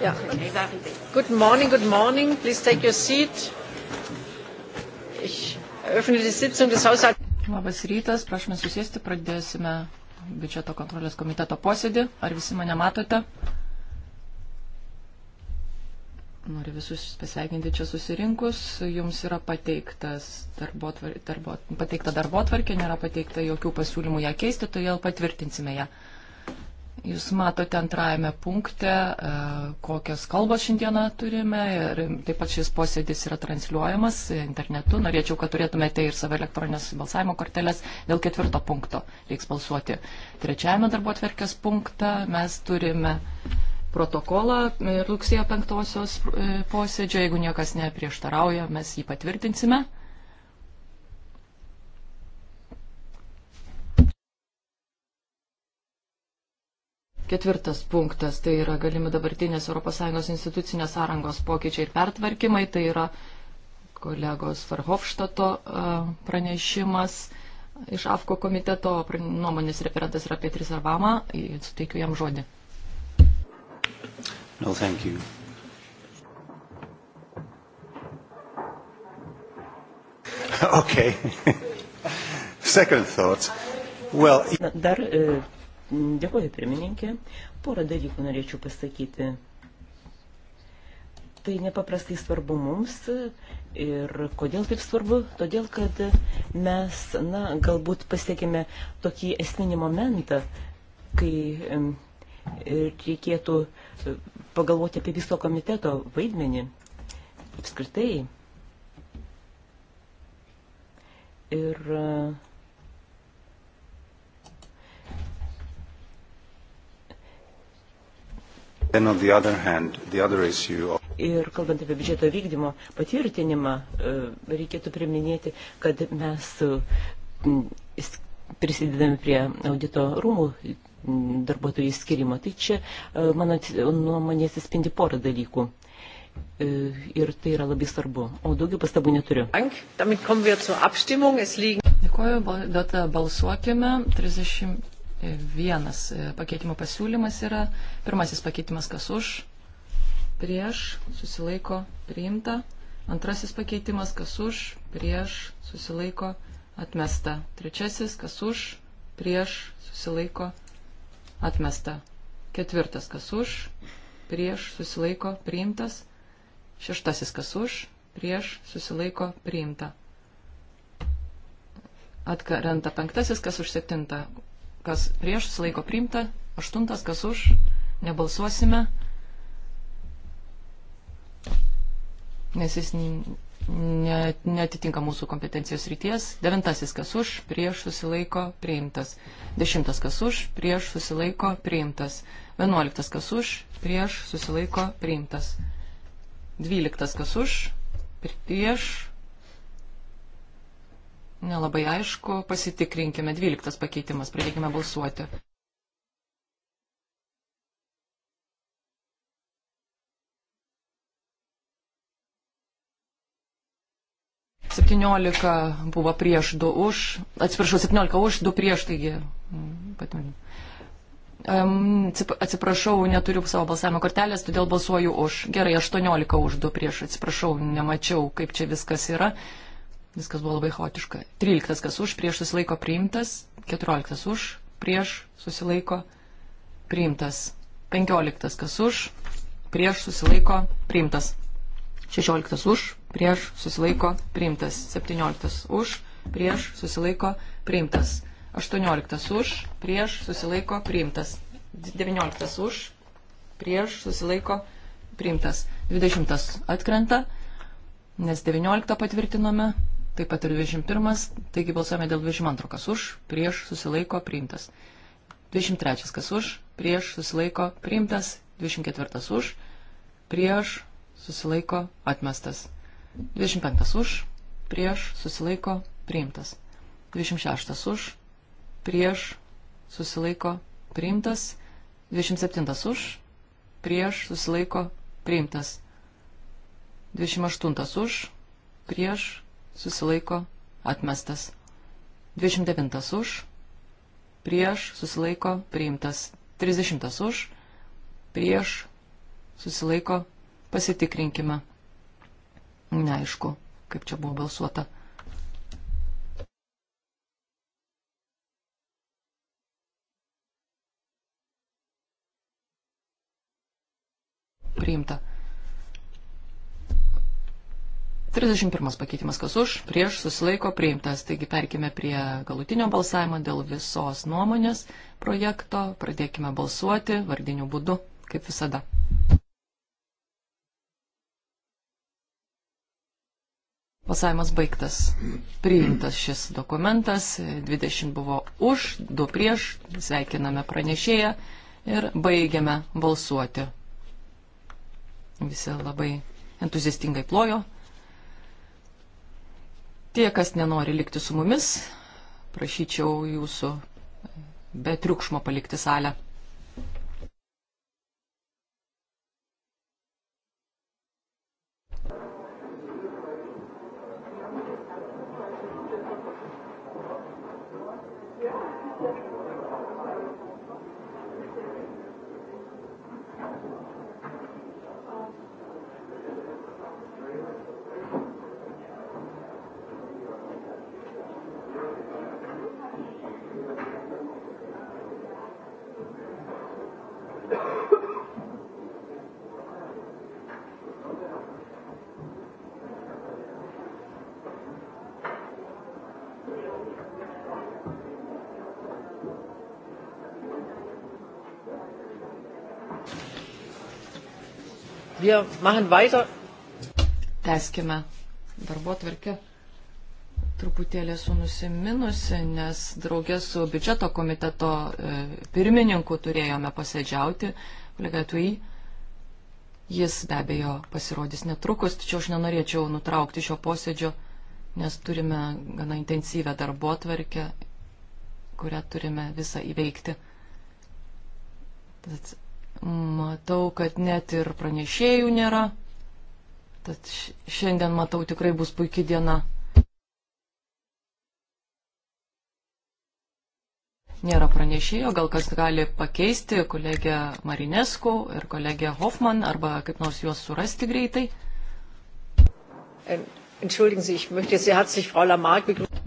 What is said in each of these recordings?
Ja. Good morning, good morning. Please take your seat. Ich eröffne die Sitzung des Haushalts. Labas rytas, prašome susėsti, pradėsime biudžeto kontrolės komiteto posėdį. Ar visi mane matote? Noriu visus pasveikinti čia susirinkus. Jums yra darbo tvar, darbo, pateikta darbo tvarkė, nėra pateikta jokių pasiūlymų ją keisti, todėl patvirtinsime ją. Ja. Jūs matote antrajame punkte, e, kokias kalbas šiandieną turime ir taip pat šis posėdis yra transliuojamas internetu. Norėčiau, kad turėtumėte ir savo elektroninės balsavimo korteles. Dėl ketvirto punkto reiks balsuoti. Trečiajame darbo atverkės punktą mes turime protokolą rugsėjo penktosios e, posėdžio. Jeigu niekas neprieštarauja, mes jį patvirtinsime. Ketvirtas punktas tai yra galimi dabartinės ES institucinės sąrangos pokyčiai ir pertvarkymai. Tai yra kolegos Farhofštato e, pranešimas iš AFKO komiteto. Nuomonės referentas yra Petris Arvama. Suteikiu jam žodį. No, thank you. okay. Second thoughts. Well, Dar e, Dėkuoju, pirmininkė. Porą dalykų norėčiau pasakyti. Tai nepaprastai svarbu mums ir kodėl taip svarbu? Todėl, kad mes, na, galbūt pasiekime tokį esminį momentą, kai reikėtų e, pagalvoti apie viso komiteto vaidmenį apskritai. Ir uh, Hand, issue... Ir kalbant apie biudžeto vykdymo patvirtinimą, e, reikėtų priminėti, kad mes e, prisidedame prie audito rūmų darbuotojų įskirimo. Tai čia, e, mano nuomonė, atsispindi porą dalykų. Ir tai yra labai svarbu. O daugiau pastabų neturiu. Dėkuoju, duota balsuokime. 30, Vienas e, pakeitimo pasiūlymas yra. Pirmasis pakeitimas kas už, prieš, susilaiko, priimta. Antrasis pakeitimas kas už, prieš, susilaiko, atmesta. Trečiasis kas už, prieš, susilaiko, atmesta. Ketvirtas kas už, prieš, susilaiko, priimtas. Šeštasis kas už, prieš, susilaiko, priimta. Atkarenta penktasis, kas už septintą kas prieš, susilaiko priimta, aštuntas, kas už, nebalsuosime, nes jis netitinka mūsų kompetencijos ryties. Devintasis, kas už, prieš, susilaiko priimtas. Dešimtas, kas už, prieš, susilaiko priimtas. Vienuoliktas, kas už, prieš, susilaiko priimtas. Dvyliktas, kas už, prieš, Nelabai aišku, pasitikrinkime. 12 pakeitimas, pradėkime balsuoti. Septyniolika buvo prieš, du už. Atsiprašau, septyniolika už, du prieš, taigi. Mm, patvirtinu. Atsiprašau, neturiu savo balsavimo kortelės, todėl balsuoju už. Gerai, 18 už 2 prieš. Atsiprašau, nemačiau, kaip čia viskas yra. Viskas buvo labai chaotiška. 13 kas už, prieš susilaiko priimtas. 14 už, prieš susilaiko priimtas. 15 kas už, prieš susilaiko priimtas. 16 už, prieš susilaiko priimtas. 17 už, prieš susilaiko priimtas. 18 už, prieš susilaiko priimtas. 19 už, prieš susilaiko priimtas. 20 atkrenta, nes 19 patvirtinome taip pat ir 21, taigi balsuojame dėl 22, kas už, prieš, susilaiko, priimtas. 23, kas už, prieš, susilaiko, priimtas. 24 už, prieš, susilaiko, atmestas. 25 už, prieš, susilaiko, priimtas. 26 už, prieš, susilaiko, priimtas. 27 už, prieš, susilaiko, priimtas. 28 už, prieš, susilaiko, atmestas. 29 už, prieš, susilaiko, priimtas. 30 už, prieš, susilaiko, pasitikrinkime. Neaišku, kaip čia buvo balsuota. Priimta. 31 pakeitimas kas už, prieš susilaiko priimtas. Taigi perkime prie galutinio balsavimo dėl visos nuomonės projekto. Pradėkime balsuoti vardiniu būdu, kaip visada. Balsavimas baigtas. Priimtas šis dokumentas. 20 buvo už, 2 prieš. Sveikiname pranešėją ir baigiame balsuoti. Visi labai entuziastingai plojo. Tie, kas nenori likti su mumis, prašyčiau jūsų be triukšmo palikti salę. Wir machen weiter. Teskime darbo tvarkę. Truputėlį esu nusiminusi, nes draugė su biudžeto komiteto e, pirmininku turėjome pasėdžiauti, kolega Tui. Jis be abejo pasirodys netrukus, tačiau aš nenorėčiau nutraukti šio posėdžio, nes turime gana intensyvę darbo tvarkę, kurią turime visą įveikti. Tad Matau, kad net ir pranešėjų nėra. Tad šiandien, matau, tikrai bus puikia diena. Nėra pranešėjo, gal kas gali pakeisti kolegę Marinesku ir kolegę Hoffman arba kaip nors juos surasti greitai.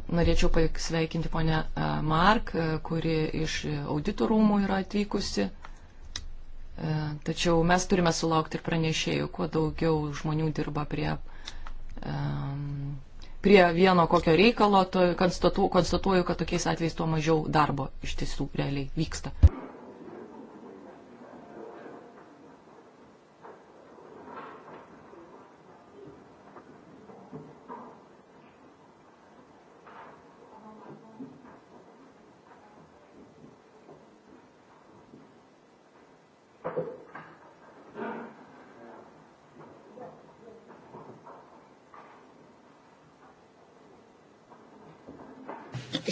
Norėčiau pasveikinti ponę e, Mark, e, kuri iš auditorumų yra atvykusi. E, tačiau mes turime sulaukti ir pranešėjų, kuo daugiau žmonių dirba prie, prie vieno kokio reikalo, konstatuoju, kad tokiais atvejais tuo mažiau darbo iš tiesų realiai vyksta.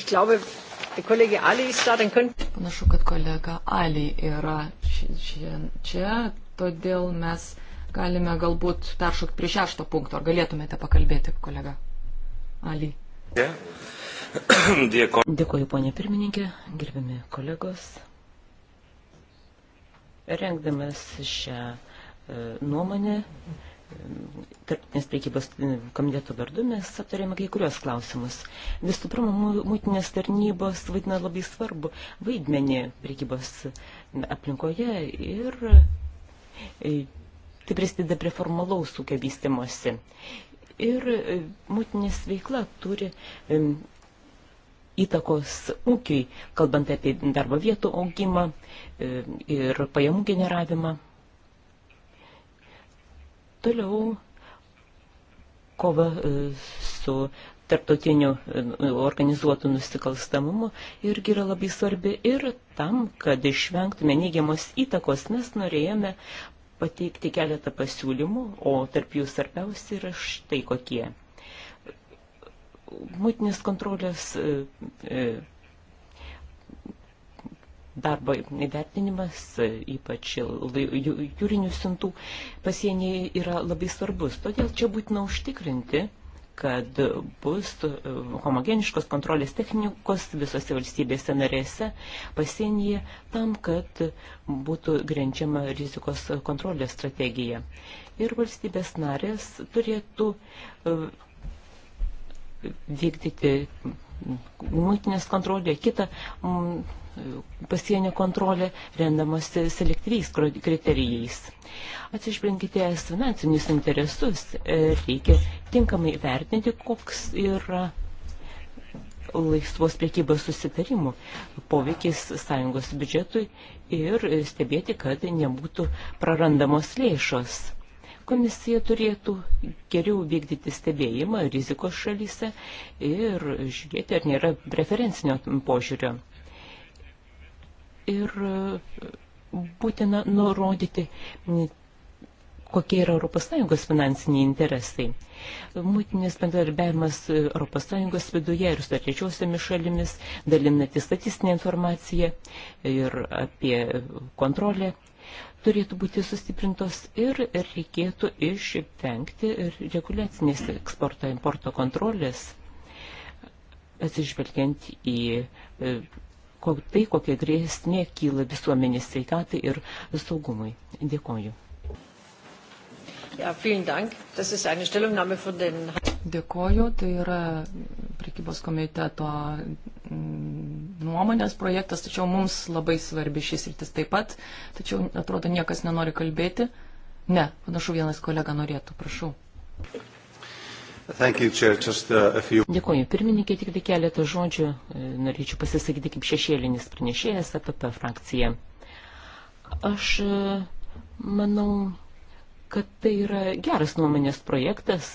glaube, kolegė Ali ist da, dann können. Panašu, kad kolega Ali yra čia, čia todėl mes galime galbūt peršokti prie šešto punkto. Ar galėtumėte pakalbėti, kolega Ali? Yeah. Dėkuoju, ponė pirmininkė, gerbiami kolegos. Rengdamas šią e, nuomonę, tarptinės priekybos komiteto vardu mes aptarėme kai kurios klausimus. Visų pirma, mūtinės tarnybos vaidina labai svarbu vaidmenį priekybos aplinkoje ir e, tai prisideda prie formalaus ūkio vystimosi. Ir e, mūtinės veikla turi e, įtakos ūkiai, kalbant apie darbo vietų augimą ir pajamų generavimą. Toliau kova e, su tarptautiniu e, organizuotu nusikalstamumu irgi yra labai svarbi ir tam, kad išvengtume neigiamos įtakos, mes norėjome pateikti keletą pasiūlymų, o tarp jų svarbiausi yra štai kokie. Mutinės kontrolės e, darbo įvertinimas, ypač jūrinių sintų pasienyje yra labai svarbus. Todėl čia būtina užtikrinti kad bus e, homogeniškos kontrolės technikos visose valstybėse narėse pasienyje tam, kad būtų grenčiama rizikos kontrolės strategija. Ir valstybės narės turėtų e, vykdyti muitinės kontrolė, kita mm, pasienio kontrolė, rendamas selektyviais kriterijais. Atsižvelginkite finansinius interesus, e, reikia tinkamai vertinti, koks yra laisvos priekybos susitarimų poveikis sąjungos biudžetui ir stebėti, kad nebūtų prarandamos lėšos. Komisija turėtų geriau vykdyti stebėjimą rizikos šalyse ir žiūrėti, ar nėra preferencinio požiūrio. Ir e, būtina nurodyti, kokie yra ES finansiniai interesai. Mūtinės bendradarbiavimas ES viduje ir su trečiosiamis šalimis, dalinanti statistinę informaciją ir apie kontrolę turėtų būti sustiprintos ir reikėtų išvengti reguliacinės eksporto importo kontrolės, atsižvelgiant į e, tai, kokia grėsmė kyla visuomenės sveikatai ir saugumui. Dėkoju. Ja, vielen Dank. Das ist eine Stellungnahme von den. Dėkoju, tai yra prekybos komiteto mm, nuomonės projektas, tačiau mums labai svarbi šis rytis taip pat, tačiau atrodo niekas nenori kalbėti. Ne, panašu vienas kolega norėtų, prašau. You, Chair, uh, few... Dėkoju, pirmininkė, tik tai keletą žodžių e, norėčiau pasisakyti kaip šešėlinis pranešėjas apie frakciją. Aš e, manau, kad tai yra geras nuomonės projektas,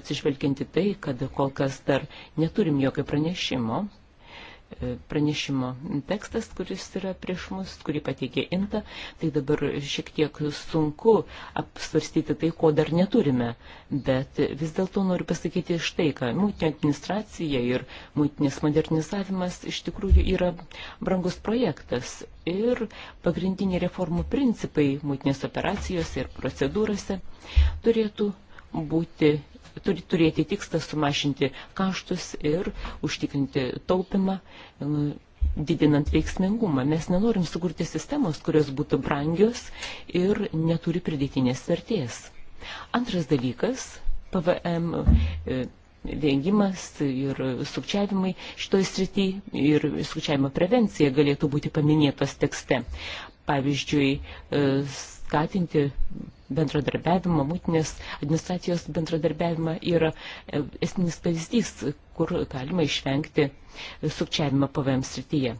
atsižvelginti tai, kad kol kas dar neturim jokio pranešimo pranešimo tekstas, kuris yra prieš mus, kurį pateikė Inta, tai dabar šiek tiek sunku apsvarstyti tai, ko dar neturime. Bet vis dėlto noriu pasakyti štai, ką mūtinė administracija ir mūtinės modernizavimas iš tikrųjų yra brangus projektas. Ir pagrindiniai reformų principai mūtinės operacijose ir procedūrose turėtų būti turi turėti tikslą sumažinti kaštus ir užtikrinti taupimą didinant veiksmingumą. Mes nenorim sukurti sistemos, kurios būtų brangios ir neturi pridėtinės vertės. Antras dalykas - PVM e, vengimas ir sukčiavimai šitoje srityje ir sukčiavimo prevencija galėtų būti paminėtos tekste. Pavyzdžiui, e, skatinti bendradarbiavimą, mūtinės administracijos bendradarbiavimą yra e, esminis pavyzdys, kur galima išvengti sukčiavimą PVM srityje.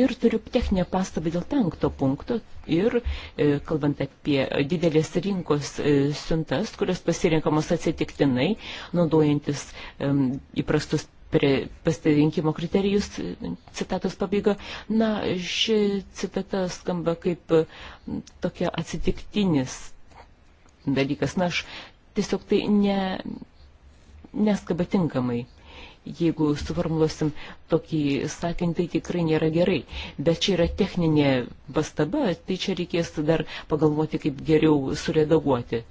Ir turiu techninę pastabą dėl penkto punkto ir e, kalbant apie didelės rinkos e, siuntas, kurios pasirinkamos atsitiktinai, naudojantis įprastus pasirinkimo kriterijus, citatos pabaiga. Na, ši citata skamba kaip tokia atsitiktinis dalykas. Na, aš tiesiog tai ne, neskaba tinkamai. Jeigu suformuluosim tokį sakinį, tai tikrai nėra gerai. Bet čia yra techninė pastaba, tai čia reikės dar pagalvoti, kaip geriau suredaguoti.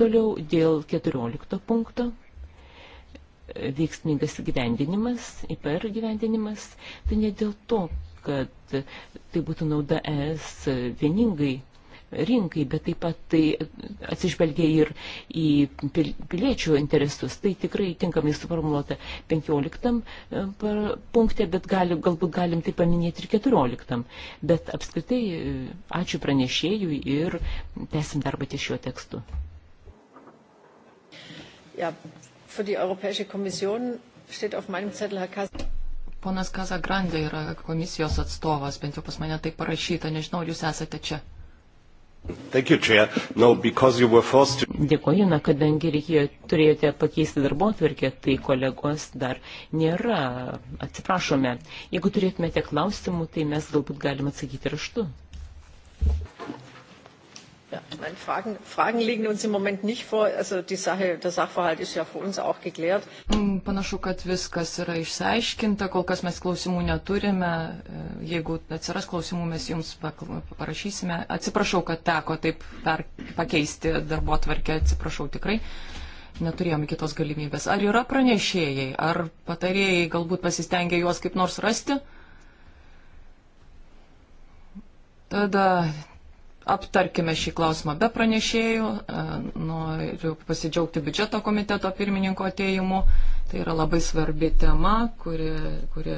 Toliau dėl 14 punkto veiksmingas gyvendinimas, IPR gyvendinimas, tai ne dėl to, kad tai būtų nauda ES vieningai rinkai, bet taip pat tai atsižvelgia ir į piliečių interesus. Tai tikrai tinkamai suformuoluota 15 e, punkte, bet gali, galbūt galim tai paminėti ir 14. Bet apskritai e, ačiū pranešėjui ir tęsim darbą ties šiuo tekstu. Ja, für die Europäische Kommission steht auf meinem Zettel Herr Kassel. Ponas Kazagrandė yra komisijos atstovas, bent jau pas mane tai parašyta, nežinau, jūs esate čia. You, no, to... Dėkoju, na, kadangi reikėjo, turėjote pakeisti darbo atvirkę, tai kolegos dar nėra. Atsiprašome. Jeigu turėtumėte klausimų, tai mes galbūt galime atsakyti raštu. Ja, nein, Fragen, Fragen liegen uns im Moment nicht vor. Also die Sache, der Sachverhalt ist ja für uns auch geklärt. Mm, panašu, kad viskas yra išsiaiškinta. Kol kas mes klausimų neturime. E, jeigu atsiras klausimų, mes jums parašysime. Atsiprašau, kad teko taip per, pakeisti darbo tvarkę. Atsiprašau tikrai. Neturėjome kitos galimybės. Ar yra pranešėjai, ar patarėjai galbūt pasistengia juos kaip nors rasti? Tada aptarkime šį klausimą be pranešėjų. E, noriu pasidžiaugti biudžeto komiteto pirmininko atėjimu. Tai yra labai svarbi tema, kuri, kuri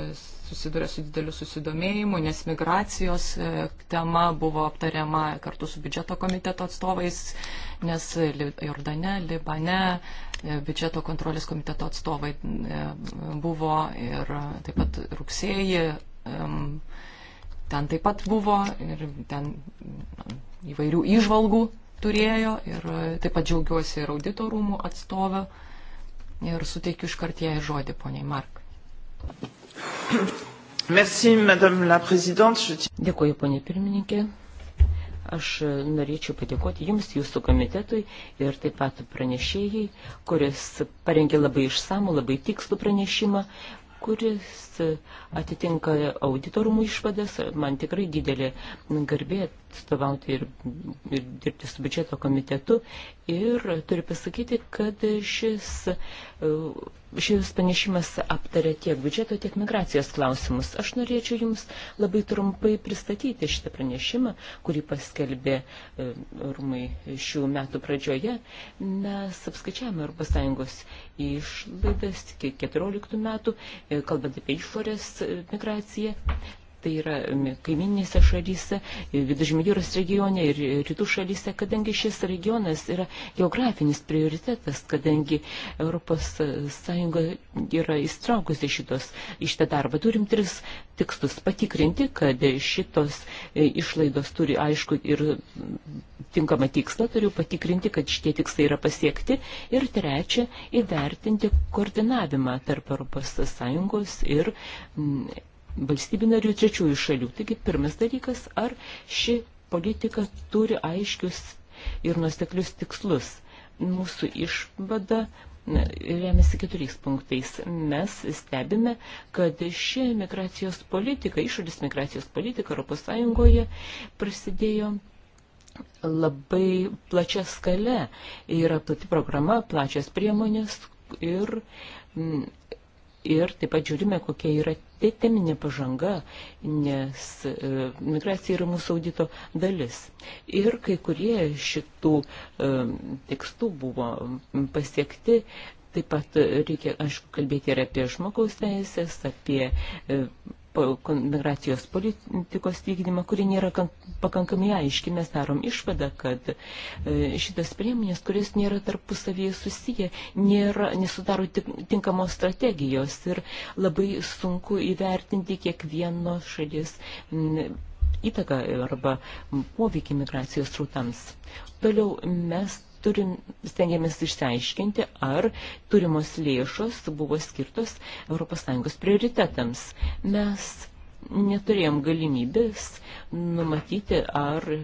susiduria su dideliu susidomėjimu, nes migracijos e, tema buvo aptariama kartu su biudžeto komiteto atstovais, nes Jordane, Libane e, biudžeto kontrolės komiteto atstovai buvo ir taip pat rugsėjį. Um, ten taip pat buvo ir ten įvairių išvalgų turėjo ir e, taip pat džiaugiuosi ir auditorumų atstovę ir suteikiu iš kartie žodį poniai Mark. Merci, madame la présidente. Dėkuoju, ponė pirmininkė. Aš norėčiau padėkoti Jums, Jūsų komitetui ir taip pat pranešėjai, kuris parengė labai išsamų, labai tikslų pranešimą, kuris atitinka auditorumų išvadas. Man tikrai didelė garbė atstovauti ir, ir dirbti su biudžeto komitetu. Ir turiu pasakyti, kad šis, šis panešimas aptarė tiek biudžeto, tiek migracijos klausimus. Aš norėčiau Jums labai trumpai pristatyti šitą pranešimą, kurį paskelbė e, rūmai šių metų pradžioje. Mes apskaičiavome ES išlaidas iki 14 metų, e, kalbant apie išorės e, migracija, tai yra kaiminėse šalyse, Vidužymio jūros regione ir rytų šalyse, kadangi šis regionas yra geografinis prioritetas, kadangi ES yra įstraukusi šitos, šitą darbą. Turim tris tikslus patikrinti, kad šitos e, išlaidos turi aišku ir tinkamą tikslą, turiu patikrinti, kad šitie tikslai yra pasiekti. Ir trečia, įvertinti koordinavimą tarp ES ir valstybių narių trečiųjų šalių. Taigi pirmas dalykas, ar ši politika turi aiškius ir nuoseklius tikslus. Mūsų išvada remiasi keturiais punktais. Mes stebime, kad ši migracijos politika, išorės migracijos politika Europos Sąjungoje prasidėjo labai plačia skale. Yra plati programa, plačias priemonės ir, mm, ir taip pat žiūrime, kokie yra Tai teminė pažanga, nes e, migracija yra mūsų audito dalis. Ir kai kurie šitų e, tekstų buvo pasiekti Taip pat reikia, aišku, kalbėti ir apie žmogaus teisės, apie e, migracijos politikos vykdymą, kuri nėra pakankamai aiški. Mes darom išvadą, kad e, šitas priemonės, kuris nėra tarpusavyje susiję, nėra, nesudaro tinkamos strategijos ir labai sunku įvertinti kiekvieno šalies įtaką arba poveikį migracijos srautams. Toliau mes turim, stengiamės išsiaiškinti, ar turimos lėšos buvo skirtos ES prioritetams. Mes neturėjom galimybės numatyti, ar e,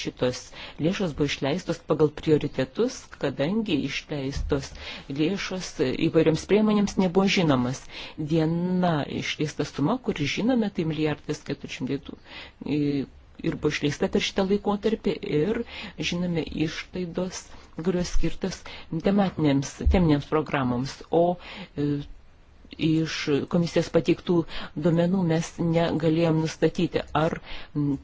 šitos lėšos buvo išleistos pagal prioritetus, kadangi išleistos lėšos įvairioms priemonėms nebuvo žinomas. Viena išleista suma, kuri žinome, tai milijardas 400 ir buvo išleista per šitą laikotarpį ir, žinome, išlaidos kurios skirtos tematinėms, teminėms programoms, o e, iš komisijos pateiktų duomenų mes negalėjom nustatyti, ar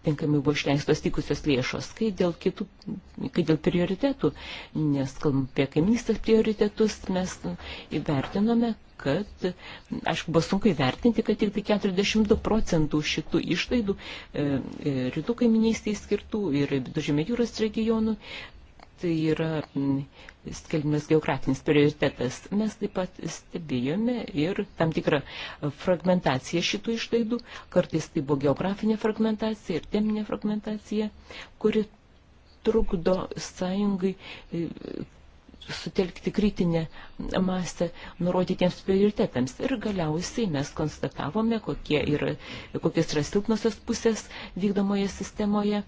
tinkamai buvo išleistos tikusios lėšos. Kai dėl, kitų, kai dėl prioritetų, nes kalbam apie kaiminystės prioritetus, mes įvertinome, kad, aišku, buvo sunku įvertinti, kad tik tai 42 procentų šitų išlaidų e, e rytų kaiminystėje skirtų ir viduržėmė jūros regionų tai yra mm, skelbimas geografinis prioritetas. Mes taip pat stebėjome ir tam tikrą fragmentaciją šitų išlaidų. Kartais tai buvo geografinė fragmentacija ir teminė fragmentacija, kuri trukdo sąjungai e, sutelkti kritinę masę nurodytiems prioritetams. Ir galiausiai mes konstatavome, kokie yra, kokios yra silpnosios pusės vykdomoje sistemoje.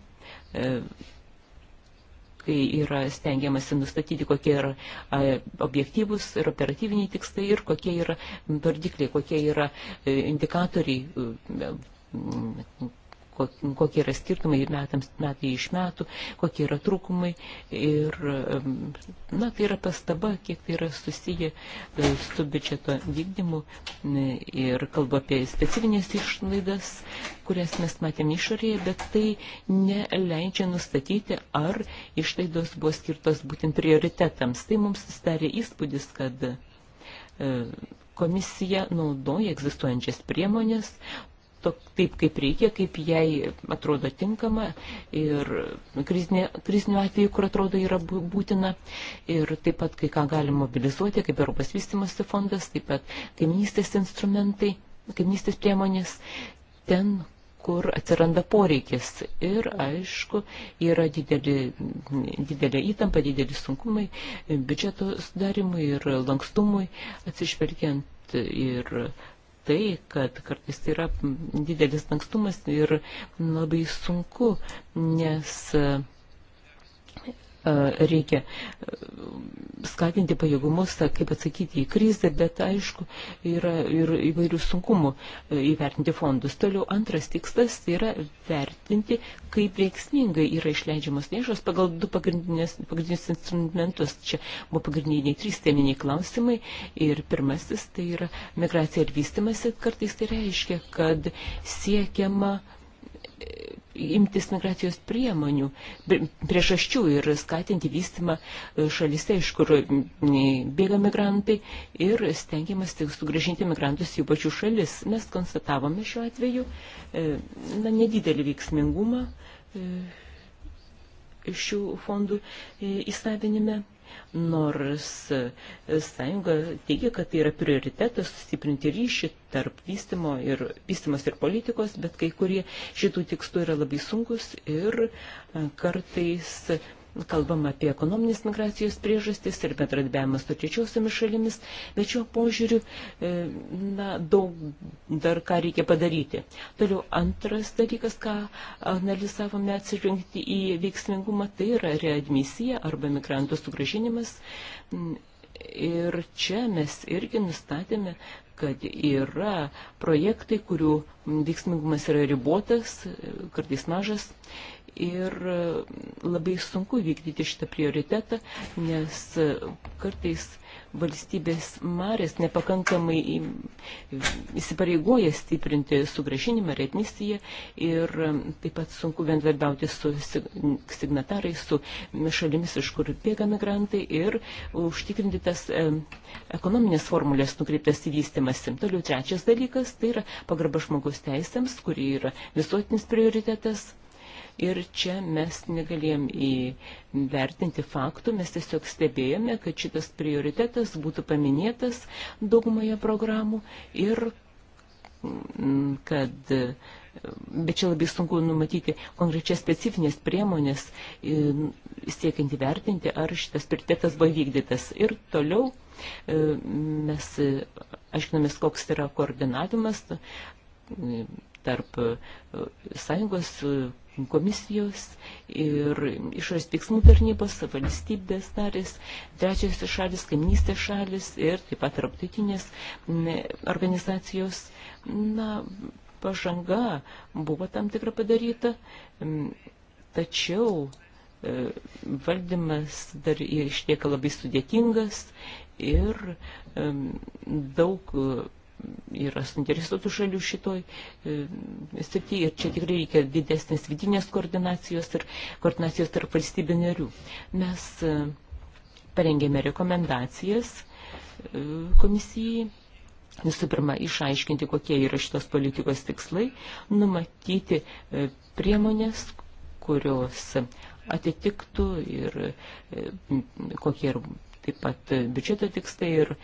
E, kai yra stengiamasi nustatyti, kokie yra objektyvus ir operatyviniai tikslai ir kokie yra vardikliai, kokie yra e, indikatoriai e, kokie yra skirtumai metams, metai iš metų, kokie yra trūkumai. Ir, na, tai yra pastaba, kiek tai yra susiję e, su biudžeto vykdymu ir kalbu apie specifinės išlaidas, kurias mes matėm išorėje, bet tai neleidžia nustatyti, ar išlaidos buvo skirtos būtent prioritetams. Tai mums susidarė įspūdis, kad e, komisija naudoja egzistuojančias priemonės, to, taip, kaip reikia, kaip jai atrodo tinkama ir krizinė, krizinio atveju, kur atrodo yra būtina. Ir taip pat kai ką gali mobilizuoti, kaip Europos vystimosi fondas, taip pat kaiminystės instrumentai, kaiminystės priemonės ten, kur atsiranda poreikis. Ir, aišku, yra didelė, didelė įtampa, didelis sunkumai biudžeto sudarimui ir lankstumui atsižvelgiant ir tai, kad kartais tai yra didelis lankstumas ir labai sunku, nes reikia skatinti pajėgumus, kaip atsakyti į krizę, bet aišku, yra ir įvairių sunkumų įvertinti fondus. Toliau antras tikslas tai yra vertinti, kaip veiksmingai yra išleidžiamas lėšos pagal du pagrindinius, pagrindinius instrumentus. Čia buvo pagrindiniai trys teminiai klausimai ir pirmasis tai yra migracija ir vystimasi. Kartais tai reiškia, kad siekiama imtis migracijos priemonių, priešaščių ir skatinti vystimą e, šalise, iš kur bėga migrantai ir stengiamas tik sugražinti migrantus į pačių šalis. Mes konstatavome šiuo atveju e, na, nedidelį veiksmingumą e, šių fondų įstatinime. E, nors e, sąjunga teigia, kad tai yra prioritetas sustiprinti ryšį tarp vystymo ir, vystymas ir politikos, bet kai kurie šitų tikslų yra labai sunkus ir e, kartais kalbam apie ekonominės migracijos priežastis ir bendradarbiavimą su trečiosiomis šalimis, bet šiuo požiūriu e, na, daug dar ką reikia padaryti. Toliau antras dalykas, ką analizavome atsirinkti į veiksmingumą, tai yra readmisija arba migrantų sugražinimas. Ir čia mes irgi nustatėme, kad yra projektai, kurių veiksmingumas yra ribotas, kartais mažas ir e, labai sunku vykdyti šitą prioritetą, nes e, kartais valstybės marės nepakankamai įsipareigoja stiprinti sugražinimą ir etnisiją ir e, taip pat sunku bendradarbiauti su signatarais, su šalimis, iš kur bėga migrantai ir užtikrinti tas ekonominės formulės nukreiptas į vystimąsi. Toliau trečias dalykas tai yra pagarba žmogaus teisėms, kuri yra visuotinis prioritetas ir čia mes negalėjom įvertinti faktų, mes tiesiog stebėjome, kad šitas prioritetas būtų paminėtas daugumoje programų ir mm, kad Bet čia labai sunku numatyti konkrečias specifinės priemonės, siekiant įvertinti, ar šitas prioritetas buvo vykdytas. Ir toliau e, mes aiškinamės, koks yra koordinavimas e, tarp e, sąjungos komisijos ir išorės veiksmų tarnybos, valstybės narės, trečiasis šalis, kaimynystės šalis ir taip pat tarptautinės organizacijos. Na, pažanga buvo tam tikra padaryta, tačiau e, valdymas dar išlieka labai sudėtingas ir daug yra suinteresuotų šalių šitoj e, srity ir čia tikrai reikia didesnės vidinės koordinacijos ir koordinacijos tarp valstybių narių. Mes e, parengėme rekomendacijas e, komisijai. Visų pirma, išaiškinti, kokie yra šitos politikos tikslai, numatyti priemonės, kurios atitiktų ir kokie ir taip pat biudžeto tikslai ir e,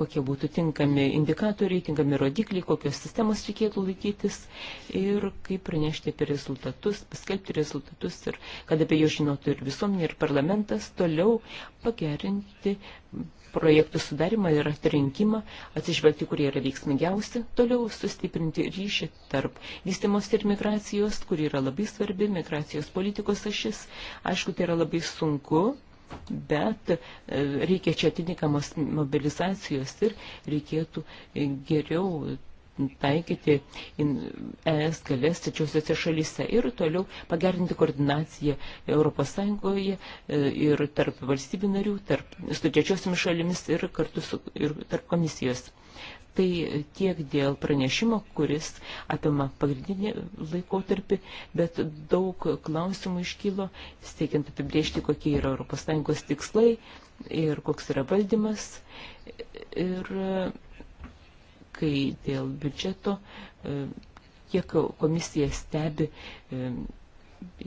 kokie būtų tinkami indikatoriai, tinkami rodikliai, kokios sistemos reikėtų laikytis ir kaip pranešti apie rezultatus, paskelbti rezultatus ir kad apie juos žinotų ir visuomenė, ir parlamentas, toliau pagerinti projektų sudarimą ir atrinkimą, atsižvelgti, kurie yra veiksmingiausi, toliau sustiprinti ryšį tarp vystimos ir migracijos, kuri yra labai svarbi, migracijos politikos ašis. Aišku, tai yra labai sunku, bet e, reikia čia atitinkamos mobilizacijos ir reikėtų geriau taikyti ES galės trečiosiuose šalyse ir toliau pagerinti koordinaciją ES e, ir tarp valstybių narių, tarp su trečiosiomis šalimis ir kartu su ir tarp komisijos. Tai tiek dėl pranešimo, kuris apima pagrindinį laikotarpį, bet daug klausimų iškylo, siekiant apibriežti, kokie yra ES tikslai ir koks yra valdymas. Ir kai dėl biudžeto, e, kiek komisija stebi e,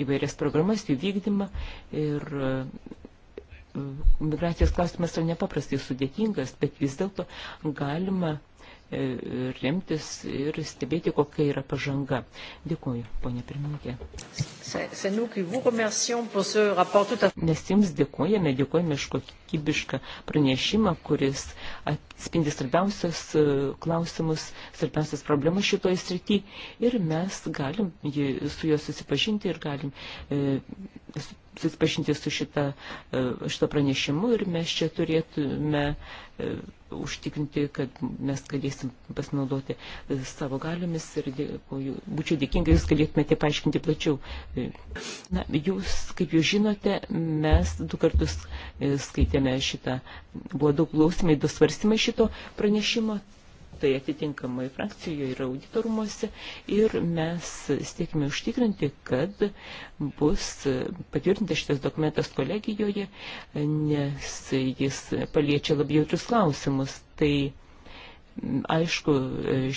įvairias programas, jų vykdymą ir e, migracijos klausimas yra nepaprastai sudėtingas, bet vis dėlto galima E, remtis ir stebėti, kokia yra pažanga. Dėkuoju, ponė pirmininkė. Nes jums dėkojame, dėkojame iš kokybišką pranešimą, kuris atspindi svarbiausias e, klausimus, svarbiausias problemas šitoje srityje ir mes galim su juo susipažinti ir galim e, susipažinti su šita, e, šito pranešimu ir mes čia turėtume e, užtikrinti, kad mes galėsim pasinaudoti e, savo galiomis ir dėkoju. Būčiau dėkinga, jūs galėtumėte paaiškinti plačiau. Na, jūs, kaip jūs žinote, mes du kartus skaitėme šitą, buvo daug klausimai, du svarstymai šito pranešimo, tai atitinkamai frakcijoje ir auditorumuose ir mes siekime užtikrinti, kad bus patvirtintas šitas dokumentas kolegijoje, nes jis paliečia labai jautrius klausimus. Tai aišku,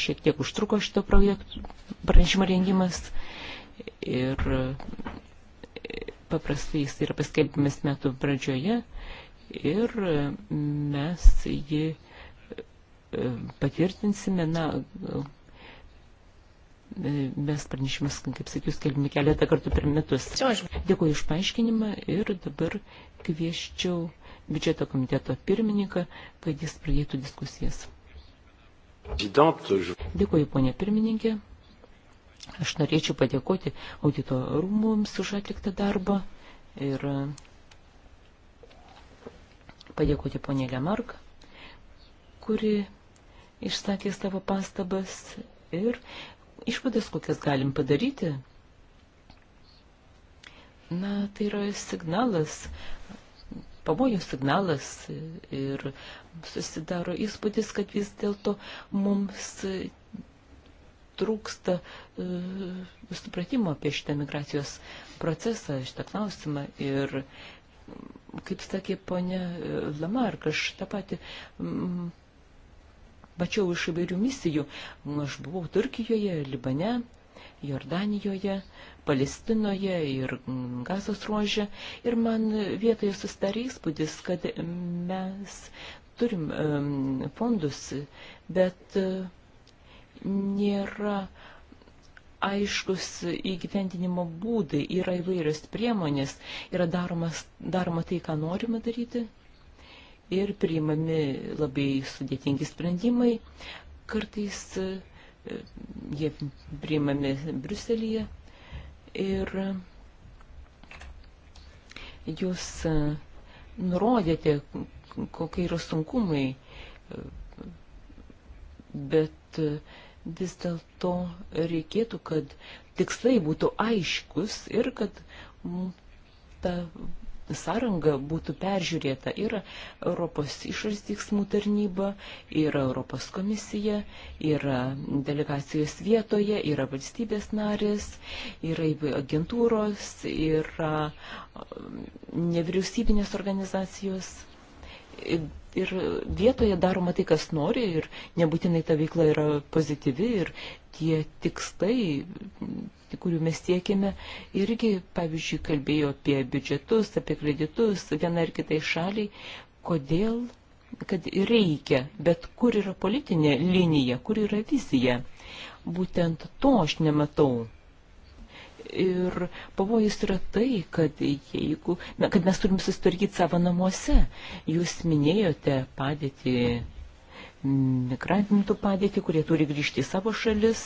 šiek tiek užtruko šito projektų pranešimo rengimas ir paprastai jis yra paskelbimas metų pradžioje ir mes jį patvirtinsime. Na, mes pranešimus, kaip sakiau, skelbime keletą kartų per metus. Dėkuoju už paaiškinimą ir dabar kvieščiau biudžeto komiteto pirmininką, kad jis pradėtų diskusijas. Dėkuoju, ponė pirmininkė. Aš norėčiau padėkoti audito rūmums už atliktą darbą ir padėkoti ponė Lemark, kuri išsakė savo pastabas ir išvadas, kokias galim padaryti. Na, tai yra signalas, pavojų signalas ir susidaro įspūdis, kad vis dėlto mums trūksta e, supratimo apie šitą migracijos procesą, šitą klausimą ir kaip sakė ponia Lamark, aš tą patį mačiau iš įvairių misijų. Aš buvau Turkijoje, Libane, Jordanijoje, Palestinoje ir Gazos ruožė. Ir man vietoje sustarė įspūdis, kad mes turim um, fondus, bet uh, nėra aiškus įgyvendinimo būdai, yra įvairios priemonės, yra daromas, daroma tai, ką norime daryti, ir priimami labai sudėtingi sprendimai. Kartais e, jie priimami Bruselėje ir jūs e, nurodėte, kokie yra sunkumai, e, bet vis dėlto reikėtų, kad tikslai būtų aiškus ir kad ta sąranga būtų peržiūrėta ir Europos išorės tiksmų tarnyba, ir Europos komisija, yra delegacijos vietoje, yra valstybės narės, yra agentūros, yra um, nevyriausybinės organizacijos ir vietoje daroma tai, kas nori ir nebūtinai ta veikla yra pozityvi ir tie tikslai, kurių mes siekime, irgi, pavyzdžiui, kalbėjo apie biudžetus, apie kreditus vienai ar kitai šaliai, kodėl, kad reikia, bet kur yra politinė linija, kur yra vizija. Būtent to aš nematau. Ir pavojus yra tai, kad, jeigu, kad mes turim susitvarkyti savo namuose. Jūs minėjote padėti migrantų padėtį, kurie turi grįžti į savo šalis.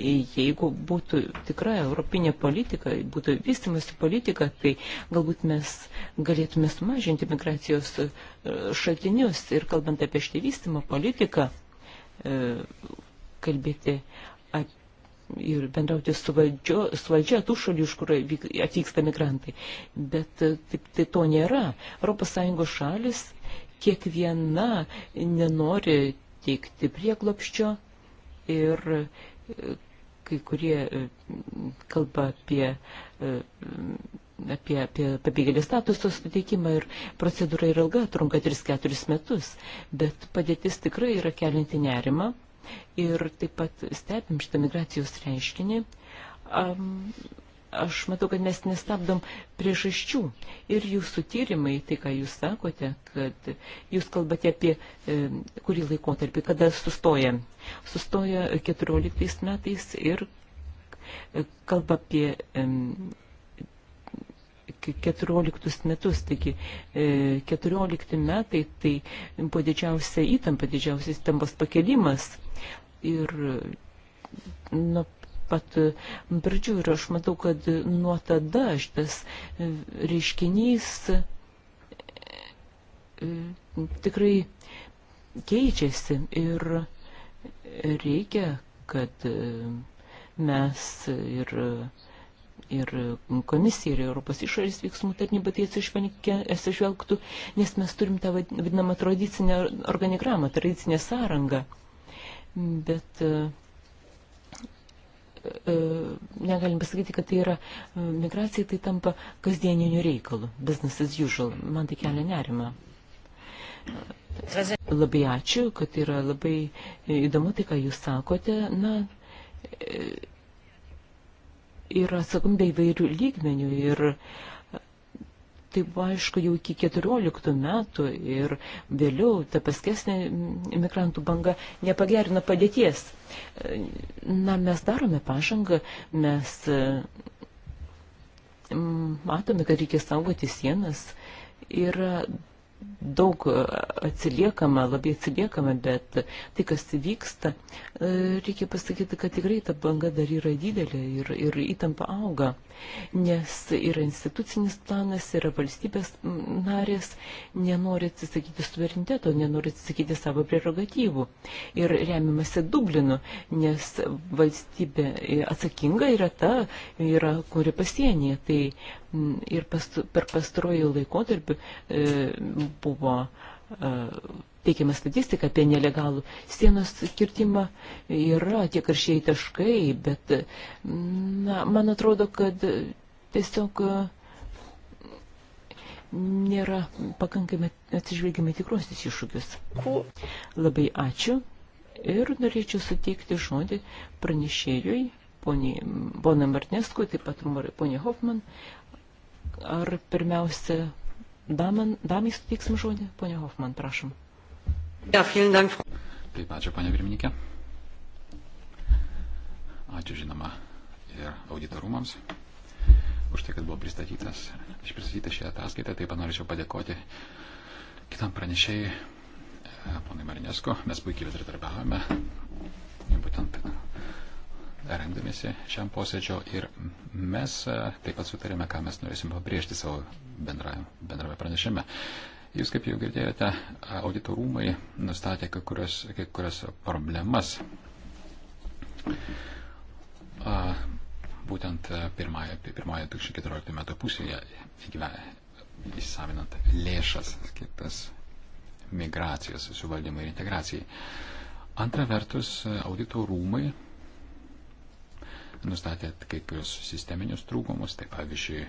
Jeigu būtų tikra europinė politika, būtų vystimasi politika, tai galbūt mes galėtume sumažinti migracijos e, šaltinius. Ir kalbant apie šitą vystimo politiką, e, kalbėti ir bendrauti su, valdžio, su valdžia tų šalių, iš kur atvyksta migrantai. Bet e, taip, tai to nėra. ES šalis kiekviena nenori teikti prieglopščio ir e, kai kurie e, kalba apie, apie, apie pabėgėlį statuso suteikimą ir procedūra yra ilga, trunka 3-4 metus, bet padėtis tikrai yra kelinti nerimą ir taip pat stebim šitą migracijos reiškinį. Um, aš matau, kad mes nestabdom priežasčių. Ir jūsų tyrimai, tai ką jūs sakote, kad jūs kalbate apie e, kurį laikotarpį, kada sustoja. Sustoja 14 metais ir kalba apie e, 14 metus, taigi 14 e, metai tai buvo didžiausia įtampa, didžiausias įtampos pakelimas. Ir nuo pat pradžių ir aš matau, kad nuo tada šitas e, reiškinys e, tikrai keičiasi ir reikia, kad mes ir uh, ir komisija, ir Europos išorės veiksmų tarnyba tai atsižvelgtų, nes mes turim tą vadinamą tradicinę organigramą, tradicinę sąrangą. Bet e, e, negalim pasakyti, kad tai yra e, migracija, tai tampa kasdieniniu reikalu, business as usual. Man tai kelia nerima. Labai ačiū, kad yra labai įdomu tai, ką jūs sakote. Na, yra atsakomybė įvairių lygmenių ir tai buvo aišku jau iki 14 metų ir vėliau ta paskesnė imigrantų banga nepagerino padėties. Na, mes darome pažangą, mes mm, matome, kad reikia saugoti sienas. Yra daug e, atsiliekama, labai atsiliekama, bet tai, kas vyksta, e, reikia pasakyti, kad tikrai ta banga dar yra didelė ir, ir įtampa auga nes yra institucinis planas, yra valstybės narės, nenori atsisakyti suvereniteto, nenori atsisakyti savo prerogatyvų. Ir remiamasi Dublinu, nes valstybė atsakinga yra ta, yra, kuri pasienyje. Tai ir pastu, per pastarojį laikotarpį e, buvo e, teikiama statistika apie nelegalų sienos kirtimą, yra tie karšieji taškai, bet na, man atrodo, kad tiesiog nėra pakankamai atsižvelgiama tikrosius iššūkius. Labai ačiū ir norėčiau suteikti žodį pranešėjui, ponai Marnesku, taip pat ponė Hoffman. Ar pirmiausia, damai suteiksim žodį? Ponė Hoffman, prašom. Ja, Taip, ačiū, panė pirmininkė. Ačiū, žinoma, ir auditorumams už tai, kad buvo pristatytas, išpristatyta šią ataskaitą. Taip pat norėčiau padėkoti kitam pranešėjai, e, ponai Marinesko. Mes puikiai bendradarbiavome, būtent rengdamėsi šiam posėdžio ir mes e, taip pat sutarėme, ką mes norėsime pabrėžti savo bendra, bendrame pranešime. Jūs, kaip jau girdėjote, auditorumai nustatė kai kurias, kai kurias problemas. A, būtent pirmąją, pirmąją 2014 metų pusėje įsavinant lėšas skirtas migracijos suvaldymui ir integracijai. Antra vertus, audito rūmai nustatė kai kurios sisteminius trūkumus, tai pavyzdžiui,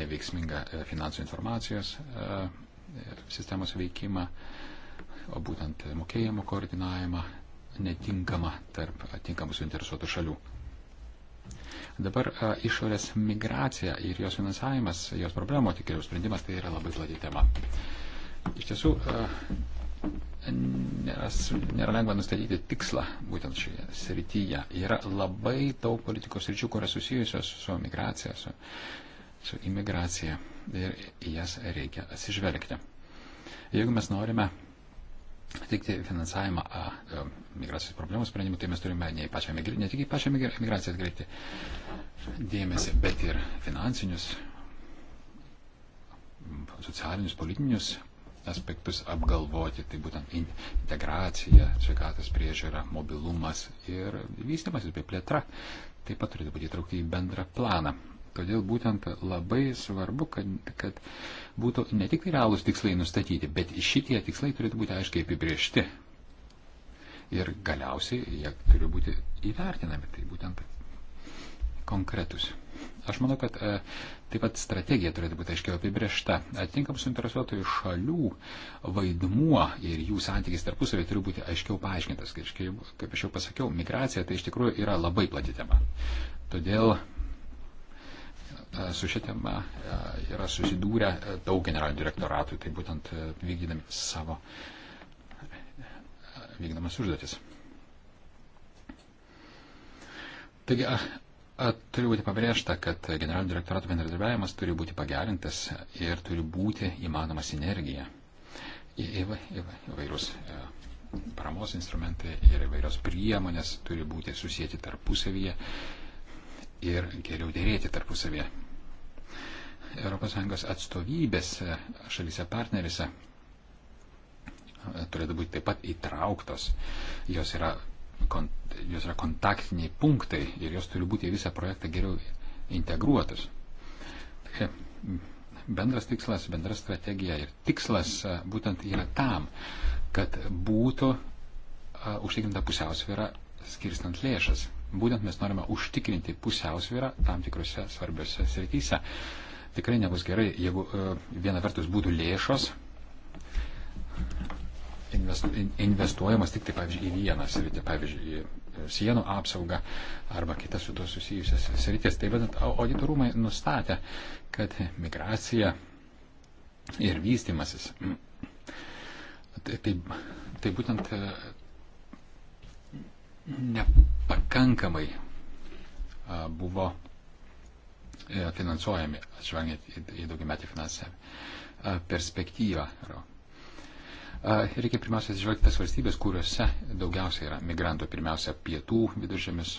neveiksminga e, finansų informacijos e, sistemos veikimą, o būtent mokėjimo koordinavimą netinkamą tarp atinkamų suinteresuotų šalių. Dabar a, išorės migracija ir jos finansavimas, jos problemo tikriau sprendimas, tai yra labai plati tema. Iš tiesų, a, nėra, nėra lengva nustatyti tikslą būtent šioje srityje. Yra labai daug politikos sričių, kurios susijusios su migracija, su su imigracija ir į jas reikia atsižvelgti. Jeigu mes norime teikti finansavimą a, a, e, migracijos problemų sprendimų, tai mes turime ne, pačią, ne tik į pačią migraciją atkreipti dėmesį, bet ir finansinius, socialinius, politinius aspektus apgalvoti, tai būtent integracija, sveikatos priežiūra, mobilumas ir vystimasis bei plėtra taip pat turėtų būti įtraukti į bendrą planą. Todėl būtent labai svarbu, kad, kad būtų ne tik tai realūs tikslai nustatyti, bet šitie tikslai turėtų būti aiškiai apibriežti. Ir galiausiai jie turi būti įvertinami, tai būtent konkretus. Aš manau, kad e, taip pat strategija turėtų būti aiškiai apibriešta. Atitinkamų suinteresuotųjų šalių vaidmuo ir jų santykis tarpusavį turi būti aiškiau paaiškintas. Kaip aš jau pasakiau, migracija tai iš tikrųjų yra labai plati tema. Todėl E, su šia tema e, yra susidūrę e, daug generalinių direktoratų, tai būtent vykdydami savo vykdomas užduotis. Taigi, a, turi būti pabrėžta, kad generalinio direktorato bendradarbiavimas turi būti pagerintas ir turi būti įmanoma sinergija. Įvairūs paramos instrumentai ir įvairios priemonės turi būti susijęti tarpusavyje ir geriau dėrėti tarpusavėje. ES atstovybės e, šalyse partnerėse e, turėtų būti taip pat įtrauktos. Jos yra, kon, jos yra kontaktiniai punktai ir jos turi būti į visą projektą geriau integruotos. Tai bendras tikslas, bendra strategija ir tikslas e, būtent yra tam, kad būtų užtikrinta pusiausvėra skirstant lėšas Būtent mes norime užtikrinti pusiausvyrą tam tikrose svarbiose srityse. Tikrai nebus gerai, jeigu e, viena vertus būtų lėšos investuojamas tik tai, pavyzdžiui, į vieną sritį, pavyzdžiui, į e, sienų apsaugą arba kitas su to susijusias sritis. Tai vadinant, auditorumai nustatė, kad migracija ir vystimasis Tai, tai, tai būtent e, nepakankamai buvo e, finansuojami, žvelgiant į, į daugiametį finansinę perspektyvą. Reikia pirmiausia atsižvelgti tas valstybės, kuriuose daugiausia yra migrantų, pirmiausia pietų viduržėmis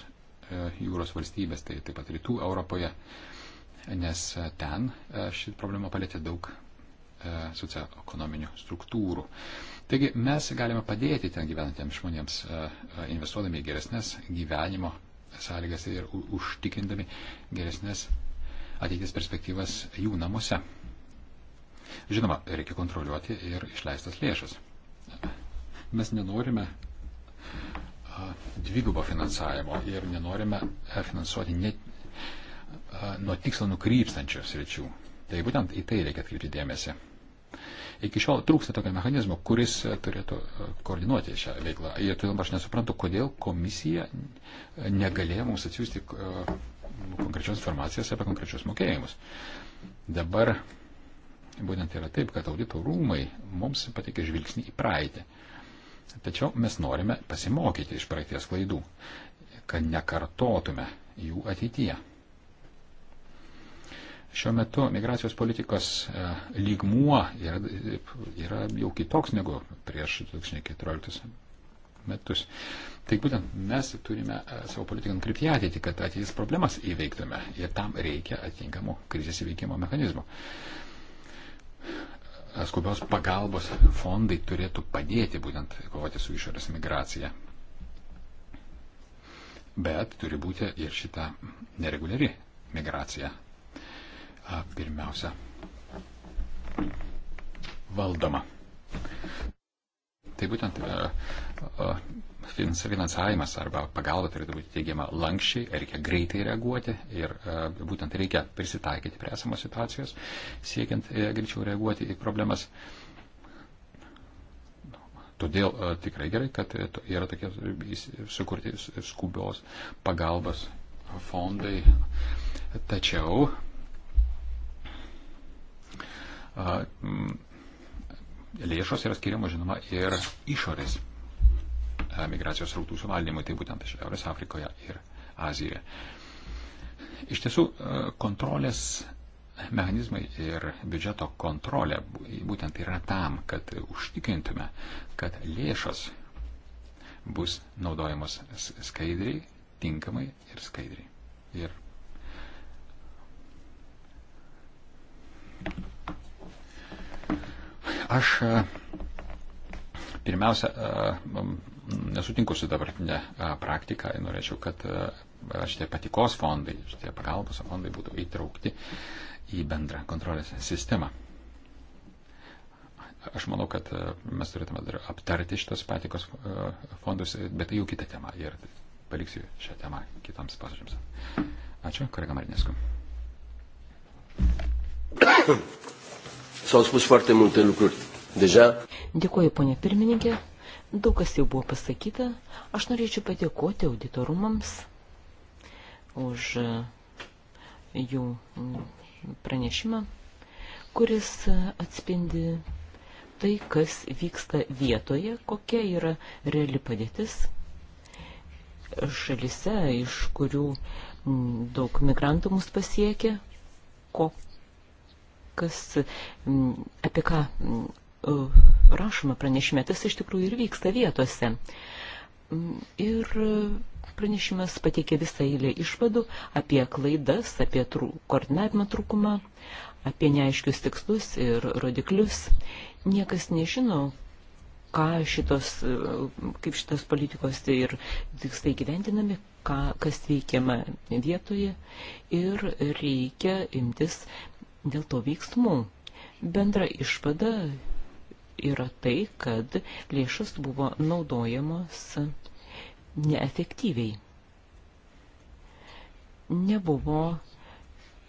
e, jūros valstybės, tai taip pat rytų Europoje, nes e, ten ši problema palėtė daug socioekonominių struktūrų. Taigi mes galime padėti ten gyvenantiems žmonėms, e, e, investuodami į geresnės gyvenimo sąlygas ir užtikrindami geresnės ateities perspektyvas jų namuose. Žinoma, reikia kontroliuoti ir išleistas lėšas. Mes nenorime dvigubo finansavimo ir nenorime e, finansuoti net nuo tikslo nukrypstančios ryčių. Tai būtent į tai reikia atkreipti dėmesį. Iki šiol trūksta tokio mechanizmo, kuris turėtų e, koordinuoti šią veiklą. Ir todėl aš nesuprantu, kodėl komisija negalėjo mums atsiųsti e, konkrečios informacijos apie konkrečius mokėjimus. Dabar būtent yra taip, kad audito rūmai mums patikė žvilgsnį į praeitį. Tačiau mes norime pasimokyti iš praeities klaidų, kad nekartotume jų ateityje. Šiuo metu migracijos politikos e, lygmuo yra, yra jau kitoks negu prieš 2014 metus. Tai būtent mes turime e, savo politiką nukreipti į ateitį, kad ateities problemas įveiktume ir tam reikia atitinkamų krizės įveikimo mechanizmų. E, skubios pagalbos fondai turėtų padėti būtent kovoti su išorės migracija. Bet turi būti ir šita nereguliari migracija pirmiausia valdoma. Tai būtent e, e, finansavimas arba pagalba turėtų būti teigiama lankščiai, reikia greitai reaguoti ir e, būtent reikia prisitaikyti prie esamos situacijos, siekiant greičiau reaguoti į problemas. Todėl tikrai gerai, kad yra tokie sukurti skubios pagalbos fondai. Tačiau Mm, lėšos yra skiriamos, žinoma, ir išorės migracijos rautų suvaldymui, tai būtent Šiaurės Afrikoje ir Azijoje. Iš tiesų, kontrolės mechanizmai ir biudžeto kontrolė būtent yra tam, kad užtikrintume, kad lėšos bus naudojamos skaidriai, tinkamai ir skaidriai. Ir Thank you. Aš e, pirmiausia e, nesutinku su dabartinė e, praktika ir norėčiau, kad šitie patikos fondai, šitie pagalbos fondai būtų įtraukti į bendrą kontrolės sistemą. Aš manau, kad mes turėtume dar aptarti šitos patikos fondus, bet tai jau kita tema ir paliksiu šią temą kitams posėdžiams. Ačiū, kolega Marinesku. S-au spus foarte multe lucruri. Deja. Dėkuoju, ponė pirmininkė. Daug kas jau buvo pasakyta. Aš norėčiau padėkoti auditorumams už e, jų pranešimą, kuris atspindi tai, kas vyksta vietoje, kokia yra reali padėtis šalise, iš kurių daug migrantų mus pasiekia, kokia kas, apie ką rašoma pranešime, tas iš tikrųjų ir vyksta vietose. Ir pranešimas pateikė visą eilę išvadų apie klaidas, apie trū, koordinavimo trūkumą, apie neaiškius tikslus ir rodiklius. Niekas nežino, ką šitos, kaip šitos politikos tai ir tikslai gyventinami, ką, kas veikiama vietoje ir reikia imtis dėl to veiksmų. Bendra išvada yra tai, kad lėšas buvo naudojamos neefektyviai. Nebuvo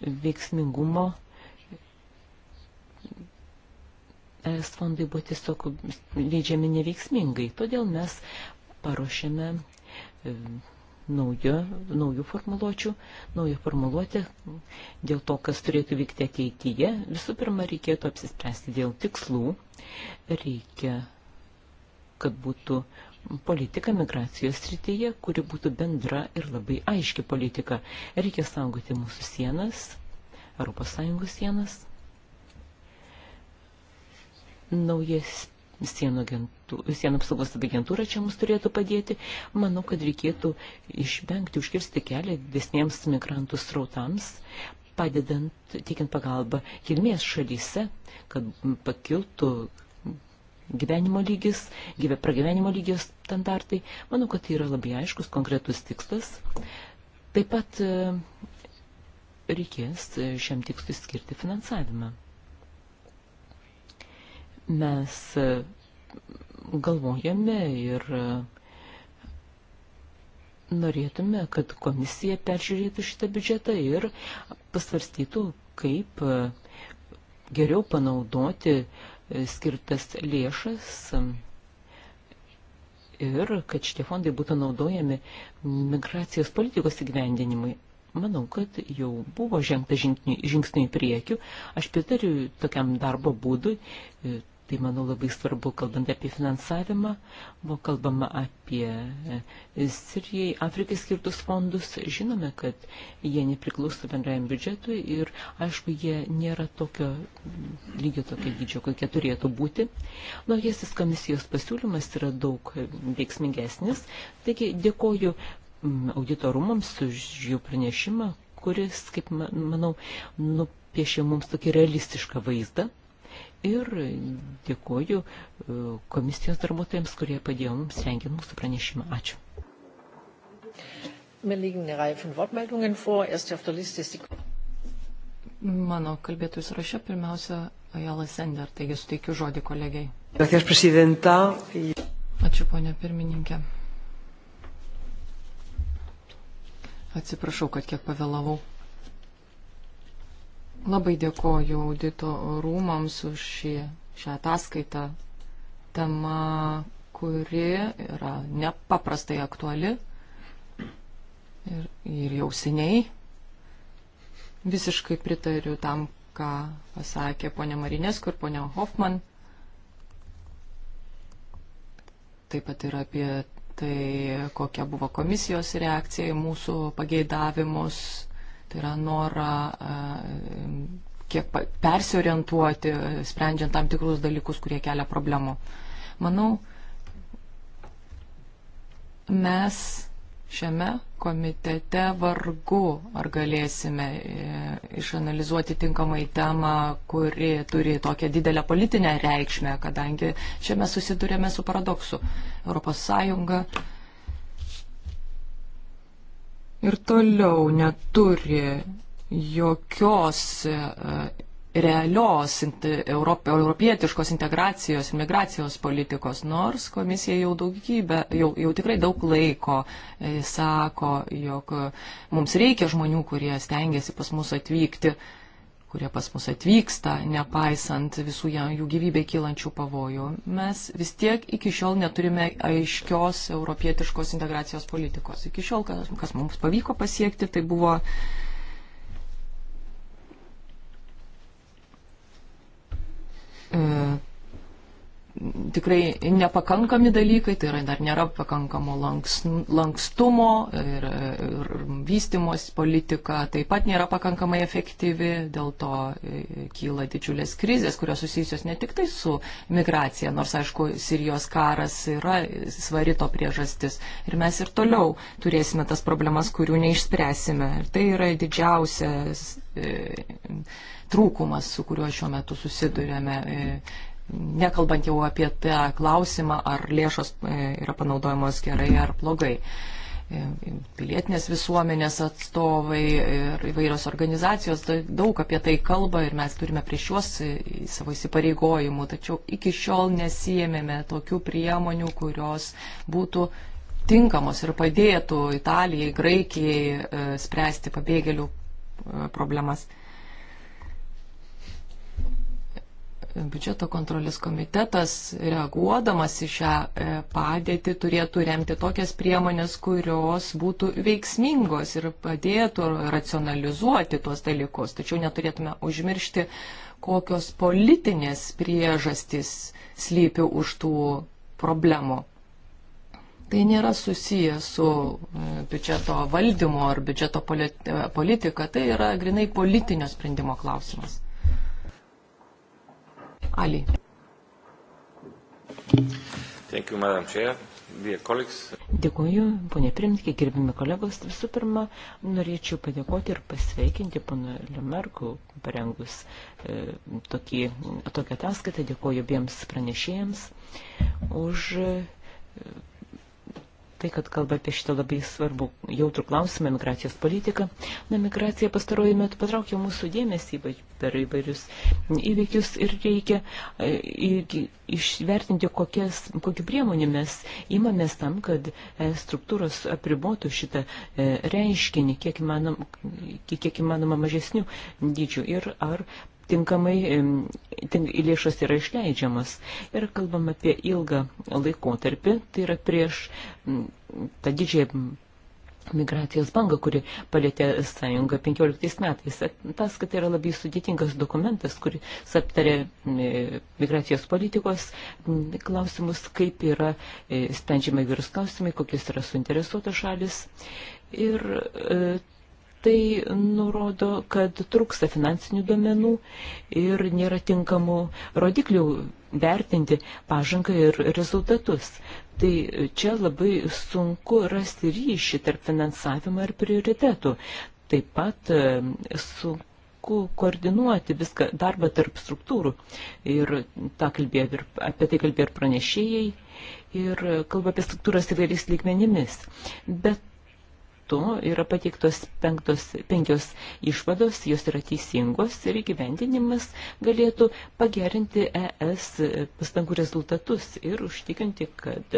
veiksmingumo ES fondai buvo tiesiog leidžiami neveiksmingai. Todėl mes paruošėme naujo, naujų formuluočių, naują formuluotę dėl to, kas turėtų vykti ateityje. Visų pirma, reikėtų apsispręsti dėl tikslų. Reikia, kad būtų politika migracijos srityje, kuri būtų bendra ir labai aiški politika. Reikia saugoti mūsų sienas, ES sienas. Naujas sienų, agentų, sienų apsaugos agentūra čia mums turėtų padėti. Manau, kad reikėtų išvengti, užkirsti kelią didesniems migrantų srautams, padedant, teikiant pagalbą kilmės šalyse, kad pakiltų gyvenimo lygis, gyve, pragyvenimo lygis standartai. Manau, kad tai yra labai aiškus, konkretus tikslas. Taip pat e, reikės e, šiam tikslui skirti finansavimą mes e, galvojame ir e, norėtume, kad komisija peržiūrėtų šitą biudžetą ir pasvarstytų, kaip e, geriau panaudoti skirtas lėšas ir kad šitie fondai būtų naudojami migracijos politikos įgyvendinimui. Manau, kad jau buvo žengta žingsnių į priekių. Aš pritariu tokiam darbo būdui, Tai, manau, labai svarbu, kalbant apie finansavimą, buvo kalbama apie e, Sirijai, Afrikai skirtus fondus. Žinome, kad jie nepriklauso bendrajam biudžetui ir, aišku, jie nėra tokio lygio, tokio dydžio, kokie turėtų būti. Naujasis komisijos pasiūlymas yra daug veiksmingesnis. Taigi, dėkoju auditorumams už jų pranešimą, kuris, kaip manau, nupiešė mums tokį realistišką vaizdą. Ir dėkoju e, komisijos darbuotojams, kurie padėjo mums rengiant mūsų pranešimą. Ačiū. Mano kalbėtojų sąraše pirmiausia Ajala Sender, taigi suteikiu žodį kolegiai. Ačiū, ponia pirmininkė. Atsiprašau, kad kiek pavėlavau. Labai dėkoju audito rūmams už šį, šią ataskaitą. Tema, kuri yra nepaprastai aktuali ir, ir jau seniai. Visiškai pritariu tam, ką pasakė ponia Marinesku ir ponia Hoffman. Taip pat ir apie tai, kokia buvo komisijos reakcija į mūsų pageidavimus tai yra norą e, kiek persiorientuoti, sprendžiant tam tikrus dalykus, kurie kelia problemų. Manau, mes šiame komitete vargu ar galėsime e, išanalizuoti tinkamai temą, kuri turi tokią didelę politinę reikšmę, kadangi čia mes susidurėme su paradoksu. Europos Sąjunga ir toliau neturi jokios e, realios europietiškos integracijos, migracijos politikos, nors komisija jau daugybę, jau, jau tikrai daug laiko e, sako, jog mums reikia žmonių, kurie stengiasi pas mus atvykti. Uh, kurie pas mus atvyksta, nepaisant visų jų gyvybei kylančių pavojų. Mes vis tiek iki šiol neturime aiškios europietiškos integracijos politikos. Iki šiol, kas, kas mums pavyko pasiekti, tai buvo. E, tikrai nepakankami dalykai, tai yra dar nėra pakankamo lanks, lankstumo ir, ir vystimos politika taip pat nėra pakankamai efektyvi, dėl to e, kyla didžiulės krizės, kurios susijusios ne tik tai su migracija, nors aišku, Sirijos karas yra svarito priežastis ir mes ir toliau turėsime tas problemas, kurių neišspręsime. Ir tai yra didžiausias. E, trūkumas, su kuriuo šiuo metu susidurėme e, nekalbant jau apie tą klausimą, ar lėšos e, yra panaudojamos gerai ar blogai. E, pilietinės visuomenės atstovai ir įvairios organizacijos daug apie tai kalba ir mes turime prieš juos e, savo įsipareigojimų, tačiau iki šiol nesijėmėme tokių priemonių, kurios būtų tinkamos ir padėtų Italijai, Graikijai spręsti pabėgėlių problemas. biudžeto kontrolės komitetas, reaguodamas į šią e, padėtį, turėtų remti tokias priemonės, kurios būtų veiksmingos ir padėtų racionalizuoti tuos dalykus. Tačiau neturėtume užmiršti, kokios politinės priežastys slypi už tų problemų. Tai nėra susiję su e, biudžeto valdymo ar biudžeto politika, tai yra grinai politinio sprendimo klausimas. Ali. Thank you, Madam Chair. Dėkuoju, ponė Primskė, gerbimi kolegos. Visų pirma, norėčiau padėkoti ir pasveikinti poną Lemerkų, parengus e, tokį, tokią ataskaitą. Dėkuoju abiems pranešėjams už e, tai, kad kalba apie šitą labai svarbų jautrų klausimą, migracijos politiką. Na, migracija pastaruoju metu patraukė mūsų dėmesį per įvairius įvykius ir reikia e, išvertinti, kokias, kokį priemonį mes imamės tam, kad e, struktūros apribotų šitą e, reiškinį, kiek įmanoma, kiek įmanoma mažesnių dydžių ir ar tinkamai tink, lėšos yra išleidžiamas. Ir kalbam apie ilgą laikotarpį, tai yra prieš tą didžiąją migracijos bangą, kuri palėtė sąjungą 15 metais. Tas, kad tai yra labai sudėtingas dokumentas, kuris aptarė migracijos politikos klausimus, kaip yra e, sprendžiama įvairūs klausimai, kokios yra suinteresuotos šalis. Ir e, tai nurodo, kad trūksta finansinių duomenų ir nėra tinkamų rodiklių vertinti pažangą ir rezultatus. Tai čia labai sunku rasti ryšį tarp finansavimo ir prioritetų. Taip pat e, sunku koordinuoti viską darbą tarp struktūrų. Ir kalbėjo, ir apie tai kalbėjo ir pranešėjai ir kalba apie struktūras įvairiais lygmenimis. Bet metu yra pateiktos penktos, penkios išvados, jos yra teisingos ir įgyvendinimas galėtų pagerinti ES pastangų rezultatus ir užtikrinti, kad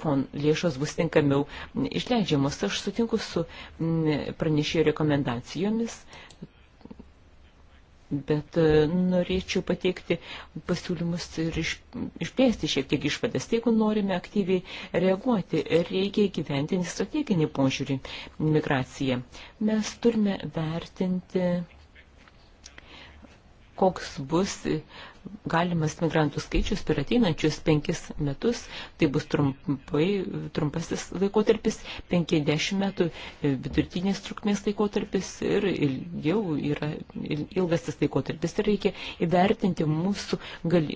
fon, lėšos bus tinkamiau išleidžiamos. Aš sutinku su pranešėjo rekomendacijomis bet e, norėčiau pateikti pasiūlymus ir išplėsti šiek tiek išvadas. Jeigu norime aktyviai reaguoti, reikia gyventinti strateginį požiūrį migraciją. Mes turime vertinti koks bus galimas migrantų skaičius per ateinančius penkis metus, tai bus trumpai, trumpasis laikotarpis, 50 metų e, vidutinės trukmės laikotarpis ir jau yra ilgasis laikotarpis. Ir reikia įvertinti mūsų gal,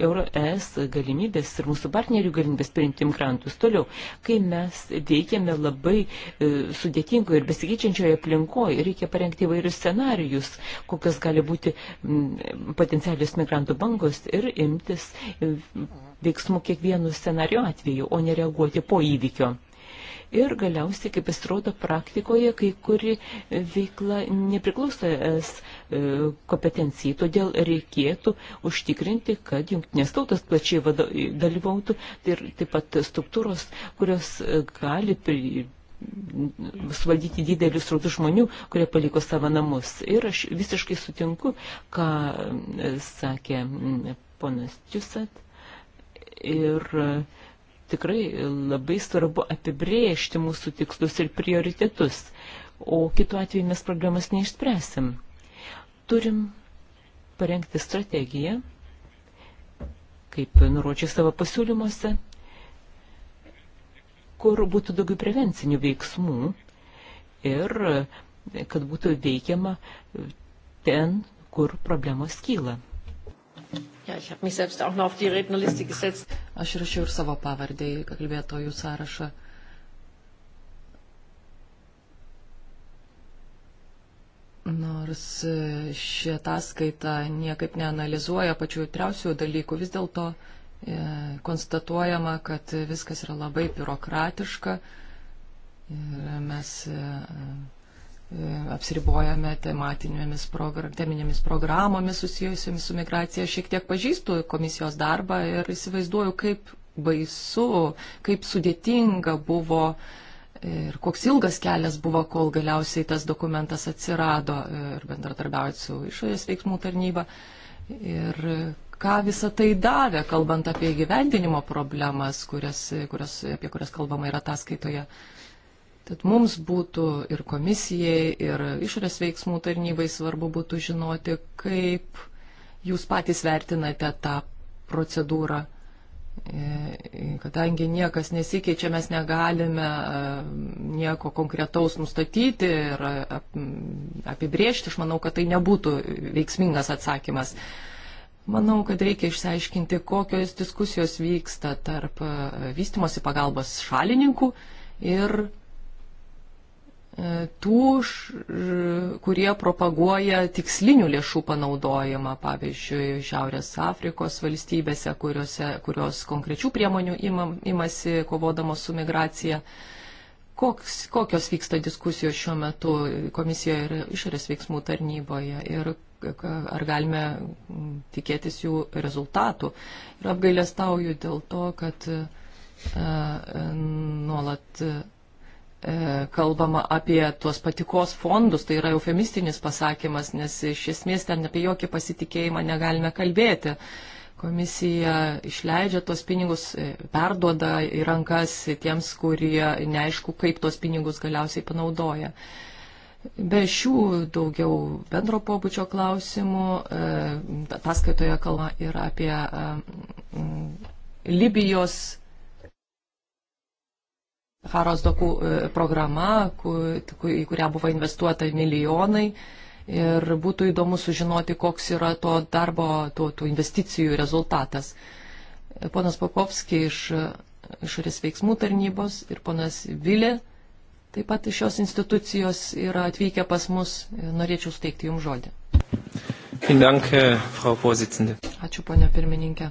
ES e galimybės ir mūsų partnerių galimybės priimti migrantus. Toliau, kai mes veikiame labai e, sudėtingoje ir besikeičiančioje aplinkoje, reikia parengti įvairius scenarius, kokios gali būti m, potencialius migrantų bangos dalykus ir imtis veiksmų kiekvienų scenarių atveju, o nereaguoti po įvykio. Ir galiausiai, kaip pasirodo praktikoje, kai kuri veikla nepriklauso es e, kompetencijai, todėl reikėtų užtikrinti, kad jungtinės tautos plačiai dalyvautų tai ir taip pat struktūros, kurios e, gali pri suvaldyti didelius rautus žmonių, kurie paliko savo namus. Ir aš visiškai sutinku, ką sakė mm, ponas Čiusat. Ir e, tikrai labai svarbu apibrėžti mūsų tikslus ir prioritetus, o kitu atveju mes problemas neišspręsim. Turim parengti strategiją, kaip nurodžiu savo pasiūlymuose, kur būtų daugiau prevencinių veiksmų ir kad būtų veikiama ten, kur problemos kyla. Ja, ich mich selbst auch noch auf die Rednerliste gesetzt. Aš rašiau ir savo pavardę į kalbėtojų sąrašą. Nors e, ši ataskaita niekaip neanalizuoja pačių jautriausių dalykų, vis dėlto uh, E, konstatuojama, kad viskas yra labai biurokratiška ir mes e, e, apsiribojame tematinėmis progr teminėmis programomis susijusiamis su migracija. Šiek tiek pažįstu komisijos darbą ir įsivaizduoju, kaip baisu, kaip sudėtinga buvo ir koks ilgas kelias buvo, kol galiausiai tas dokumentas atsirado ir bendradarbiaujant su išorės veiksmų tarnyba. Ir ką visa tai davė, kalbant apie gyvendinimo problemas, kurias, kurias, apie kurias kalbama yra ataskaitoje. Tad mums būtų ir komisijai, ir išorės veiksmų tarnybai svarbu būtų žinoti, kaip jūs patys vertinate tą procedūrą. E, kadangi niekas nesikeičia, mes negalime e, nieko konkretaus nustatyti ir e, apibriežti, aš manau, kad tai nebūtų veiksmingas atsakymas. Manau, kad reikia išsiaiškinti, kokios diskusijos vyksta tarp e, vystimosi pagalbos šalininkų ir e, tų, kurie propaguoja tikslinių lėšų panaudojimą, pavyzdžiui, Šiaurės Afrikos valstybėse, kuriuose, kurios konkrečių priemonių ima, imasi kovodamos su migracija. Uh, koks, kokios vyksta diskusijos šiuo metu komisijoje ir išorės veiksmų tarnyboje ir ar galime tikėtis jų rezultatų. Ir apgailestauju dėl to, kad e, e, nuolat e, kalbama apie tuos patikos fondus, tai yra eufemistinis pasakymas, nes iš esmės ten apie jokį pasitikėjimą negalime kalbėti. E, Komisija išleidžia tos pinigus, e, perduoda į rankas tiems, kurie neaišku, kaip tos pinigus galiausiai panaudoja. Be šių daugiau bendro pobūdžio klausimų, e, ataskaitoje kalba yra apie e, Libijos Haros dokų programa, į kurią buvo investuota milijonai ir būtų įdomu sužinoti, koks yra to darbo, tų, tų investicijų rezultatas. Ponas Popovski iš išorės veiksmų tarnybos ir ponas Vilė taip pat iš šios institucijos yra atvykę pas mus. Norėčiau suteikti Jums žodį. Dank, Frau Ačiū, ponia pirmininkė.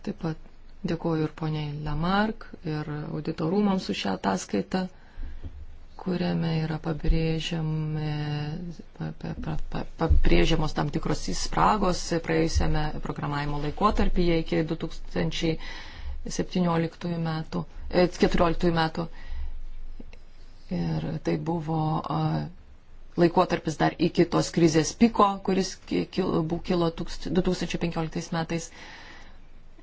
Taip pat dėkoju ir poniai Lamark ir auditorumams už šią ataskaitą kuriame yra pabrėžiamos tam tikros įspragos praėjusiame programavimo laikotarpyje iki 2017 metų, 2014 e, metų. Ir tai buvo laikotarpis dar iki tos krizės piko, kuris kilo 2015 metais.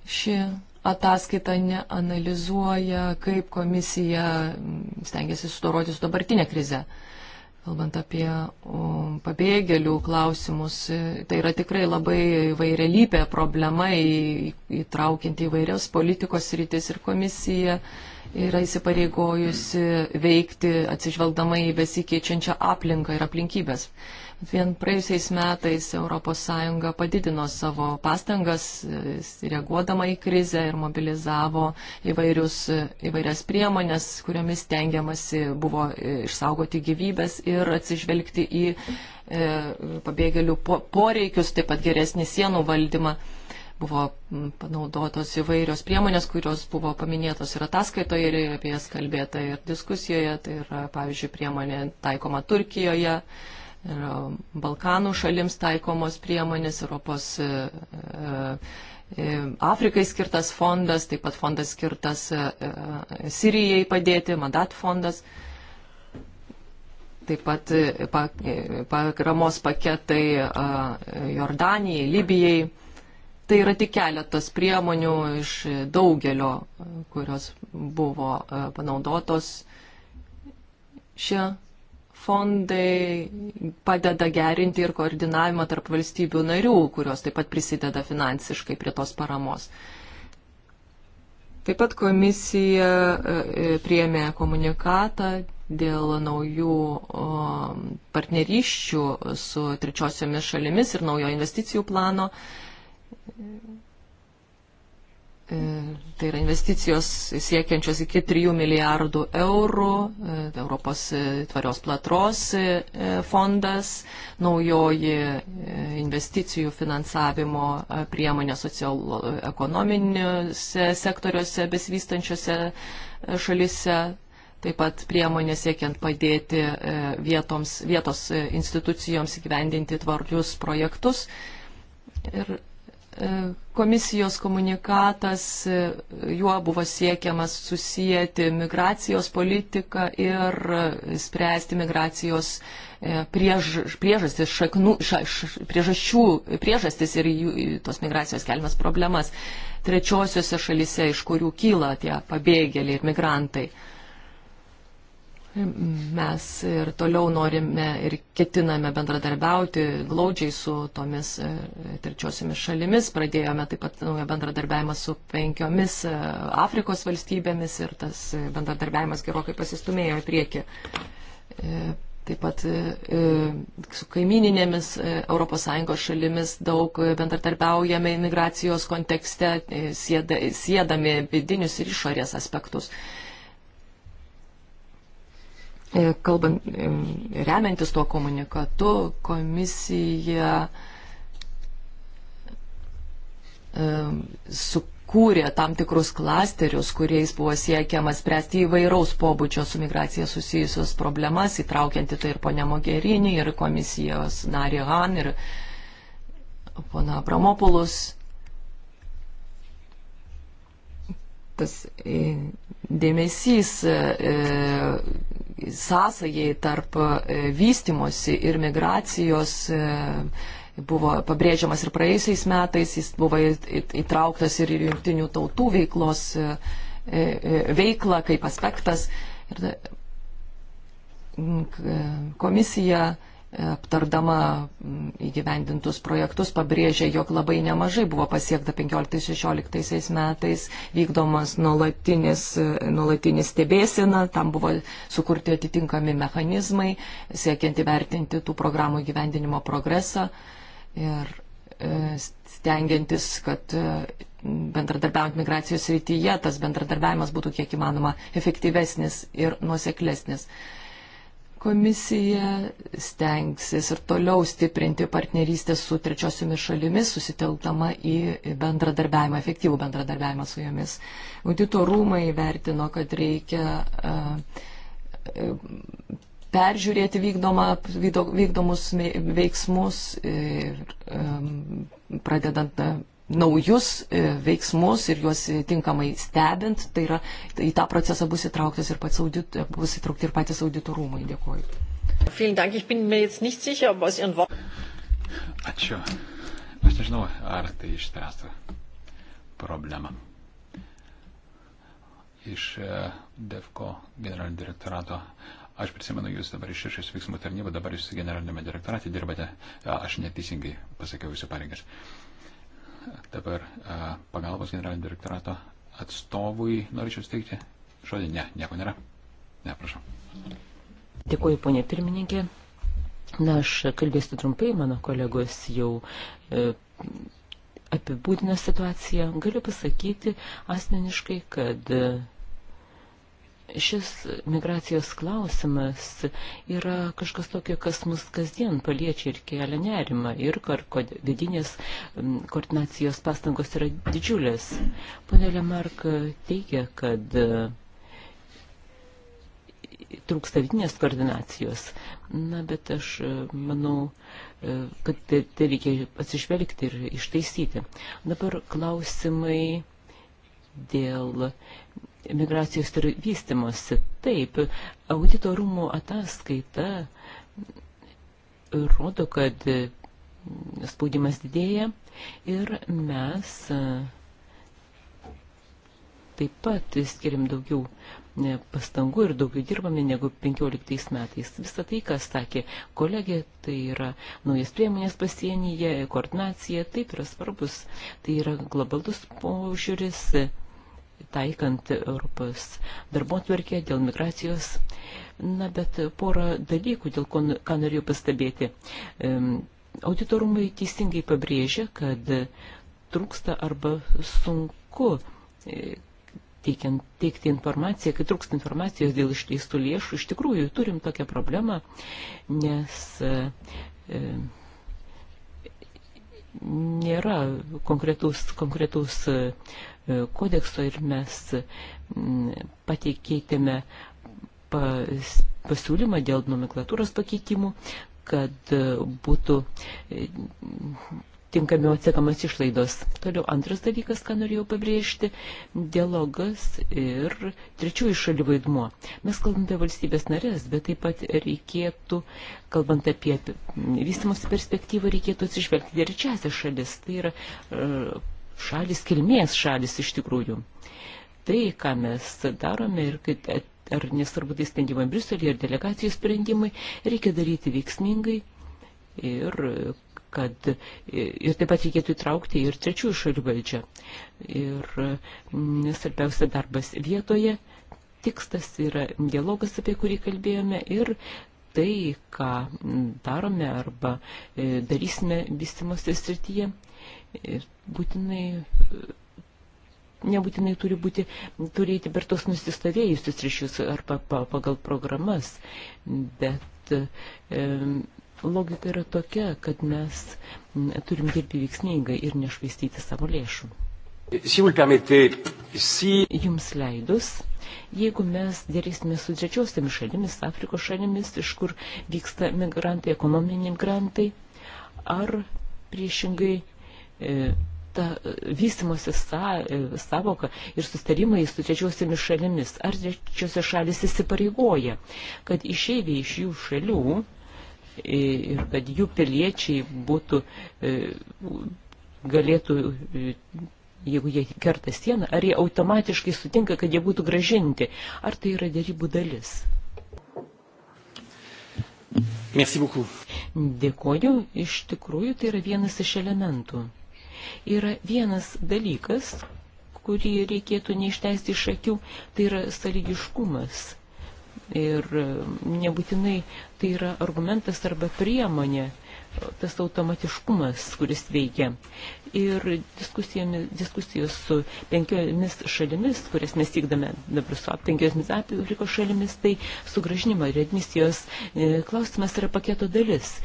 Ši ataskaita neanalizuoja, kaip komisija mm, stengiasi sudoroti su dabartinė krize. Kalbant apie pabėgėlių klausimus, e, tai yra tikrai labai vairialypė problema įtraukianti įvairias politikos rytis ir komisija yra įsipareigojusi veikti atsižvelgdama į besikeičiančią aplinką ir aplinkybės. Vien praėjusiais metais ES padidino savo pastangas, e, reaguodama į krizę ir mobilizavo įvairius, e, įvairias priemonės, kuriomis tengiamasi buvo e, išsaugoti gyvybės ir atsižvelgti į e, pabėgėlių poreikius, taip pat geresnį sienų valdymą buvo panaudotos įvairios priemonės, kurios buvo paminėtos ir ataskaitoje, ir apie jas kalbėta ir diskusijoje. Tai yra, pavyzdžiui, priemonė taikoma Turkijoje, ir e, Balkanų šalims taikomos priemonės, Europos e, e, Afrikai skirtas fondas, taip pat fondas skirtas Sirijai padėti, Madat fondas, taip pat paramos paketai Jordanijai, Libijai. Tai yra tik keletas priemonių iš daugelio, kurios buvo panaudotos šią fondai padeda gerinti ir koordinavimą tarp valstybių narių, kurios taip pat prisideda finansiškai prie tos paramos. Taip pat komisija e, priėmė komunikatą dėl naujų partnerysčių su trečiosiomis šalimis ir naujo investicijų plano. E, tai yra investicijos siekiančios iki 3 milijardų eurų, e, Europos e, tvarios plėtros fondas, naujoji investicijų finansavimo priemonė socioekonominiuose sektoriuose besivystančiose šalise, taip pat priemonė siekiant padėti vietoms, vietos institucijoms įgyvendinti tvarius projektus. Ir E, komisijos komunikatas, e, juo buvo siekiamas susijęti migracijos politiką ir e, spręsti migracijos priež, priežastis, šaknų, ša, š, priežasčių, priežastis ir jų, tos migracijos keliamas problemas trečiosiuose šalise, iš kurių kyla tie pabėgėliai ir migrantai. Uh, Mes ir toliau norime ir ketiname bendradarbiauti glaudžiai su tomis e, trečiosiomis šalimis. Pradėjome taip pat naują bendradarbiavimą su penkiomis e, Afrikos valstybėmis ir tas e, bendradarbiavimas gerokai pasistumėjo į priekį. Taip pat su kaimininėmis ES šalimis daug bendradarbiaujame imigracijos kontekste, siedami vidinius ir išorės aspektus. E, kalbant, e, remiantis tuo komunikatu, komisija e, sukūrė tam tikrus klasterius, kuriais buvo siekiama spręsti įvairaus pobūdžio su migracija susijusios problemas, įtraukianti tai ir ponę Mogerinį, ir komisijos narį Han, ir poną Abramopulus. Tas dėmesys sąsajai tarp e, vystimosi ir migracijos e, buvo pabrėžiamas ir praėjusiais metais, jis buvo įtrauktas ir į jungtinių tautų veiklos e, veiklą kaip aspektas. Ir komisija aptardama mm, įgyvendintus projektus, pabrėžė, jog labai nemažai buvo pasiekta 15-16 metais, vykdomas nuolatinis, nuolatinis stebėsina, tam buvo sukurti atitinkami mechanizmai, siekiant įvertinti tų programų įgyvendinimo progresą ir e, stengiantis, kad e, bendradarbiaujant migracijos rytyje tas bendradarbiavimas būtų kiek įmanoma efektyvesnis ir nuoseklesnis. Komisija stengsis ir toliau stiprinti partnerystę su trečiosiomis šalimis, susiteltama į bendradarbiavimą, efektyvų bendradarbiavimą su jomis. Audito rūmai vertino, kad reikia peržiūrėti vykdomą, vykdomus veiksmus, ir, pradedant naujus e, veiksmus ir juos e, tinkamai stebint, tai yra tai į tą procesą bus, ir pats audit, e, bus įtraukti ir patys auditorumai. Dėkuoju. Ačiū. Aš nežinau, ar tai išspręstų problemą. Iš DEFCO generalinio direktorato. Aš prisimenu, jūs dabar iš išės veiksmų tarnybą, dabar jūs generalinėme direktorate dirbate. Aš neteisingai pasakiau jūsų pareigas. Uh, dabar pagalbos generalinio direktorato atstovui norėčiau steigti žodį. Ne, nieko nėra. Ne, prašau. Dėkuoju, ponė pirmininkė. Na, aš kalbėsiu trumpai, mano kolegos jau e, apibūdino situaciją. Galiu pasakyti asmeniškai, kad e, šis migracijos klausimas yra kažkas tokio, kas mus kasdien paliečia ir kelia nerimą ir kar, kod, vidinės koordinacijos pastangos yra didžiulės. Pone Lemark teigia, kad e, trūksta vidinės koordinacijos. Na, bet aš e, manau, e, kad tai, tai reikia atsižvelgti ir ištaisyti. Dabar klausimai dėl migracijos ir vystimosi. Taip, audito rūmų ataskaita rodo, kad spaudimas didėja ir mes taip pat skiriam daugiau pastangų ir daugiau dirbame negu 15 metais. Visą tai, kas sakė kolegė, tai yra naujas priemonės pasienyje, koordinacija, taip yra svarbus, tai yra globalus požiūris taikant Europos darbotvarkę dėl migracijos. Na, bet porą dalykų, dėl ko, ką norėjau pastabėti. Auditorumai teisingai pabrėžia, kad trūksta arba sunku e, teikiant, teikti informaciją, kai trūksta informacijos dėl išteistų lėšų, iš tikrųjų turim tokią problemą, nes e, e nėra konkretus, konkretus kodekso ir mes mm, pateikėtėme pasiūlymą dėl nomenklatūros pakeitimų, kad e, būtų e, tinkamiau atsiekamas išlaidos. Toliau antras dalykas, ką norėjau pabrėžti - dialogas ir trečiųjų šalių vaidmuo. Mes kalbame apie valstybės narės, bet taip pat reikėtų, kalbant apie vystimosi perspektyvą, reikėtų atsižvelgti ir čiasias šalis. Tai yra e, šalis, kilmės šalis iš tikrųjų. Tai, ką mes darome ir kaip, ar nesvarbu tai sprendimai Briuselėje ir delegacijų sprendimai, reikia daryti veiksmingai ir kad ir taip pat reikėtų įtraukti ir trečiųjų šalių valdžią. Ir mm, svarbiausia darbas vietoje, tikslas yra dialogas, apie kurį kalbėjome, ir tai, ką darome arba e, darysime vystimosi srityje. Ir būtinai, e, nebūtinai turi būti, turėti per tos nusistovėjusius ryšius arba pa, pagal programas, bet e, logika yra tokia, kad mes turim dirbti veiksmingai ir nešvaistyti savo lėšų. Si vous le permettez, si... Jums leidus, jeigu mes dėrėsime su trečiosiamis šalimis, Afrikos šalimis, iš kur vyksta migrantai, ekonominiai migrantai, ar priešingai E, ta e, vystimosi e, savoka ir sustarimai su trečiosiomis šalimis. Ar trečiosios šalis įsipareigoja, kad išeiviai iš jų šalių ir kad jų piliečiai būtų, galėtų, jeigu jie kerta sieną, ar jie automatiškai sutinka, kad jie būtų gražinti. Ar tai yra dėrybų dalis? Merci beaucoup. Dėkoju, iš tikrųjų tai yra vienas iš elementų. Yra vienas dalykas, kurį reikėtų neišteisti iš akių, tai yra sąlygiškumas. Ir e, nebūtinai tai yra argumentas arba priemonė, tas automatiškumas, kuris veikia. Ir diskusijos su penkiomis šalimis, kurias mes vykdame dabar su penkiomis Afrikos šalimis, tai sugražinimo ir admisijos e, klausimas yra paketo dalis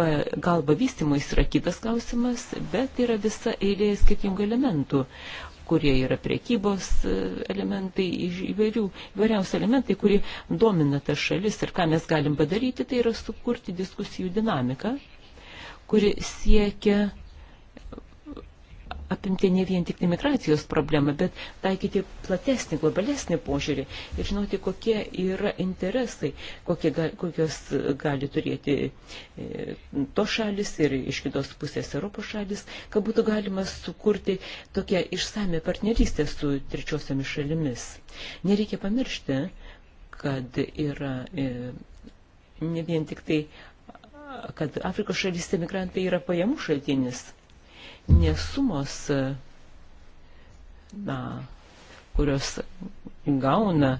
pagalba vystymui yra kitas klausimas, bet yra visa eilė skirtingų elementų kurie yra priekybos e, elementai, įvairių, įvairiausi elementai, kurie domina tas šalis ir ką mes galim padaryti, tai yra sukurti diskusijų dinamiką, kuri siekia apimti ne vien tik imigracijos problemą, bet taikyti platesnį, globalesnį požiūrį ir žinoti, kokie yra interesai, kokie, kokios gali turėti e, to šalis ir iš kitos pusės Europos šalis, kad būtų galima sukurti tokią išsame partnerystę su trečiosiomis šalimis. Nereikia pamiršti, kad yra e, ne vien tik tai kad Afrikos šalyse migrantai yra pajamų šaltinis nesumos, na, kurios gauna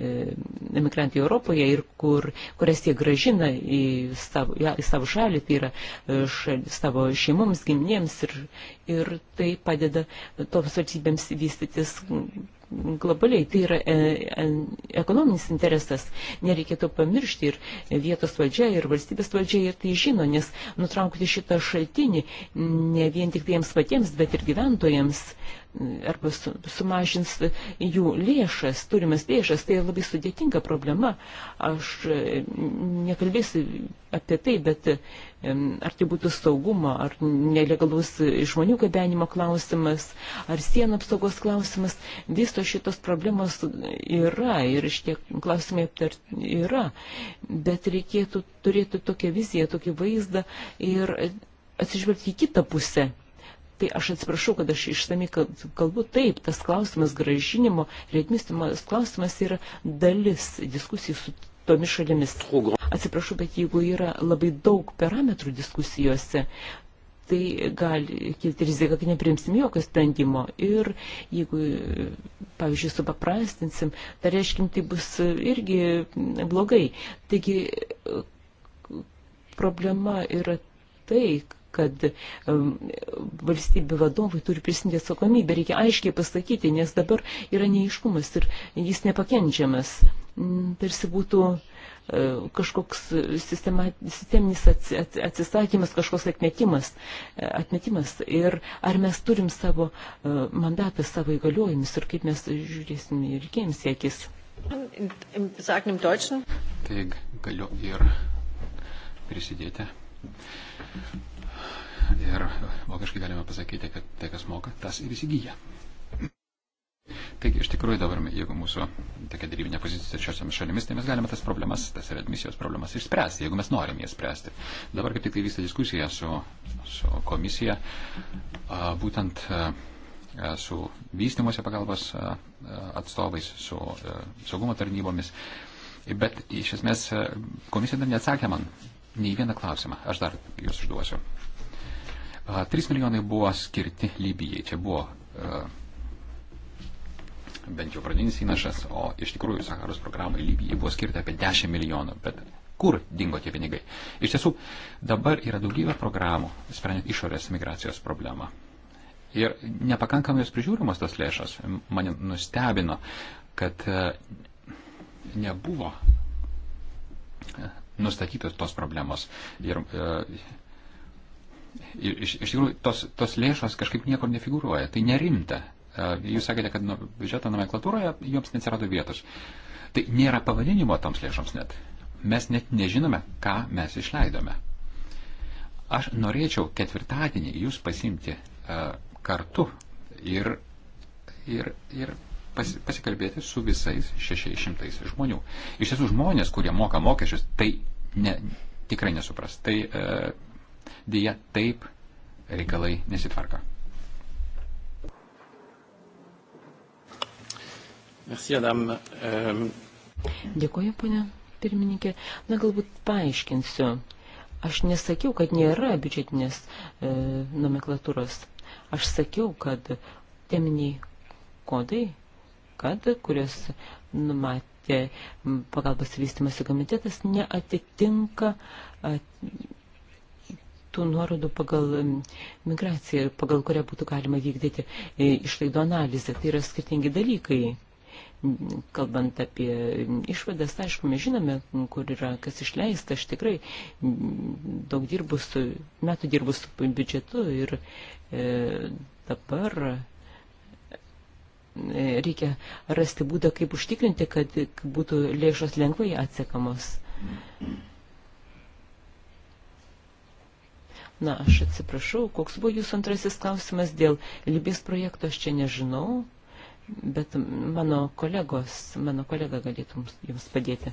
e, emigrantai Europoje ir kur, kurias jie gražina į savo, į savo šalį, tai yra e, šal, savo šeimoms, giminėms ir, ir tai padeda toms valstybėms vystytis globaliai, tai yra e, e, ekonominis interesas. Nereikėtų pamiršti ir vietos valdžia, ir valstybės valdžia, ir tai žino, nes nutraukti šitą šaltinį ne vien tik tai jiems patiems, bet ir gyventojams arba sumažins jų lėšas, turimas lėšas, tai labai sudėtinga problema. Aš e, nekalbėsiu apie tai, bet e, ar tai būtų saugumo, ar nelegalus žmonių gabenimo klausimas, ar sienų apsaugos klausimas, visos šitos problemos yra ir šitie klausimai yra, bet reikėtų turėti tokią viziją, tokį vaizdą ir atsižvelgti į kitą pusę Tai aš atsiprašau, kad aš išsami kalbu taip, tas klausimas gražinimo, readmisimas klausimas yra dalis diskusijų su tomis šalimis. Atsiprašau, bet jeigu yra labai daug parametrų diskusijose, tai gali kilti rizika, kad neprimsim jokio sprendimo. Ir jeigu, pavyzdžiui, supaprastinsim, tai reiškim, tai bus irgi blogai. Taigi problema yra tai, kad valstybių vadovai turi prisimti atsakomybę, reikia aiškiai pasakyti, nes dabar yra neiškumas ir jis nepakenčiamas. Mm, tarsi būtų e, kažkoks sistema, sisteminis atsisakymas, kažkoks atmetimas, e, atmetimas. Ir ar mes turim savo e, mandatą, savo įgaliojimus ir kaip mes žiūrėsim ir rinkėjams siekis. Tai galiu ir prisidėti. Ir vokiškai galime pasakyti, kad tai, kas moka, tas ir įsigyja. Taigi, iš tikrųjų, dabar, jeigu mūsų tokia darybinė pozicija trečiosiomis šalimis, tai mes galime tas problemas, tas readmisijos problemas išspręsti, jeigu mes norime jas spręsti. Dabar kaip tik tai vyksta diskusija su, su komisija, a, būtent a, su vystimuose pagalbos a, atstovais, su a, saugumo tarnybomis. Bet iš esmės komisija dar neatsakė man nei vieną klausimą. Aš dar jūs užduosiu. 3 milijonai buvo skirti Libijai. Čia buvo e, bent jau pradinis įnašas, o iš tikrųjų Sakaros programai Libijai buvo skirta apie 10 milijonų. Bet kur dingo tie pinigai? Iš tiesų, dabar yra daugybė programų, sprendžiant išorės migracijos problemą. Ir nepakankamai jos prižiūrimos tas lėšas. Mane nustebino, kad e, nebuvo e, nustatytos tos problemos. Ir iš, iš tikrųjų tos, tos lėšos kažkaip niekur nefigūruoja, tai nerimta. Jūs sakėte, kad nu, biudžeto nomenklatūroje joms neatsirado vietos. Tai nėra pavadinimo toms lėšoms net. Mes net nežinome, ką mes išleidome. Aš norėčiau ketvirtadienį jūs pasimti uh, kartu ir, ir, ir pas, pasikalbėti su visais 600 žmonių. Iš tiesų žmonės, kurie moka mokesčius, tai ne, tikrai nesupras. Tai uh, Dėja, taip reikalai nesitvarka. Merci, Adam. Um... Euh, Dėkuoju, ponia pirmininkė. Na, galbūt paaiškinsiu. Aš nesakiau, kad nėra biudžetinės e, nomenklatūros. Aš sakiau, kad teminiai kodai, kad kurios numatė pagalbos vystimasi komitetas, neatitinka at, tų nuorodų pagal migraciją, pagal kurią būtų galima vykdyti e, išlaidų analizę. Tai yra skirtingi dalykai. Kalbant apie išvadas, tai aišku, mes žinome, kur yra kas išleista. Aš tikrai daug dirbu su, metų dirbu su biudžetu ir e, dabar e, reikia rasti būdą, kaip užtikrinti, kad būtų lėšos lengvai atsekamos. Na, aš atsiprašau, koks buvo jūsų antrasis klausimas dėl Libijos projekto, aš čia nežinau, bet mano kolegos, mano kolega galėtų jums padėti.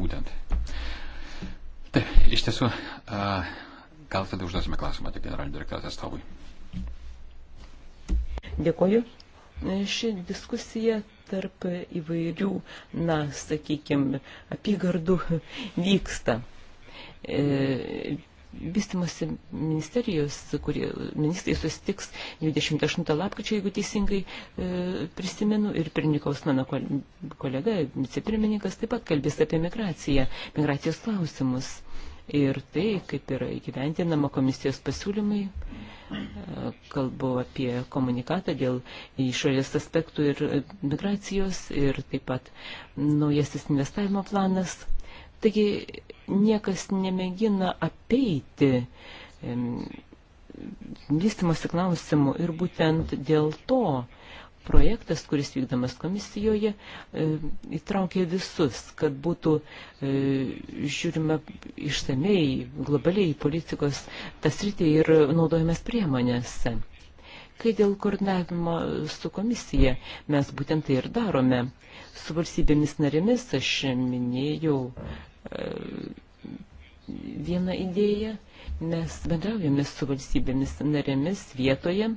Būtent. Taip, iš tiesų, gal tada užduosime klausimą tik generalinio direktorijos atstovui. Dėkoju. Ši diskusija tarp įvairių, na, sakykime, apygardų vyksta. E, Vystimosi ministerijos, kurie ministrai susitiks 28 lapkričio, jeigu teisingai e, prisimenu, ir pirmininkaus mano kolega, vicepirmininkas, taip pat kalbės apie migraciją, migracijos klausimus. Ir tai, kaip yra įgyventinama komisijos pasiūlymai. E, Kalbu apie komunikatą dėl išorės aspektų ir e, migracijos ir taip pat naujasis investavimo planas. Taigi niekas nemėgina apeiti vystimosi klausimų ir būtent dėl to projektas, kuris vykdamas komisijoje, e, įtraukia visus, kad būtų e, žiūrima išsamei, globaliai politikos tas rytį ir naudojamas priemonės. Kai dėl koordinavimo su komisija mes būtent tai ir darome. Su valstybėmis narėmis aš minėjau e, vieną idėją. Mes bendraujame su valstybėmis narėmis vietoje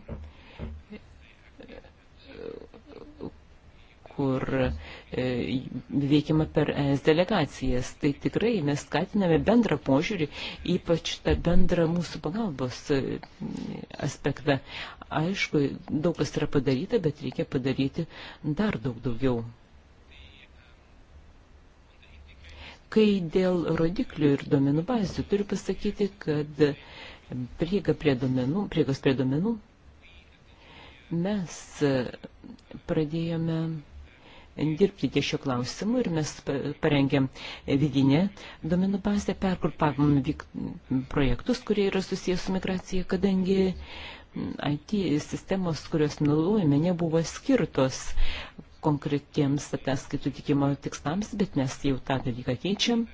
kur e, veikiama per ES delegacijas. Tai tikrai mes skatiname bendrą požiūrį, ypač tą bendrą mūsų pagalbos e, aspektą. Aišku, daug kas yra padaryta, bet reikia padaryti dar daug daugiau. Kai dėl rodiklių ir domenų bazių turiu pasakyti, kad prieiga prie domenų, prieigas prie domenų Mes e, pradėjome dirbti ties šio klausimu ir mes parengėm vidinę domenų bazę, pergrupavom projektus, kurie yra susijęs su migracija, kadangi IT sistemos, kurios naudojame, nebuvo skirtos konkretiems ataskaitų tikimo tikslams, bet mes jau tą dalyką keičiam.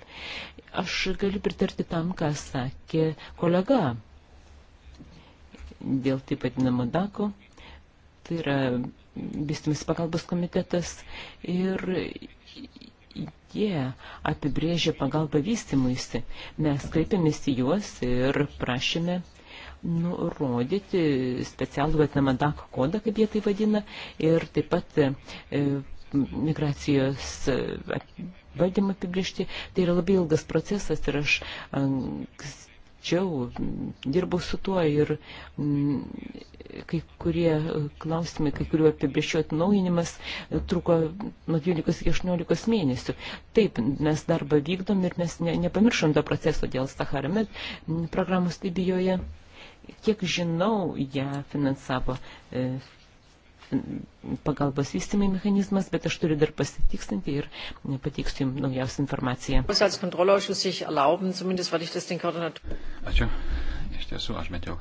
Aš galiu pritarti tam, ką sakė kolega dėl taip vadinamo dako tai yra vystimis pagalbos komitetas ir jie yeah, apibrėžė pagalbą vystimuisi. Mes kreipėmės į juos ir prašėme nurodyti specialų vadinamą DAC kodą, kaip jie tai vadina, ir taip pat e, migracijos e, valdymą apibriežti. Tai yra labai ilgas procesas ir aš arčiau, dirbau su tuo ir mm, kai kurie klausimai, kai kurių apibriešio atnaujinimas truko nuo 12 iki 18 mėnesių. Taip, mes darbą vykdom ir mes ne, nepamiršom to proceso dėl Saharamet programos Libijoje. Kiek žinau, ją finansavo e, pagalbos vystymai mechanizmas, bet aš turiu dar pasitikslinti ir pateiksiu jums naujausią informaciją. Ačiū. Iš tiesų, aš bent jau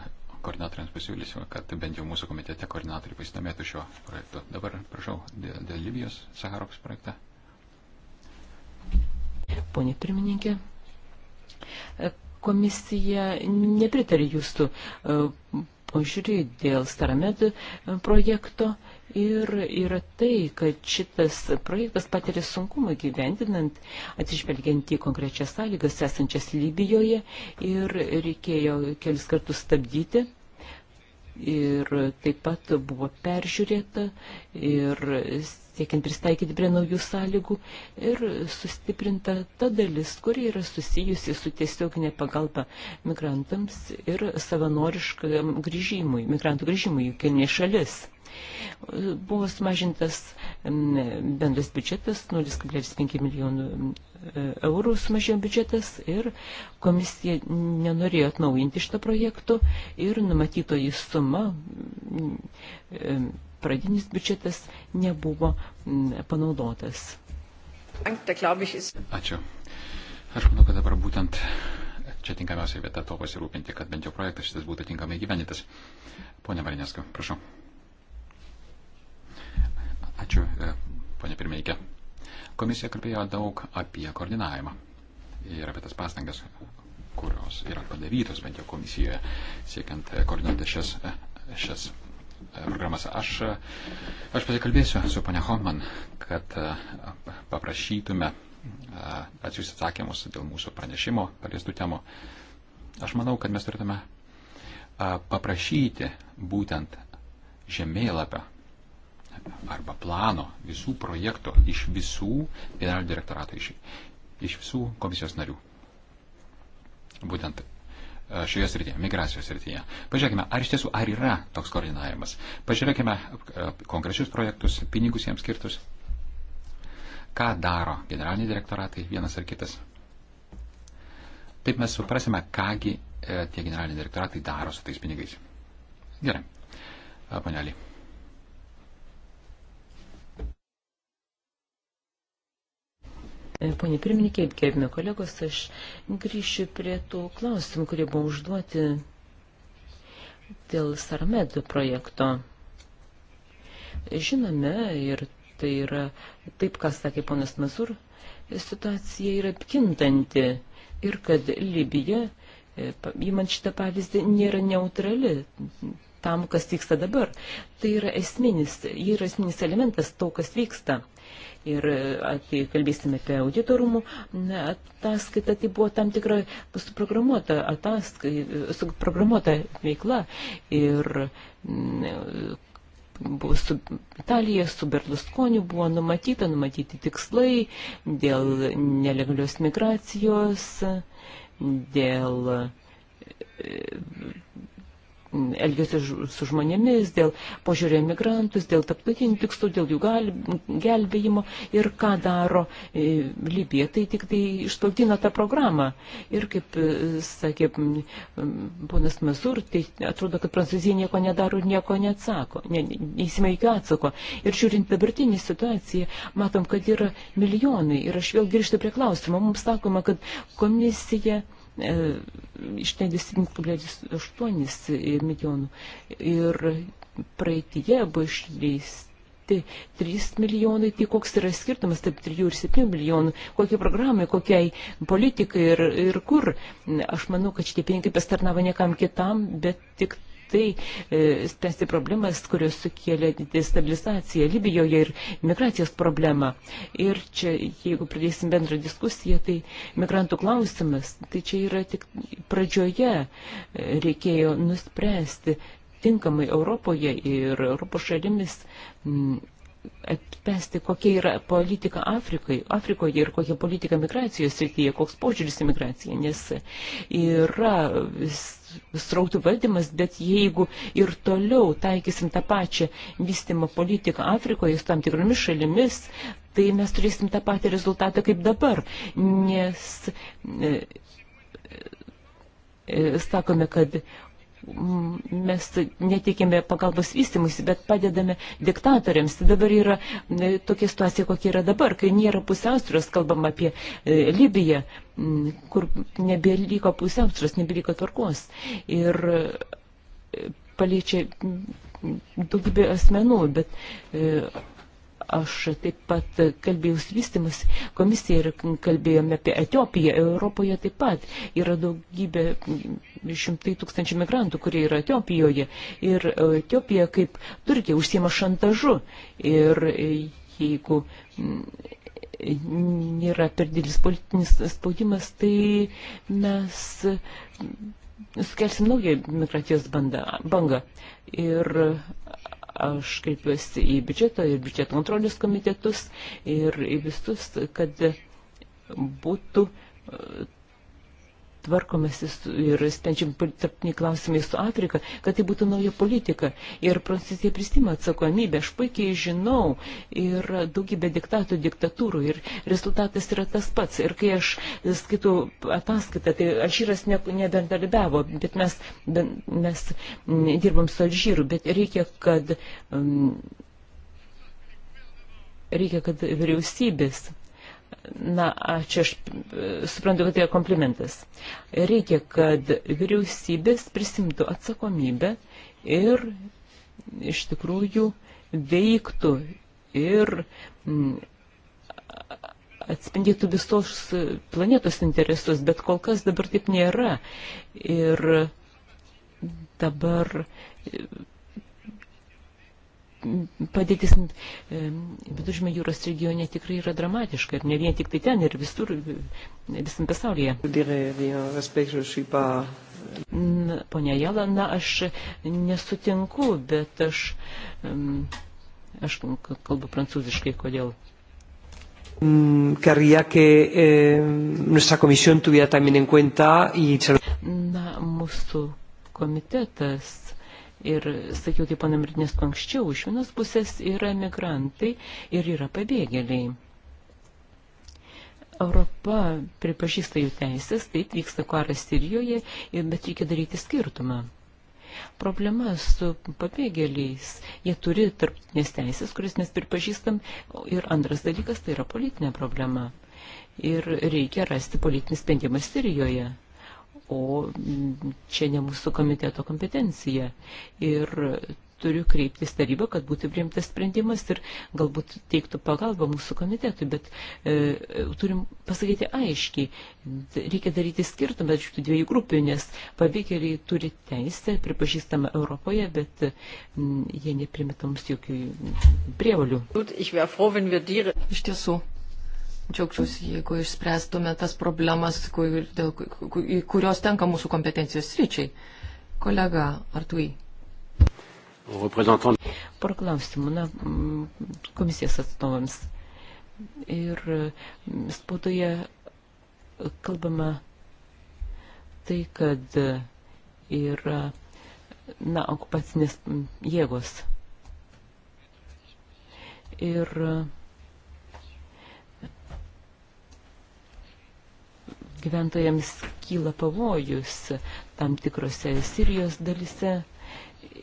koordinatoriams pasiūlysiu, kad bent jau mūsų komitete koordinatoriai pasidomėtų šio projektu. Dabar prašau dėl, dėl Libijos Saharovs projektą. Pone pirmininkė, e, komisija nepritarė jūsų e, požiūrį dėl Staramed projekto. Ir yra tai, kad šitas projektas patiria sunkumų gyvendinant, atsižvelgiant į konkrečias sąlygas esančias Libijoje ir reikėjo kelis kartus stabdyti. Ir taip pat buvo peržiūrėta ir siekiant pristaikyti prie naujų sąlygų ir sustiprinta ta dalis, kuri yra susijusi su tiesioginė pagalba migrantams ir savanoriškam grįžimui, migrantų grįžimui į kilmės šalis. Buvo sumažintas bendras biudžetas 0,5 milijonų e, eurų sumažėjo biudžetas ir komisija nenorėjo atnaujinti šito projekto ir numatytoji suma pradinis biudžetas nebuvo panaudotas. Ačiū. Aš manau, kad dabar būtent čia tinkamiausia vieta to pasirūpinti, kad bent jau projektas šitas būtų tinkamai gyvenintas. Pone Marineska, prašau. Ačiū, e, ponė pirmininkė. Komisija kalbėjo daug apie koordinavimą ir apie tas pastangas, kurios yra padarytos bent jau komisijoje, siekiant e, koordinuoti šias, e, šias programas. Aš, aš pasikalbėsiu su ponia Homan, kad paprašytume atsiųsti atsakymus dėl mūsų pranešimo paliestų temų. Aš manau, kad mes turėtume paprašyti būtent žemėlapio arba plano visų projektų iš visų generalinio direktorato, iš, iš visų komisijos narių. Būtent šioje srityje, migracijos srityje. Pažiūrėkime, ar iš tiesų, ar yra toks koordinavimas. Pažiūrėkime e, konkrečius projektus, pinigus jiems skirtus. Ką daro generaliniai direktoratai, vienas ar kitas. Taip mes suprasime, kągi e, tie generaliniai direktoratai daro su tais pinigais. Gerai. E, Panelį. E, pone pirmininkė, gerbime kolegos, aš grįšiu prie tų klausimų, kurie buvo užduoti dėl Sarmed projekto. Žinome, ir tai yra, taip, kas sakė ponas Mazur, situacija yra kintanti ir kad Libija, įman e, šitą pavyzdį, nėra neutrali tam, kas vyksta dabar. Tai yra esminis, yra esminis elementas to, kas vyksta ir tai kalbėsime apie auditorumų ataskaitą, tai buvo tam tikra suprogramuota ataskaita, e, suprogramuota veikla ir buvo su Italija, su Berlusconiu buvo numatyta, numatyti tikslai dėl nelegalios migracijos, dėl e, elgesio su žmonėmis, dėl požiūrė migrantus, dėl taptutinių tikslų, dėl jų gal, gelbėjimo ir ką daro e, Libija. Tai tik tai išplaukina tą programą. Ir kaip e, sakė ponas Mesur, tai atrodo, kad Prancūzija nieko nedaro ir nieko neatsako, ne, neįsime jokio atsako. Ir žiūrint dabartinį situaciją, matom, kad yra milijonai. Ir aš vėl grįžtu prie klausimo. Mums sakoma, kad komisija 67,8 milijonų. Ir praeitie buvo išleisti 3 milijonai. Tai koks yra skirtumas tarp 3 ir 7 milijonų? Kokiai programai, kokiai politikai ir, ir kur? Aš manau, kad šitie pinigai pastarnavo niekam kitam, bet tik apskritai e, spręsti problemas, kurios sukėlė destabilizaciją Libijoje ir migracijos problemą. Ir čia, jeigu pradėsim bendrą diskusiją, tai migrantų klausimas, tai čia yra tik pradžioje e, reikėjo nuspręsti tinkamai Europoje ir Europos šalimis atpesti, kokia yra politika Afrikai, Afrikoje ir kokia politika migracijos srityje, koks požiūris į migraciją, nes yra vis srautų valdymas, bet jeigu ir toliau taikysim tą pačią vystimo politiką Afrikoje su tam tikromis šalimis, tai mes turėsim tą patį rezultatą kaip dabar, nes e, e, sakome, kad mes netikime pagalbos vystimus, bet padedame diktatoriams. Tai dabar yra e, tokia situacija, kokia yra dabar, kai nėra pusiausvėros, kalbam apie e, Libiją, kur nebeliko pusiausvėros, nebeliko tvarkos. Ir e, paliečia daugybė asmenų, bet Aš taip pat kalbėjau su vystimus komisija ir kalbėjome apie Etiopiją. Europoje taip pat yra daugybė šimtai tūkstančių migrantų, kurie yra Etiopijoje. Ir Etiopija kaip Turkija užsiema šantažu. Ir jeigu nėra per didelis politinis spaudimas, tai mes sukelsim naują migracijos bandą, bangą. Ir Aš kreipiuosi į biudžeto ir biudžeto kontrolės komitetus ir į visus, kad būtų tvarkomasi ir sprendžiam tarptiniai klausimai su Afrika, kad tai būtų nauja politika. Ir Prancūzija prisima atsakomybę, aš puikiai žinau, ir daugybė diktatų diktatūrų, ir rezultatas yra tas pats. Ir kai aš skaitau ataskaitą, tai Alžyras ne, nebendarbiavo, bet mes, ben, mes dirbam su Alžyru, bet reikia, kad. Um, reikia, kad vyriausybės Na, ačiū, aš e, suprantu, kad tai yra komplimentas. Reikia, kad vyriausybės prisimtų atsakomybę ir iš tikrųjų veiktų ir atspindėtų visos planetos interesus, bet kol kas dabar taip nėra. Ir dabar padėtis viduržmė jūros regione tikrai yra dramatiška ir ne vien tik tai ten ir visur, e, visam pasaulyje. Pone Jelana, aš nesutinku, bet aš, aš kalbu prancūziškai, kodėl. Mm, querría que eh, nuestra comisión tuviera también en cuenta y... Na, mūsų komitetas ir sakiau tai panamirtinės anksčiau, iš vienos pusės yra migrantai ir yra pabėgėliai. Europa pripažįsta jų teisės, taip vyksta karas Sirijoje, bet reikia daryti skirtumą. Problema su pabėgėliais, jie turi tarptautinės teisės, kuris mes pripažįstam, ir antras dalykas tai yra politinė problema. Ir reikia rasti politinį sprendimą Sirijoje o čia ne mūsų komiteto kompetencija. Ir turiu kreiptis tarybą, kad būtų priimtas sprendimas ir galbūt teiktų pagalbą mūsų komitetui, bet e, turim pasakyti aiškiai, reikia daryti skirtumą šitų dviejų grupių, nes pabėgėliai turi teisę, pripažįstama Europoje, bet m, mm, jie neprimeta mums jokių prievalių. Iš tiesų, Džiaugčiausi, jeigu išspręstume tas problemas, kur, dėl, kurios tenka mūsų kompetencijos ryčiai. Kolega, ar tu į? Porą klausimų, na, komisijos atstovams. Ir spaudoje kalbama tai, kad yra, na, okupacinės jėgos. Ir gyventojams kyla pavojus tam tikrose Sirijos dalise.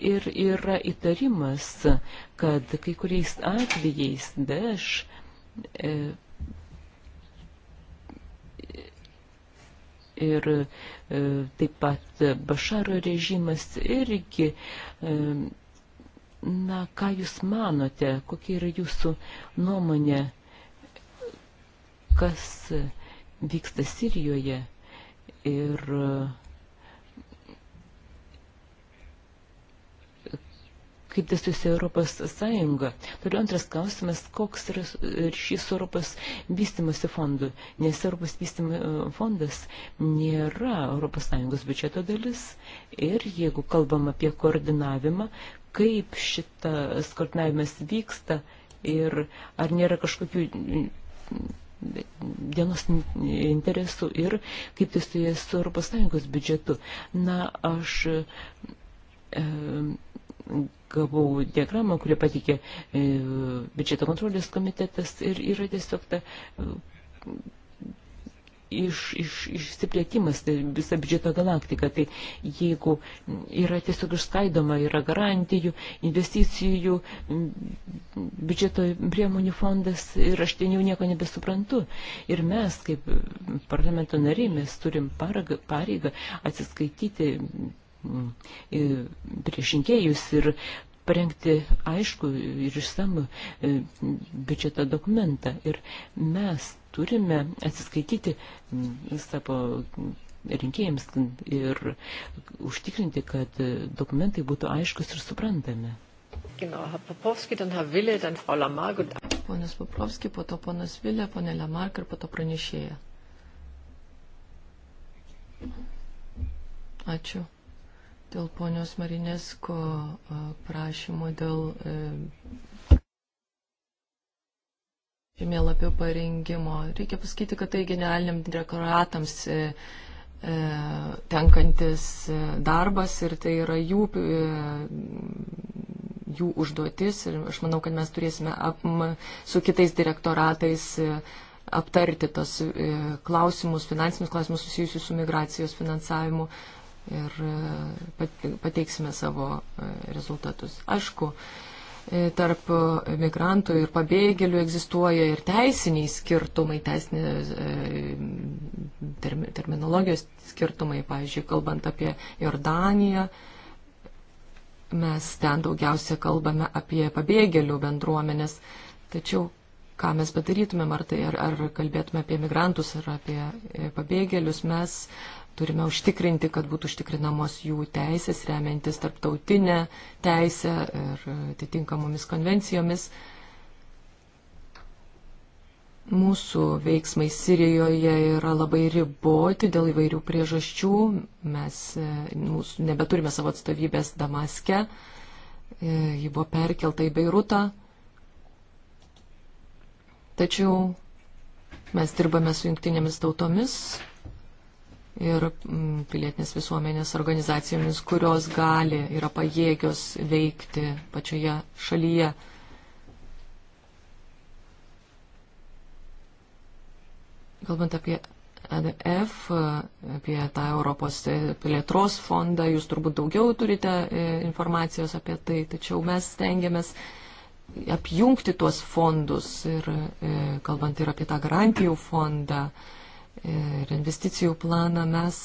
Ir yra įtarimas, kad kai kuriais atvejais daž e, ir e, taip pat Bašaro režimas irgi e, Na, ką Jūs manote, kokia yra Jūsų nuomonė, kas vyksta Sirijoje ir kaip tai susiję Europos Sąjunga. Toliau antras klausimas, koks yra ryšys su Europos vystimosi fondu, nes Europos vystimo fondas nėra Europos Sąjungos biudžeto dalis ir jeigu kalbam apie koordinavimą, kaip šitas koordinavimas vyksta ir ar nėra kažkokių dienos interesų ir kaip tai su jais su Europos Sąjungos biudžetu. Na, aš e, gavau diagramą, kurį patikė e, biudžeto kontrolės komitetas ir yra tiesiog ta e, iš, iš, išsiplėtimas, tai visa biudžeto galaktika. Tai jeigu yra tiesiog išskaidoma, yra garantijų, investicijų, biudžeto priemonių fondas ir aš ten jau nieko nebesuprantu. Ir mes, kaip parlamento nariai, mes turim pareigą atsiskaityti prieš rinkėjus ir parengti aišku ir išsamų e, biudžeto dokumentą. Ir mes turime atsiskaityti savo rinkėjams ir užtikrinti, kad dokumentai būtų aiškus ir suprantami. Genau, Herr Popovski, dann Herr Wille, dann Frau Lamarck und... Ponas Popovski, po to ponas Vilė, ponė Lamarck ir po to pranešėja. Ačiū. Dėl ponios Marinesko prašymo dėl e, žemėlapių parengimo. Reikia pasakyti, kad tai generaliniam direktoratams e, e, tenkantis e, darbas ir tai yra jų, jų užduotis ir aš manau, kad mes turėsime apma, su kitais direktoratais aptarti tos klausimus, finansinius klausimus susijusius su migracijos finansavimu ir pateiksime savo rezultatus. Aišku, tarp migrantų ir pabėgėlių egzistuoja ir teisiniai skirtumai, teisinės e, term, terminologijos skirtumai, pavyzdžiui, kalbant apie Jordaniją, mes ten daugiausia kalbame apie pabėgėlių bendruomenės, tačiau ką mes padarytumėm, ar, tai, ar, ar kalbėtume apie migrantus ar apie e, pabėgėlius, mes Turime užtikrinti, kad būtų užtikrinamos jų teisės, remiantis tarptautinę teisę ir atitinkamomis konvencijomis. Mūsų veiksmai Sirijoje yra labai riboti dėl įvairių priežasčių. Mes e, mūsų, nebeturime savo atstovybės Damaske. E, ji buvo perkelta į Beirutą. Tačiau mes dirbame su jungtinėmis tautomis ir mm, pilietinės visuomenės organizacijomis, kurios gali, yra pajėgios veikti pačioje šalyje. Kalbant apie EDF, apie tą Europos e, plėtros fondą, jūs turbūt daugiau turite e, informacijos apie tai, tačiau mes stengiamės apjungti tuos fondus ir e, kalbant ir apie tą garantijų fondą. E, ir investicijų planą, mes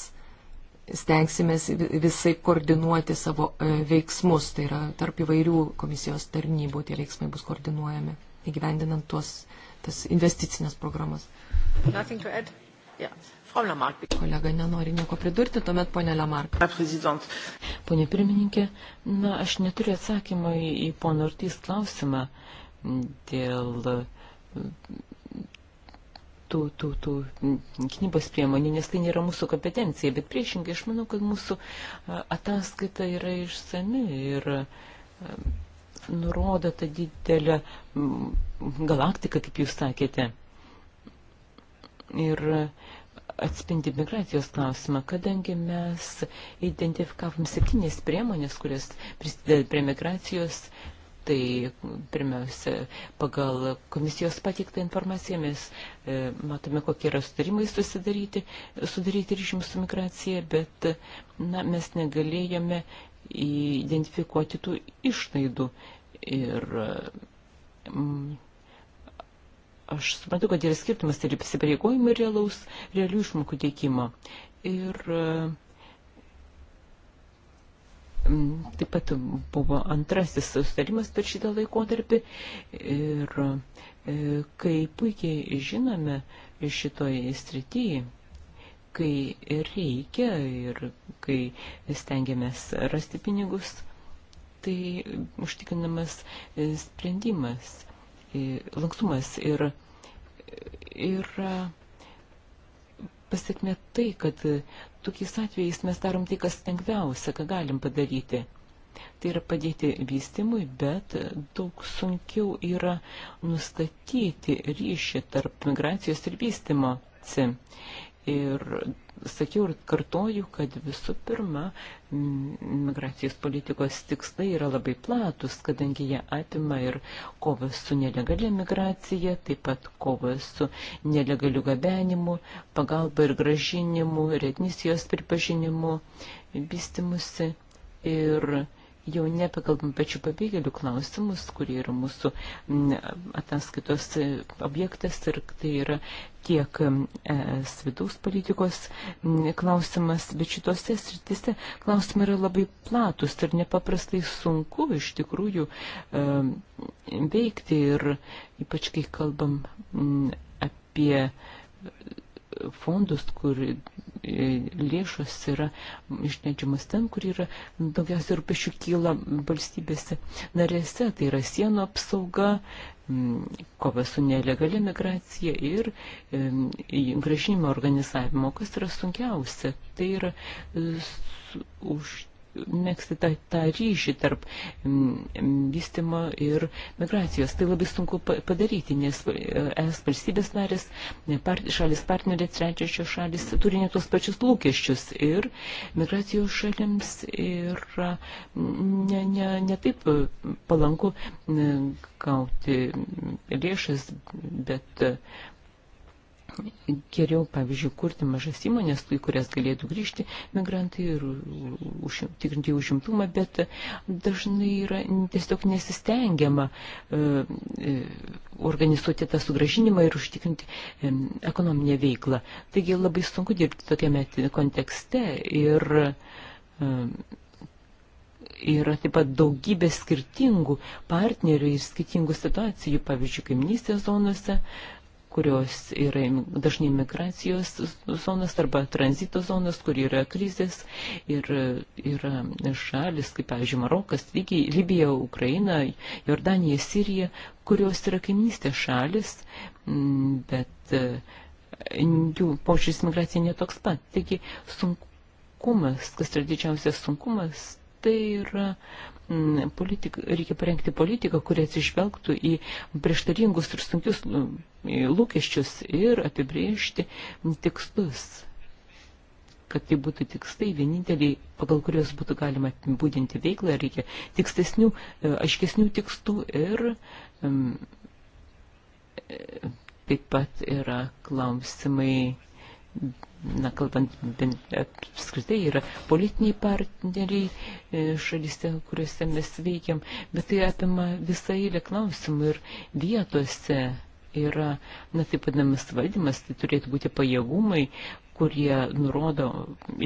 stengsimės visai koordinuoti savo e, veiksmus, tai yra tarp įvairių komisijos tarnybų tie veiksmai bus koordinuojami, įgyvendinant tuos, tas investicinės programas. Yeah. Kolega nenori nieko pridurti, tuomet ponė Lamark. Pone pirmininkė, na, aš neturiu atsakymą į, į pono Artys klausimą dėl tų, tų, tų gynybos mm, priemonių, nes tai nėra mūsų kompetencija, bet priešingai aš manau, kad mūsų ataskaita yra išsami ir nurodo tą didelę mm, galaktiką, kaip jūs sakėte. Ir atspindi migracijos klausimą, kadangi mes identifikavom septynės priemonės, kurios prisideda prie migracijos, Tai pirmiausia, pagal komisijos pateiktą informaciją mes e, matome, kokie yra sudarimai susidaryti, sudaryti ryšim su migracija, bet na, mes negalėjome identifikuoti tų išlaidų. Ir mm, aš suprantu, kad yra skirtumas tarp įsipareigojimų ir realaus, realių išmokų teikimo. Ir e, Taip pat buvo antrasis sustarimas per šitą laikotarpį ir e, kai puikiai žinome šitoje srityje, kai reikia ir kai stengiamės rasti pinigus, tai užtikrinamas sprendimas, e, lankstumas ir, ir, e, ir pasiekme tai, kad e, tokiais atvejais mes darom tai, kas lengviausia, ką galim padaryti. Tai yra padėti vystimui, bet e, daug sunkiau yra nustatyti ryšį tarp migracijos ir vystimo ir sakiau ir kartoju, kad visų pirma, migracijos politikos tikslai yra labai platus, kadangi jie atima ir kovą su nelegalia migracija, taip pat kovą su nelegaliu gabenimu, pagalba ir gražinimu, redmisijos pripažinimu, vystimusi ir jau nebekalbam pačių pabėgėlių klausimus, kurie yra mūsų ataskaitos objektas ir tai yra tiek es vidaus politikos klausimas, bet šitose sritise klausimai yra labai platus ir nepaprastai sunku iš tikrųjų e, veikti ir ypač kai kalbam apie fondus, kur e, lėšos yra išneidžiamas ten, kur yra daugiausia rūpešių kyla valstybėse narėse, tai yra sienų apsauga, kova su nelegali migracija ir gražinimo organizavimo. Kas yra sunkiausia? Tai yra e, už mėgsti tą, tą ryšį tarp mm, mm, vystimo ir migracijos. Tai labai sunku padaryti, nes e, es valstybės narės, part, šalis partnerė, trečiačio šalis turi ne tos pačius lūkesčius ir migracijos šalims yra mm, ne, ne, ne taip palanku gauti lėšas, bet geriau, pavyzdžiui, kurti mažas įmonės, į kurias galėtų grįžti migrantai ir už, tikrinti užimtumą, bet dažnai yra tiesiog nesistengiama e, e, organizuoti tą sugražinimą ir užtikrinti e, ekonominę veiklą. Taigi labai sunku dirbti tokiame kontekste ir yra taip pat daugybė skirtingų partnerių ir skirtingų situacijų, pavyzdžiui, kaiminystės zonose, kurios yra dažnai migracijos zonas arba tranzito zonas, kur yra krizės ir yra šalis, kaip, pavyzdžiui, Marokas, Libija, Ukraina, Jordanija, Sirija, kurios yra kaiminystės šalis, bet e, jų pošis migracija netoks pat. Taigi sunkumas, kas yra didžiausias sunkumas, tai yra Mm, politik, reikia parengti politiką, kurie atsižvelgtų į prieštaringus ir sunkius nu, lūkesčius ir apibriežti tikslus kad tai būtų tikslai vieninteliai, pagal kuriuos būtų galima apibūdinti veiklą, reikia tikslesnių, e, aiškesnių tikslų ir um, taip pat yra klausimai na, kalbant apskritai, yra politiniai partneriai e, šalyse, kuriuose mes veikiam, bet tai apima visą eilę klausimų ir vietose yra, na, taip vadinamas valdymas, tai turėtų būti pajėgumai, kurie nurodo,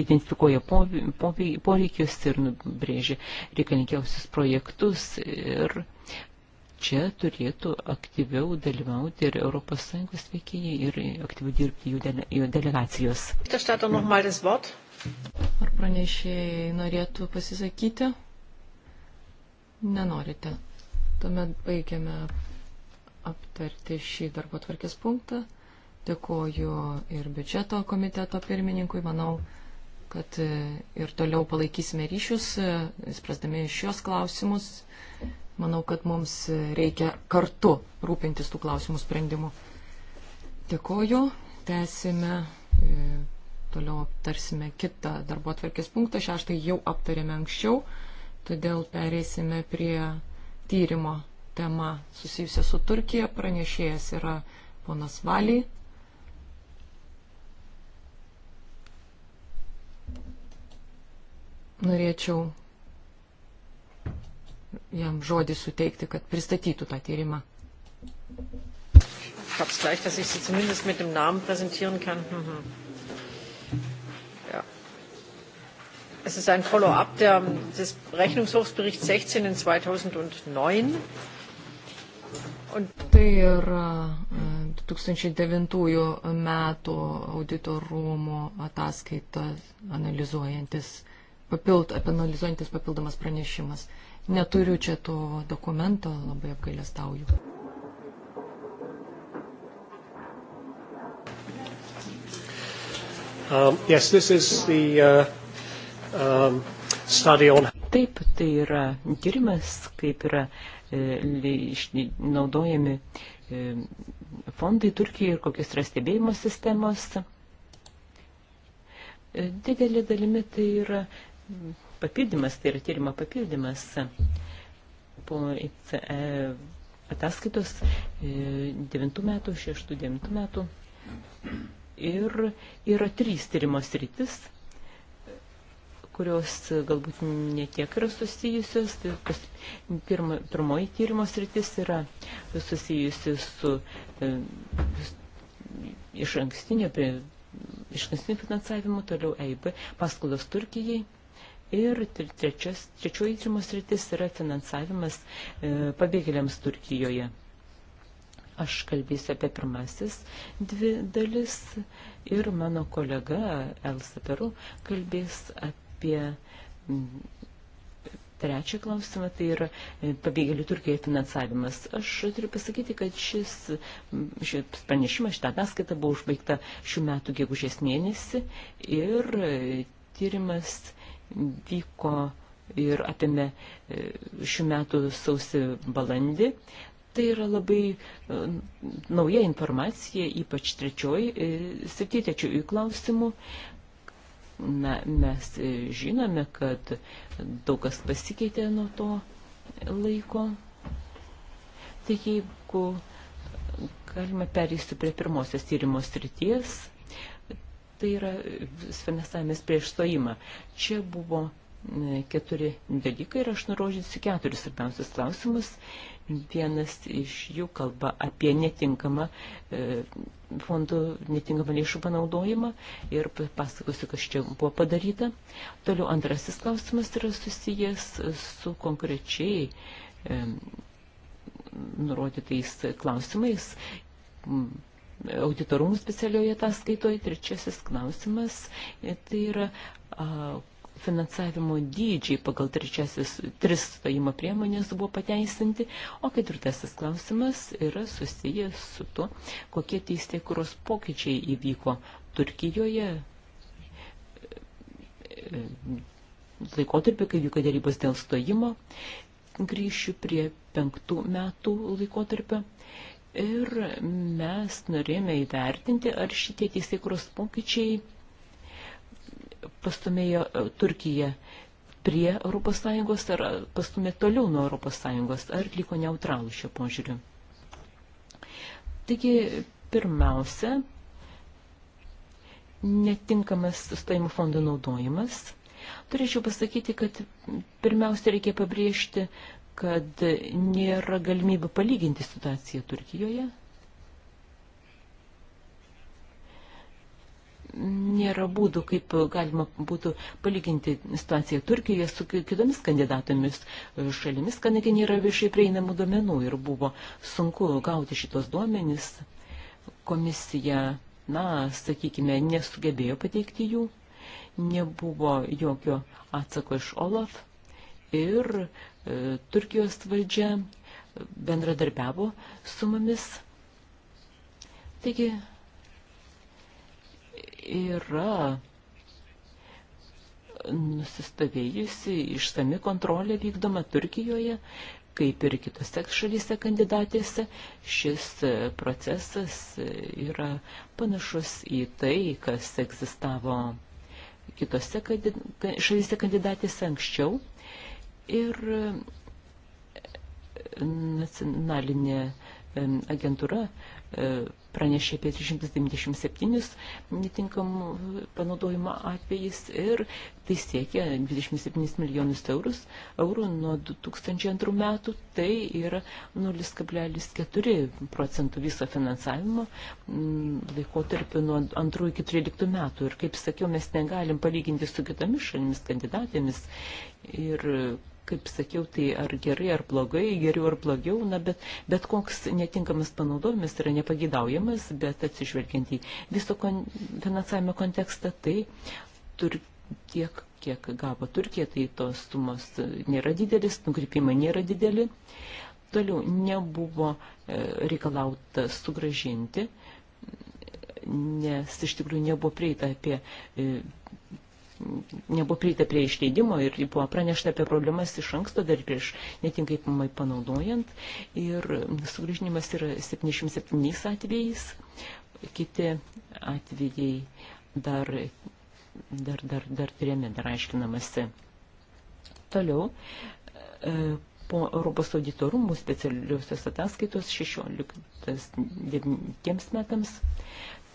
identifikuoja poreikius ir nubrėžia reikalingiausius projektus ir čia turėtų aktyviau dalyvauti ir ES veikėjai ir aktyviau dirbti jų, dele, jų delegacijos. Ar pranešėjai norėtų pasisakyti? Nenorite. Tuomet baigiame aptarti šį darbo tvarkės punktą. Dėkoju ir biudžeto komiteto pirmininkui. Manau, kad ir toliau palaikysime ryšius, spręsdami šios klausimus. Manau, kad mums reikia kartu rūpintis tų klausimų sprendimu. Dėkoju. Tęsime. E, toliau aptarsime kitą darbo atvarkės punktą. Šeštą jau aptarėme anksčiau, todėl pereisime prie tyrimo tema susijusia su Turkija. Pranešėjas yra ponas Valiai. Norėčiau jam žodį suteikti, kad pristatytų tą tyrimą. Ich hab's gleich, dass ich sie zumindest mit dem Namen präsentieren kann. Mhm. Ja. Es ist ein Follow-up des Rechnungshofsberichts 16 in 2009. Und tai yra 2009 äh, metų audito rūmų ataskaita analizuojantis, papild, analizuojantis papildomas pranešimas. Uh, Neturiu čia to dokumento, labai apgailestauju. Um, yes, this is the uh, um, study on. Taip, tai yra tyrimas, kaip yra e, naudojami e, fondai Turkijoje ir kokios yra stebėjimo sistemos. E, didelė dalimi tai yra papildymas, tai yra tyrimo papildymas po ICE ataskaitos 9 e, metų, 6-9 metų. Ir yra trys tyrimo sritis, kurios galbūt netiek yra susijusios. Tai pas, pirma, pirmoji tyrimo sritis yra susijusi su e, iš ankstinio, prie, iš ankstinio finansavimu, toliau EIB paskolos Turkijai Ir trečias, trečioji tyrimo sritis yra finansavimas e, pabėgėliams Turkijoje. Aš kalbėsiu apie pirmasis dvi dalis ir mano kolega Elsa Peru kalbės apie Trečią klausimą tai yra e, pabėgėlių Turkijoje finansavimas. Aš turiu pasakyti, kad šis, šis pranešimas, šitą ataskaitą buvo užbaigta šių metų gegužės mėnesį ir e, tyrimas vyko ir apėmė e, šių metų sausi balandį. Tai yra labai e, nauja informacija, ypač trečioji, e, srity trečiųjų klausimų. Na, mes žinome, kad daug kas pasikeitė nuo to laiko. Tai jeigu galime perėsti prie pirmosios tyrimo srities, tai yra e, finansavimas prieš stojimą. Čia buvo keturi dalykai ir aš nurodžiusiu keturis svarbiausius klausimus. Vienas iš jų kalba apie netinkamą e, fondų, netinkamą lėšų panaudojimą ir pasakosiu, kas čia buvo padaryta. Toliau antrasis klausimas yra susijęs su konkrečiai nurodytais klausimais auditorumų specialioje ataskaitoje. Trečiasis klausimas e, tai yra a, finansavimo dydžiai pagal trečiasis tris stojimo priemonės buvo pateisinti, o ketvirtasis klausimas yra susijęs su to, kokie teisėkuros pokyčiai įvyko Turkijoje e, laikotarpį, kai vyko dėrybos dėl stojimo. Grįšiu prie penktų metų laikotarpio Ir mes norėjome įvertinti, ar šitie teisėkros pokyčiai pastumėjo e, Turkiją prie ES ar e, pastumė toliau nuo ES, ar liko neutralų šio požiūriu. Taigi, pirmiausia, netinkamas sustojimo fondo naudojimas. Turėčiau pasakyti, kad pirmiausia reikia pabrėžti kad nėra galimybė palyginti situaciją Turkijoje. Nėra būdų, kaip galima būtų palyginti situaciją Turkijoje su kitomis kandidatomis e, šalimis, kadangi nėra viešai prieinamų duomenų ir buvo sunku gauti šitos duomenys. Komisija, na, sakykime, nesugebėjo pateikti jų, nebuvo jokio atsako iš Olaf ir E, Turkijos valdžia bendradarbiavo su mumis. Taigi yra nusistovėjusi išsami kontrolė vykdoma Turkijoje, kaip ir kitose šalyse kandidatėse. Šis procesas yra panašus į tai, kas egzistavo kitose šalyse kandidatėse anksčiau ir e, nacionalinė e, agentūra e, pranešė apie 397 netinkamų panaudojimo atvejais ir tai siekia 27 milijonus eurus, eurų nuo 2002 metų, tai yra 0,4 procentų viso finansavimo mm, laikotarpiu nuo 2 iki 13 metų. Ir kaip sakiau, mes negalim palyginti su kitomis šalimis kandidatėmis ir kaip sakiau, tai ar gerai, ar blogai, geriau ar blogiau, na, bet, bet koks netinkamas panaudojimas yra nepagydaujamas, bet atsižvelgiant į viso kon, finansavimo kontekstą, tai tur, tiek, kiek gavo Turkija, tai tos sumos nėra didelis, nukrypimai nėra dideli. Toliau nebuvo e, reikalauta sugražinti, nes iš tikrųjų nebuvo prieita apie e, nebuvo prieita prie išleidimo ir buvo pranešta apie problemas iš anksto dar prieš netinkamai panaudojant. Ir sugrįžinimas yra 77 atvejais, kiti atvejai dar, dar, dar, dar turėjome, dar aiškinamasi. Toliau. E, po Europos auditorumų specialiuosios ataskaitos 16 metams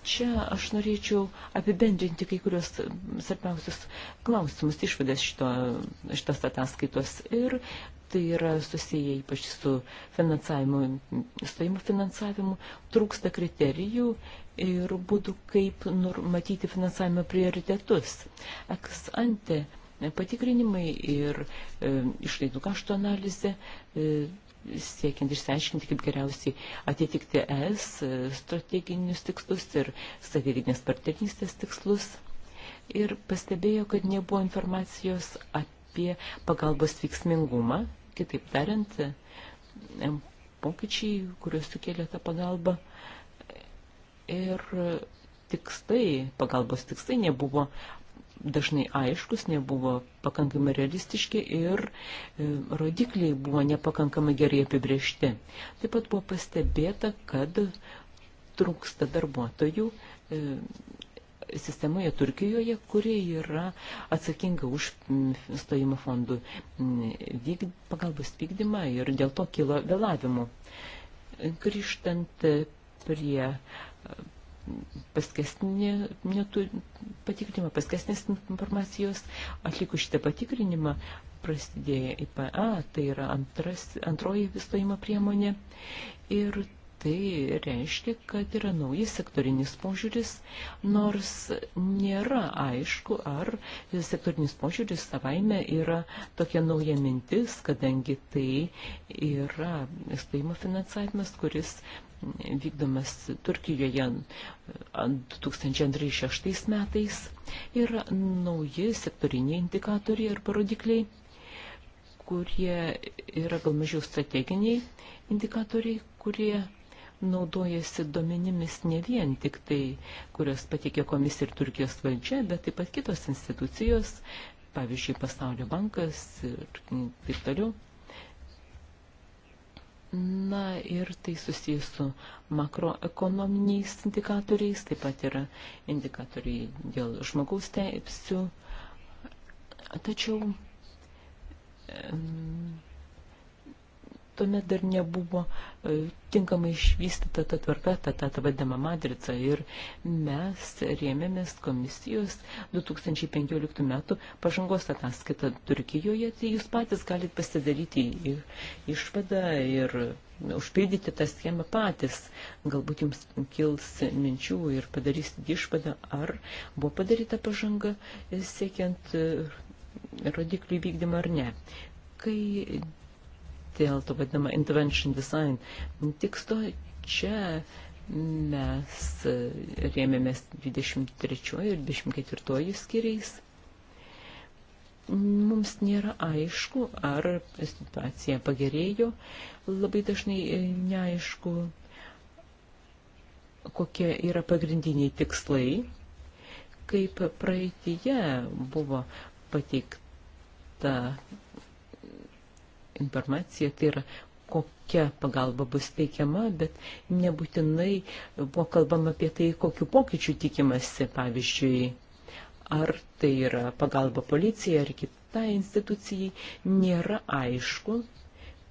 Čia aš norėčiau apibendrinti kai kurios svarbiausius klausimus, išvadas šito, šitos ataskaitos ir tai yra susiję ypač su finansavimu, stojimo finansavimu, trūksta kriterijų ir būdų, kaip matyti finansavimo prioritetus. Eks ante patikrinimai ir e, išlaidų kaštų analizė. E, siekiant išsiaiškinti, kaip geriausiai atitikti ES strateginius tikslus ir strateginės partnerystės tikslus. Ir pastebėjo, kad nebuvo informacijos apie pagalbos veiksmingumą, kitaip tariant, pokyčiai, kuriuos sukėlė ta pagalba. Ir tikslai, pagalbos tikslai nebuvo dažnai aiškus, nebuvo pakankamai realistiški ir e, rodikliai buvo nepakankamai gerai apibriešti. Taip pat buvo pastebėta, kad trūksta darbuotojų e, sistemoje Turkijoje, kuri yra atsakinga už stojimo fondų vykd, pagalbos vykdymą ir dėl to kilo vėlavimų. Grįžtant e, prie paskesnį patikrinimą, paskesnės informacijos. Atlikus šitą patikrinimą prasidėjo IPA, tai yra antras, antroji visojimo priemonė. Ir tai reiškia, kad yra naujas sektorinis požiūris, nors nėra aišku, ar sektorinis požiūris savaime yra tokia nauja mintis, kadangi tai yra stojimo finansavimas, kuris vykdomas Turkijoje 2006 e, metais ir nauji sektoriniai indikatoriai ir parodikliai, kurie yra gal mažiau strateginiai indikatoriai, kurie naudojasi duomenimis ne vien tik tai, kurios patikė komisija ir Turkijos valdžia, bet taip pat kitos institucijos, pavyzdžiui, Pasaulio bankas ir taip toliau. Na ir tai susijęs su makroekonominiais indikatoriais, taip pat yra indikatoriai dėl žmogaus teipsių. Tačiau tuomet dar nebuvo e, tinkamai išvystyta ta tvarka, ta, ta, ta vadinama matrica. Ir mes rėmėmės komisijos 2015 metų pažangos ataskaitą Turkijoje. Tai jūs patys galite pasidaryti išvadą ir užpildyti tą schemą patys. Galbūt jums kils minčių ir padarysite išvadą, ar buvo padaryta pažanga e, siekiant e, rodiklių įvykdymą ar ne. Kai dėl to vadinamą intervention design tiksto, čia mes rėmėmės 23 ir 24 skiriais. Mums nėra aišku, ar situacija pagerėjo, labai dažnai e, neaišku, kokie yra pagrindiniai tikslai, kaip praeitie buvo pateikta informacija, tai yra kokia pagalba bus teikiama, bet nebūtinai buvo kalbama apie tai, kokiu pokyčiu tikimasi, pavyzdžiui, ar tai yra pagalba policijai ar kitai institucijai, nėra aišku,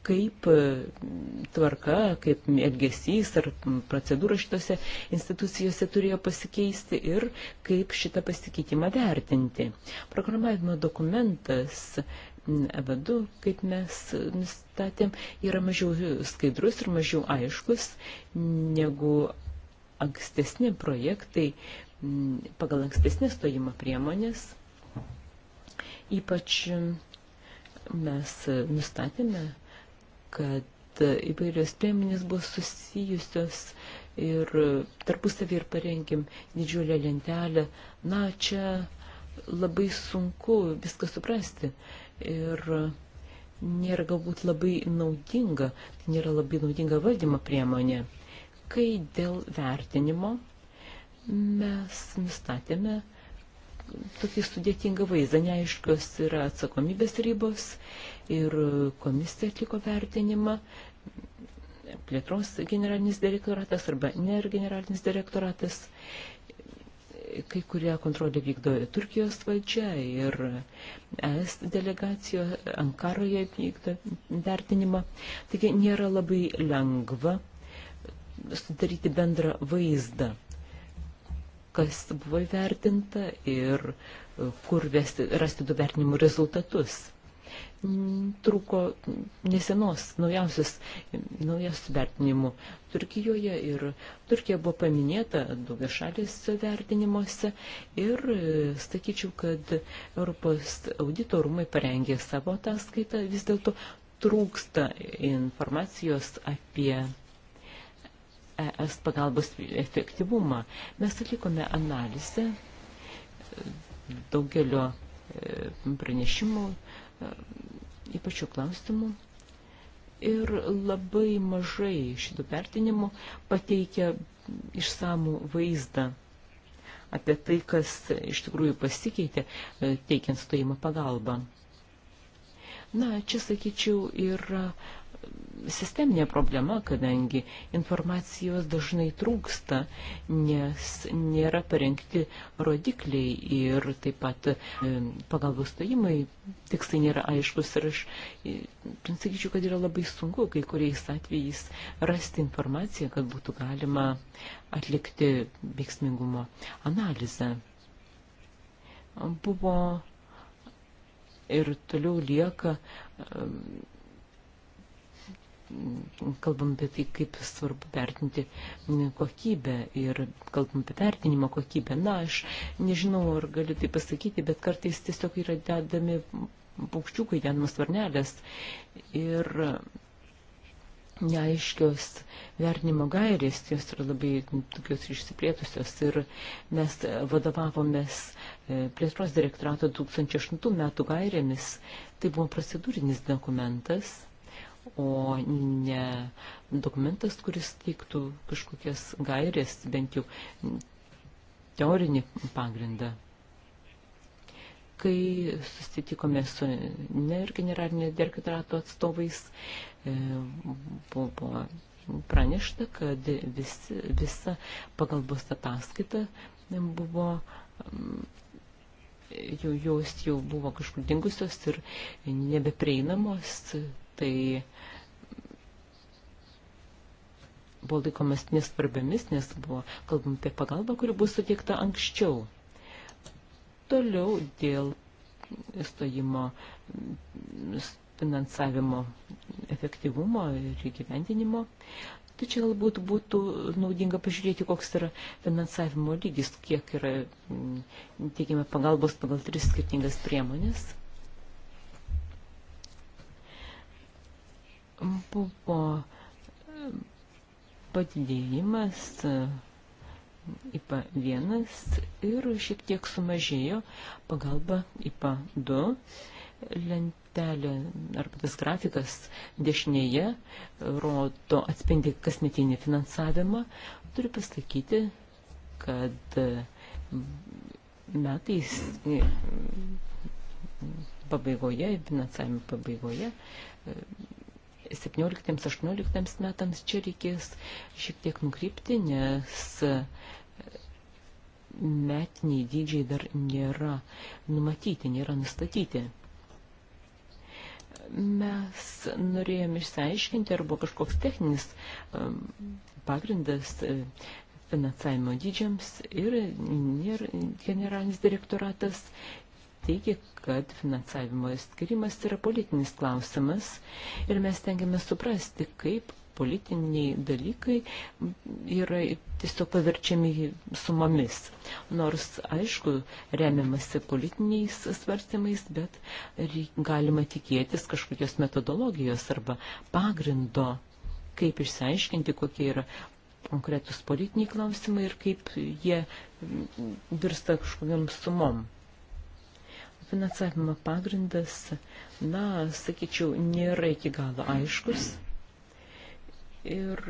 kaip e, tvarka, kaip elgesys ar procedūra šitose institucijose turėjo pasikeisti ir kaip šitą pasikeitimą vertinti. Programavimo dokumentas EVA2, kaip mes nustatėm, yra mažiau skaidrus ir mažiau aiškus negu ankstesni projektai pagal ankstesnės stojimo priemonės. Ypač mes nustatėme, kad įvairios priemonės buvo susijusios ir tarpusavį ir parengim didžiulę lentelę. Na, čia labai sunku viską suprasti ir nėra galbūt labai naudinga, tai nėra labai naudinga valdymo priemonė. Kai dėl vertinimo mes nustatėme tokį sudėtingą vaizdą, neaiškios yra atsakomybės ribos ir komisija atliko vertinimą, plėtros generalinis direktoratas arba NER generalinis direktoratas kai kurie kontrolė vykdo Turkijos valdžia ir ES delegacija Ankaroje vykdo vertinimą. Taigi nėra labai lengva sudaryti bendrą vaizdą, kas buvo įvertinta ir kur vesti, rasti tų vertinimų rezultatus. Mm, trūko nesenos, naujausios, naujausių vertinimų Turkijoje ir Turkija buvo paminėta daugia šalėse vertinimuose ir e, sakyčiau, kad Europos audito rūmai parengė savo ataskaitą, vis dėlto trūksta informacijos apie ES pagalbos efektyvumą. Mes atlikome analizę daugelio e, pranešimų E, ypač šių klausimų. Ir labai mažai šitų vertinimų pateikia išsamų vaizdą apie tai, kas iš tikrųjų pasikeitė, e, teikiant stojimą pagalbą. Na, čia, sakyčiau, yra sisteminė problema, kadangi informacijos dažnai trūksta, nes nėra parengti rodikliai ir taip pat e, pagalbos stojimai tikslai nėra aiškus ir aš e, sakyčiau, kad yra labai sunku kai kuriais atvejais rasti informaciją, kad būtų galima atlikti veiksmingumo analizę. Buvo ir toliau lieka e, kalbam apie tai, kaip svarbu vertinti kokybę ir kalbam apie vertinimo kokybę. Na, aš nežinau, ar galiu tai pasakyti, bet kartais tiesiog yra dedami paukščiukai, dedamos varnelės ir neaiškios vertinimo gairės, jos yra labai tokios išsiplėtusios ir mes vadovavomės e, plėtros direktorato 2008 metų gairėmis. Tai buvo procedūrinis dokumentas o ne dokumentas, kuris teiktų kažkokias gairės, bent jau teorinį pagrindą. Kai susitikome su NER generalinio direktorato atstovais, e, buvo pranešta, kad vis, visa pagalbos ataskaita buvo mm, jau, jos jau buvo kažkur dingusios ir nebeprieinamos, tai buvo laikomas nesvarbiamis, nes buvo kalbama apie pagalbą, kuri bus suteikta anksčiau. Toliau dėl įstojimo finansavimo efektyvumo ir įgyvendinimo. Tai čia galbūt būtų naudinga pažiūrėti, koks yra finansavimo lygis, kiek yra teikiama pagalbos pagal tris skirtingas priemonės. buvo padidėjimas IPA 1 ir šiek tiek sumažėjo pagalba IPA 2 lentelė arba tas grafikas dešinėje rodo atspindi kasmetinį finansavimą. Turiu pasakyti, kad metais pabaigoje, finansavimo pabaigoje 17-18 metams čia reikės šiek tiek nukrypti, nes metiniai dydžiai dar nėra numatyti, nėra nustatyti. Mes norėjom išsiaiškinti, ar buvo kažkoks techninis pagrindas e, finansavimo dydžiams ir generalinis direktoratas teigia, kad finansavimo skirimas yra politinis klausimas ir mes tengiame suprasti, kaip politiniai dalykai yra tiesiog paverčiami sumomis. Nors, aišku, remiamasi politiniais svarstymais, bet galima tikėtis kažkokios metodologijos arba pagrindo, kaip išsiaiškinti, kokie yra konkretus politiniai klausimai ir kaip jie virsta kažkokiam sumom. Finansavimo pagrindas, na, sakyčiau, nėra iki galo aiškus. Ir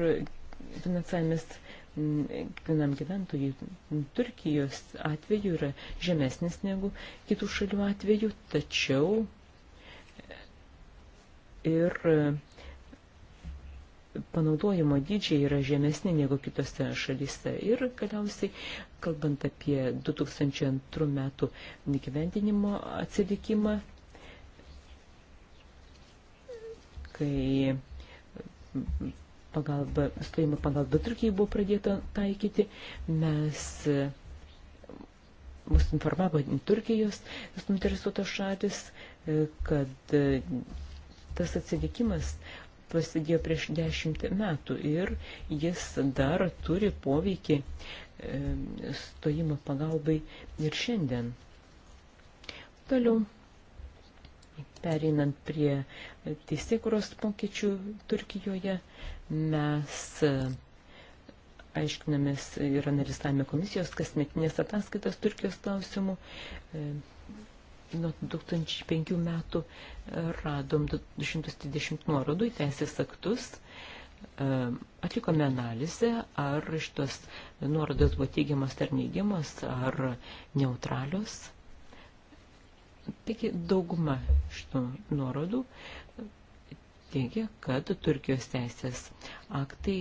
finansavimas mm, vienam gyventojui mm, Turkijos atveju yra žemesnis negu kitų šalių atveju, tačiau ir panaudojimo dydžiai yra žemesni negu kitose šalyse. Ir galiausiai, kalbant apie 2002 metų gyvendinimo atsilikimą, kai pagalba, stojimo pagalba Turkijai buvo pradėta taikyti, mes mus informavo Turkijos suinteresuotos šalis, kad tas atsilikimas prasidėjo prieš dešimt metų ir jis dar turi poveikį stojimo pagalbai ir šiandien. Toliau, pereinant prie teisėkuros pokyčių Turkijoje, mes e, aiškinamės ir analizavome komisijos kasmetinės ataskaitas Turkijos klausimų. E, nuo 2005 metų e, radom 230 nuorodų į teisės aktus, e, atlikome analizę, ar šitos nuorodos buvo teigiamas ar neigiamas, ar neutralios. Taigi dauguma šitų nuorodų teigia, kad Turkijos teisės aktai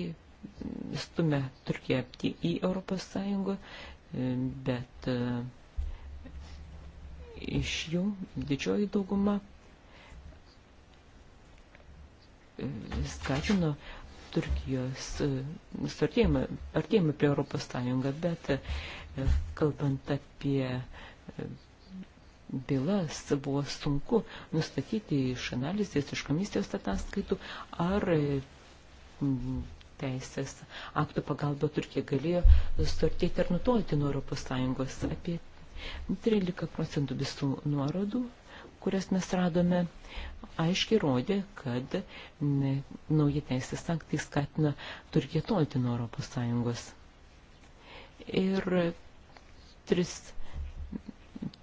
stumia Turkiją į Europos Sąjungą, e, bet uh, iš jų didžioji dauguma e, skatino Turkijos e, artėjimą, artėjimą prie Europos Sąjungą, bet e, kalbant apie bylas, buvo sunku nustatyti iš analizės, iš komisijos ataskaitų, ar teisės aktų pagalba Turkija galėjo suartėti ar nutolti nuo Europos Sąjungos. Apie 13 procentų visų nuorodų, kurias mes radome, aiškiai rodė, kad nauji teisės aktai skatina Turkiją tolti nuo Europos Sąjungos. Ir tris,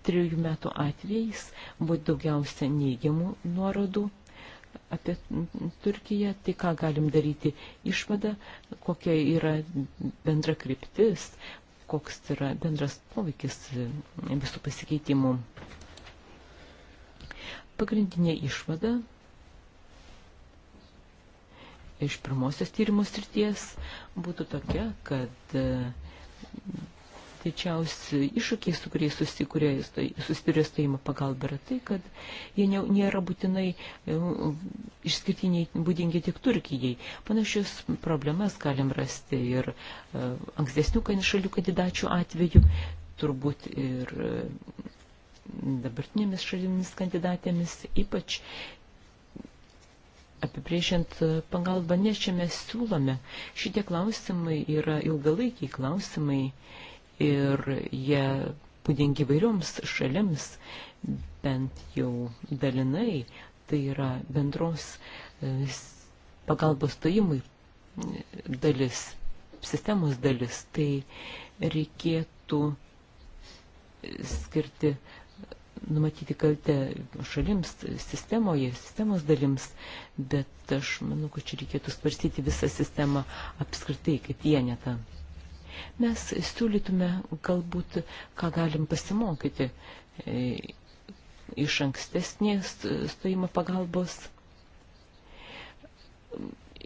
trijų metų atvejais buvo daugiausia neigiamų nuorodų apie Turkiją, tai ką galim daryti išvadą, kokia yra bendra kryptis, koks yra bendras poveikis visų pasikeitimų. Pagrindinė išvada iš pirmosios tyrimų srities būtų tokia, kad didžiausi iššūkiai, su kuriais susituria stojimo pagalba, yra tai, kad jie nėra būtinai e, išskirtiniai būdingi tik Turkijai. Panašius problemas galim rasti ir e, ankstesnių šalių kandidačių atveju, turbūt ir e, dabartinėmis šalimis kandidatėmis, ypač apibrėžiant pagalbą, nes čia mes siūlome. Šitie klausimai yra ilgalaikiai klausimai ir jie būdingi vairioms šalims, bent jau dalinai, tai yra bendros e, pagalbos stojimui e, dalis, sistemos dalis, tai reikėtų e, skirti, numatyti kaltę šalims sistemoje, sistemos dalims, bet aš manau, kad čia reikėtų svarstyti visą sistemą apskritai kaip vienetą. Mes siūlytume galbūt, ką galim pasimokyti e, iš ankstesnės stojimo pagalbos.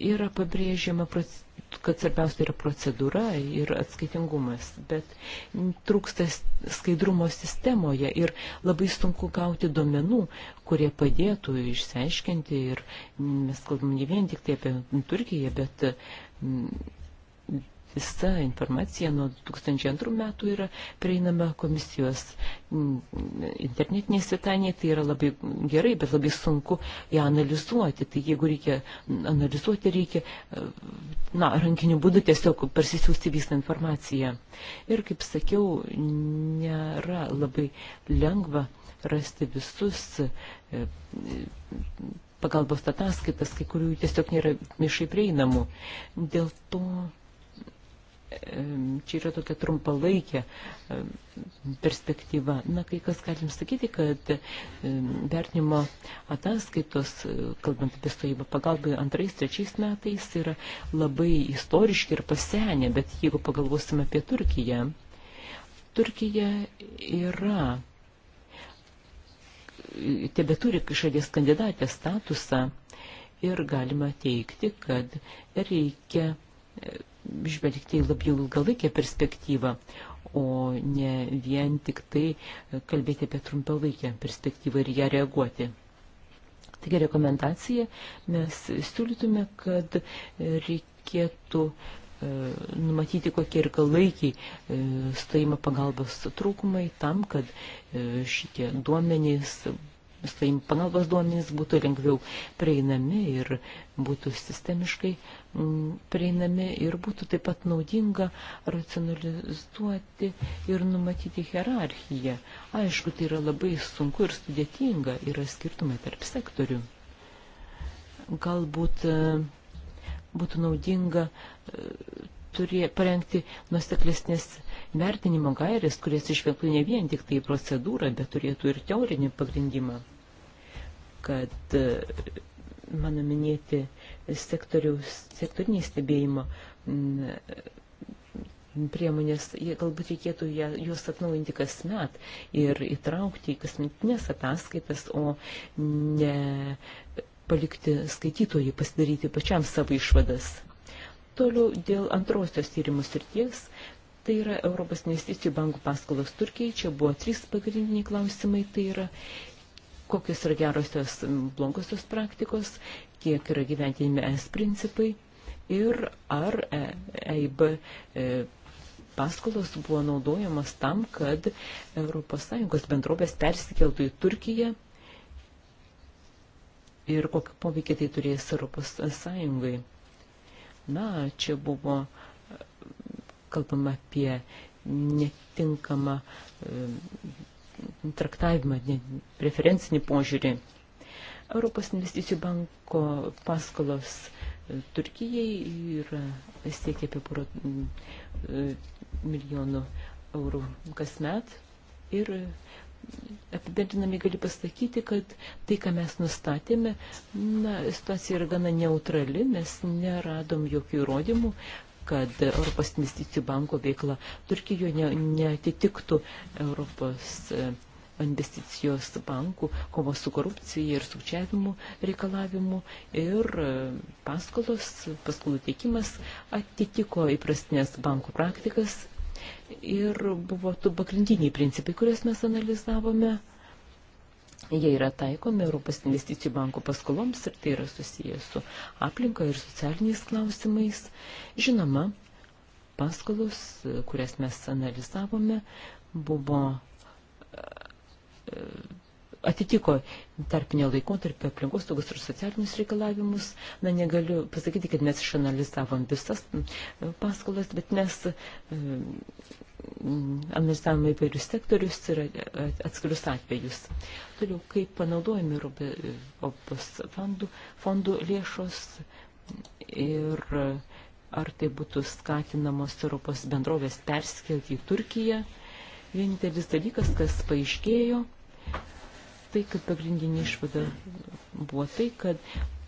Yra pabrėžiama, kad svarbiausia yra procedūra ir atskaitingumas, bet trūksta skaidrumo sistemoje ir labai sunku gauti domenų, kurie padėtų išsiaiškinti ir mes kalbam ne vien tik tai apie Turkiją, bet visa informacija nuo 2002 metų yra prieinama komisijos internetinėje svetainėje, tai yra labai gerai, bet labai sunku ją analizuoti. Tai jeigu reikia analizuoti, reikia e, na, rankiniu būdu tiesiog persisiųsti visą informaciją. Ir kaip sakiau, nėra labai lengva rasti visus e, pagalbos ataskaitas, kai kurių tiesiog nėra viešai prieinamų. Dėl to čia yra tokia trumpalaikė perspektyva. Na, kai kas galim sakyti, kad vertinimo ataskaitos, e, kalbant apie stojimą pagalbą antrais, trečiais metais, yra labai istoriški ir pasenę, bet jeigu pagalvosime apie Turkiją, Turkija yra, e, tebe turi šalies kandidatės statusą ir galima teikti, kad reikia e, žvelgti labiau ilgalaikę perspektyvą, o ne vien tik tai kalbėti apie trumpalaikę perspektyvą ir ją reaguoti. Taigi rekomendacija mes siūlytume, kad reikėtų e, numatyti kokie ir galaikiai e, stojimo pagalbos trūkumai tam, kad e, šitie duomenys, stojimo pagalbos duomenys būtų lengviau prieinami ir būtų sistemiškai prieinami ir būtų taip pat naudinga racionalizuoti ir numatyti hierarchiją. Aišku, tai yra labai sunku ir sudėtinga, yra skirtumai tarp sektorių. Galbūt e, būtų naudinga e, turė, parengti nusteklesnės vertinimo gairės, kurias išvengtų ne vien tik tai procedūrą, bet turėtų ir teorinį pagrindimą, kad e, mano minėti sektoriniai stebėjimo mm, priemonės, galbūt reikėtų juos atnaujinti kasmet ir įtraukti į kasmetinės ataskaitas, o ne palikti skaitytojui pasidaryti pačiam savo išvadas. Toliau dėl antrosios tyrimų srities tai yra Europos investicijų bankų paskolos Turkijai. Čia buvo trys pagrindiniai klausimai. Tai yra kokios yra gerosios blogosios praktikos kiek yra gyventinime es principai ir ar EIB e e, paskolos buvo naudojamas tam, kad ES bendrovės persikeltų į Turkiją ir kokį poveikį tai turės ES. Na, čia buvo e, kalbama apie netinkamą traktavimą, preferencinį požiūrį Europos investicijų banko paskolos e, Turkijai yra siekia apie porą e, milijonų eurų kasmet. Ir e, apibendrinami gali pasakyti, kad tai, ką mes nustatėme, na, situacija yra gana neutrali, mes neradom jokių įrodymų, kad Europos investicijų banko veikla Turkijoje netitiktų Europos investicijos bankų, kovos su korupcija ir sukčiavimu reikalavimu ir e, paskolos, paskolų teikimas atitiko įprastinės bankų praktikas ir buvo tu pagrindiniai principai, kuriuos mes analizavome. Jie yra taikomi Europos investicijų banko paskoloms ir tai yra susijęs su aplinka ir socialiniais klausimais. Žinoma, paskolos, kurias mes analizavome, buvo atitiko tarpinio laikotarpio aplinkos togus ir socialinius reikalavimus. Na, negaliu pasakyti, kad mes išanalizavom visas paskolas, bet mes analizavome įvairius sektorius ir atskirius atvejus. Toliau, kaip panaudojami Europos fondų, fondų lėšos ir ar tai būtų skatinamos Europos bendrovės perskelti į Turkiją. Vienintelis dalykas, kas paaiškėjo, tai, kad pagrindinė išvada buvo tai, kad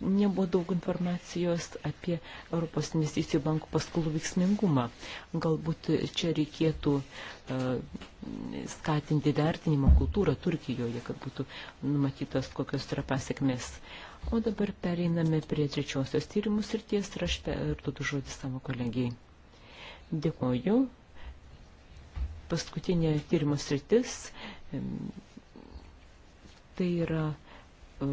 nebuvo daug informacijos apie Europos investicijų bankų paskolų veiksmingumą. Galbūt čia reikėtų uh, skatinti vertinimo kultūrą Turkijoje, kad būtų numatytas kokios yra pasiekmes. O dabar pereiname prie trečiosios tyrimų srities ir aš perduodu žodį savo kolegijai. Dėkoju. Paskutinė tyrimo sritis tai yra e,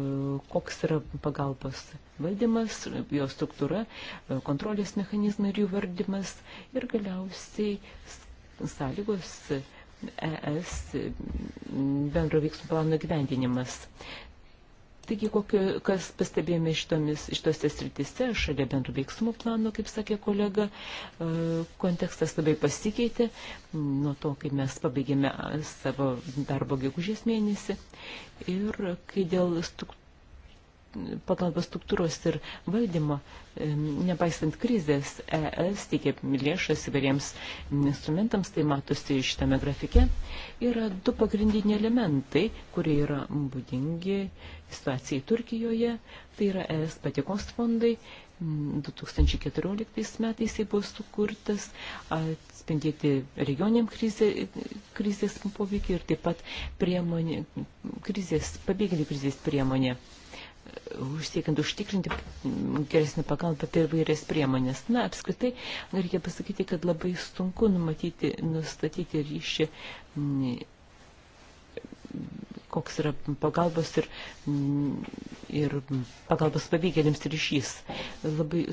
koks yra pagalbos valdymas, jo struktūra, e, kontrolės mechanizmai ir jų vardymas ir galiausiai sąlygos e, ES bendro veiksmų plano gyvendinimas. Taigi, kokio, kas pastebėjome šitomis, šitose sritise, šalia bendrų veiksmų plano, kaip sakė kolega, e, kontekstas labai pasikeitė nuo to, kai mes pabaigėme savo darbo gegužės mėnesį. Ir kai dėl struktūros pagalbos struktūros ir valdymo, e, nepaisant krizės, ES teikia lėšas įvairiems instrumentams, tai matosi šitame grafike. Yra du pagrindiniai elementai, kurie yra būdingi situacijai Turkijoje, tai yra ES patikos fondai 2014 mm, metais jis buvo sukurtas atspindėti regioniam krizė, krizės poveikį ir taip pat priemonė, krizės, pabėgėlių krizės priemonė siekiant užtikrinti geresnį pagalbą per vairias priemonės. Na, apskritai, reikia pasakyti, kad labai sunku numatyti, nustatyti ryšį, koks yra pagalbos ir, ir pagalbos pabėgėliams ryšys. Labai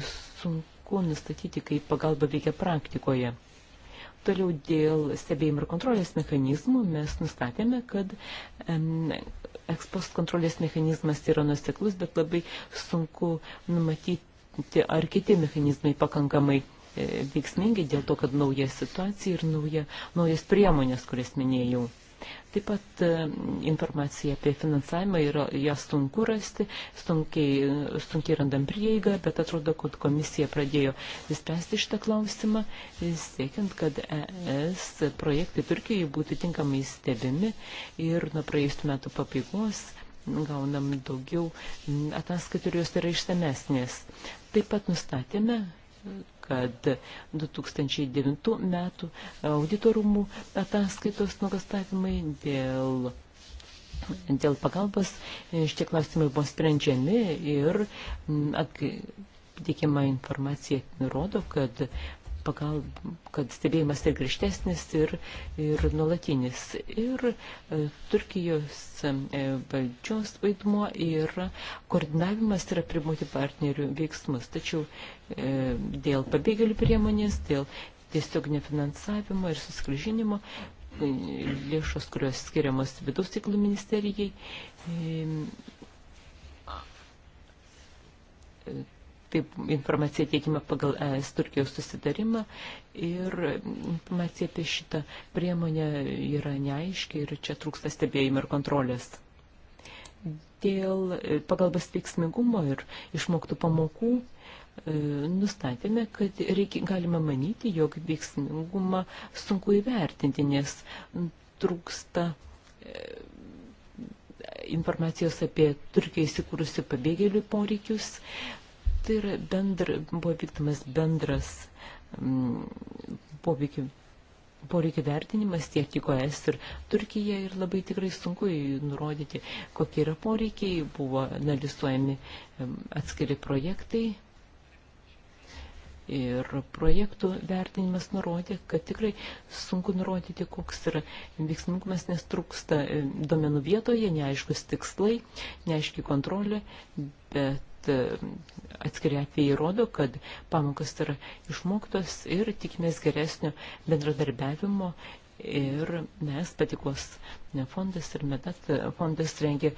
sunku nustatyti, kaip pagalba veikia praktikoje. Toliau dėl stebėjimo ir kontrolės mechanizmų mes nustatėme, kad ekspost kontrolės mechanizmas yra nuseklus, bet labai sunku numatyti, ar kiti mechanizmai pakankamai e, veiksmingi dėl to, kad nauja situacija ir nauja, naujas priemonės, kurias minėjau. Taip pat e, informacija apie finansavimą yra ją sunku rasti, sunkiai, e, sunkiai randam prieigą, bet atrodo, kad komisija pradėjo spręsti šitą klausimą, e, siekiant, kad ES projektai Turkijoje būtų tinkamai stebimi ir nuo praėjusių metų pabaigos gaunam daugiau ataskaitų ir jos yra išsamesnės. Taip pat nustatėme, kad 2009 metų auditorumų ataskaitos nugastavimai dėl dėl pagalbos šitie klausimai buvo sprendžiami ir mm, teikiama informacija rodo, kad pagal, kad stebėjimas ir tai grįžtesnis, ir, ir nuolatinis. Ir e, Turkijos e, valdžios vaidmuo yra koordinavimas ir aprimuoti partnerių veiksmus. Tačiau e, dėl pabėgėlių priemonės, dėl tiesiog nefinansavimo ir suskrižinimo e, lėšos, kurios skiriamas vidaus tiklų ministerijai, e, Taip, informacija teikima pagal ES Turkijos susitarimą ir informacija apie šitą priemonę yra neaiški ir čia trūksta stebėjimo ir kontrolės. Dėl e, pagalbas veiksmingumo ir išmoktų pamokų e, nustatėme, kad reikia, galima manyti, jog veiksmingumą sunku įvertinti, nes trūksta e, informacijos apie Turkiją įsikūrusių pabėgėlių poreikius, Tai yra bendra, buvo vykdomas bendras mm, poveikį poreikį vertinimas tiek tik OS ir Turkija ir labai tikrai sunku nurodyti, kokie yra poreikiai, buvo analizuojami atskiri projektai ir projektų vertinimas nurodė, kad tikrai sunku nurodyti, koks yra veiksmingumas, nes trūksta domenų vietoje, neaiškus tikslai, neaiški kontrolė, bet E, atskiri atvejai rodo, kad pamokas yra išmoktos ir tikimės geresnio bendradarbiavimo. Ir mes patikos fondas ir metat e, fondas rengia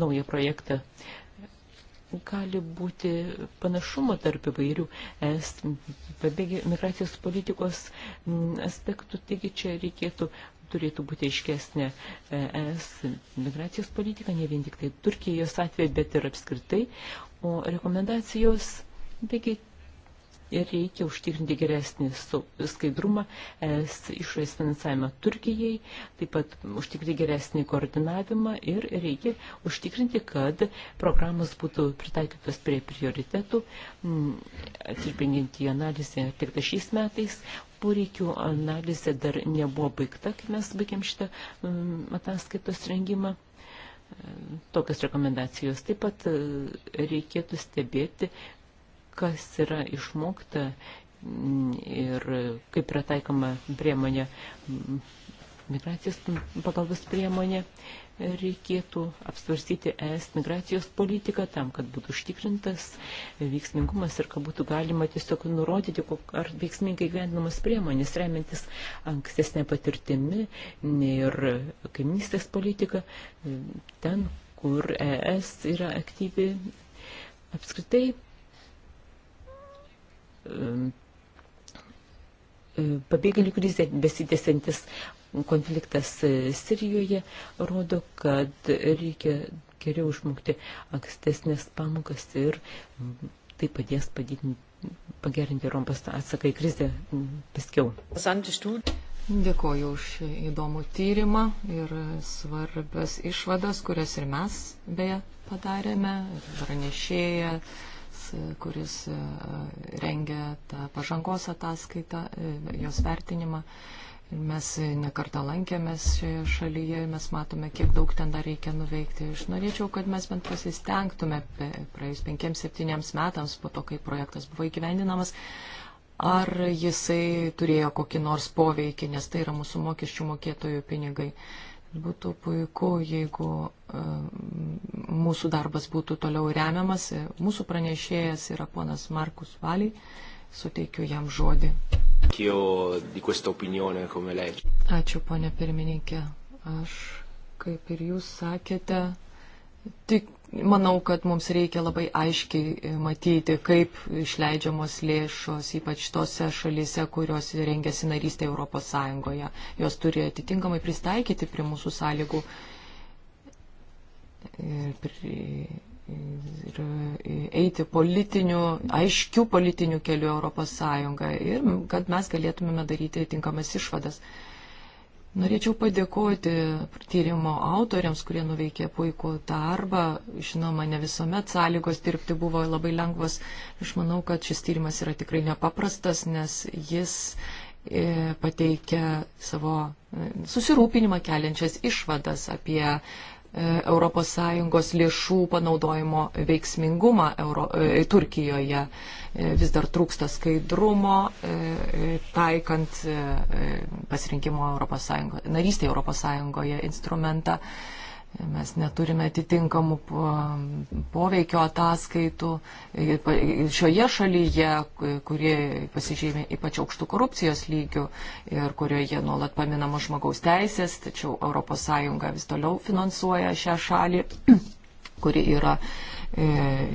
naują projektą. Gali būti panašumo tarp įvairių es pabėgė migracijos politikos aspektų, taigi čia reikėtų turėtų būti aiškesnė e, ES migracijos politika, ne vien tik tai Turkijos atveju, bet ir apskritai. O rekomendacijos, taigi, ir reikia užtikrinti geresnį skaidrumą es išorės finansavimą Turkijai, taip pat užtikrinti geresnį koordinavimą ir reikia užtikrinti, kad programos būtų pritaikytos prie prioritetų, mm, atsirpinginti į analizę atliktą šiais metais, poreikių analizė dar nebuvo baigta, kai mes baigėm šitą mm, ataskaitos rengimą. E, tokios rekomendacijos. Taip pat e, reikėtų stebėti, kas yra išmokta ir kaip yra taikoma priemonė, migracijos pagalbos priemonė, reikėtų apsvarstyti ES migracijos politiką tam, kad būtų užtikrintas veiksmingumas ir kad būtų galima tiesiog nurodyti, ar veiksmingai gyvendinamas priemonės, remiantis ankstesnė patirtimi ir kaimynystės politika, ten, kur ES yra aktyvi. Apskritai, pabėgėlių krizė besitėsiantis konfliktas e, Sirijoje rodo, kad reikia geriau išmokti ankstesnės pamokas ir tai padės padidinti, pagerinti Rompas atsaką į krizę paskiau. Dėkoju už įdomų tyrimą ir svarbas išvadas, kurias ir mes beje padarėme, pranešėję kuris e, rengia tą pažangos ataskaitą, e, jos vertinimą. Mes nekartą lankėmės šioje šalyje, mes matome, kiek daug ten dar reikia nuveikti. Aš norėčiau, kad mes bent pasistengtume praėjus penkiems, septyniems metams po to, kai projektas buvo įgyvendinamas, ar jisai turėjo kokį nors poveikį, nes tai yra mūsų mokesčių mokėtojų pinigai. Uh, Būtų puiku, jeigu e, mūsų darbas būtų toliau remiamas. E, mūsų pranešėjas yra ponas Markus Valiai. Suteikiu jam žodį. Ačiū, ponė pirmininkė. Aš, kaip ir jūs sakėte, tik manau, kad mums reikia labai aiškiai e, matyti, kaip išleidžiamos lėšos, ypač tose šalise, kurios rengiasi narystė Europos Sąjungoje. Jos turi atitinkamai pristaikyti prie mūsų sąlygų. Ir, ir e, eiti politiniu, aiškiu politiniu keliu Europos Sąjungą ir kad mes galėtumėme daryti tinkamas išvadas. Uh, Norėčiau padėkoti tyrimo autoriams, kurie nuveikė puikų darbą. Žinoma, ne visuomet sąlygos dirbti buvo labai lengvos. Aš manau, kad šis tyrimas yra tikrai nepaprastas, nes jis e, pateikia savo e, susirūpinimą keliančias išvadas apie ES lėšų panaudojimo veiksmingumą Euro, e, Turkijoje. E, vis dar trūksta skaidrumo, e, taikant pasirinkimo ES, narystė ES instrumentą. Mes neturime atitinkamų poveikio ataskaitų šioje šalyje, kurie pasižymė ypač aukštų korupcijos lygių ir kurioje nuolat paminamos žmogaus teisės, tačiau ES vis toliau finansuoja šią šalį, kuri yra e,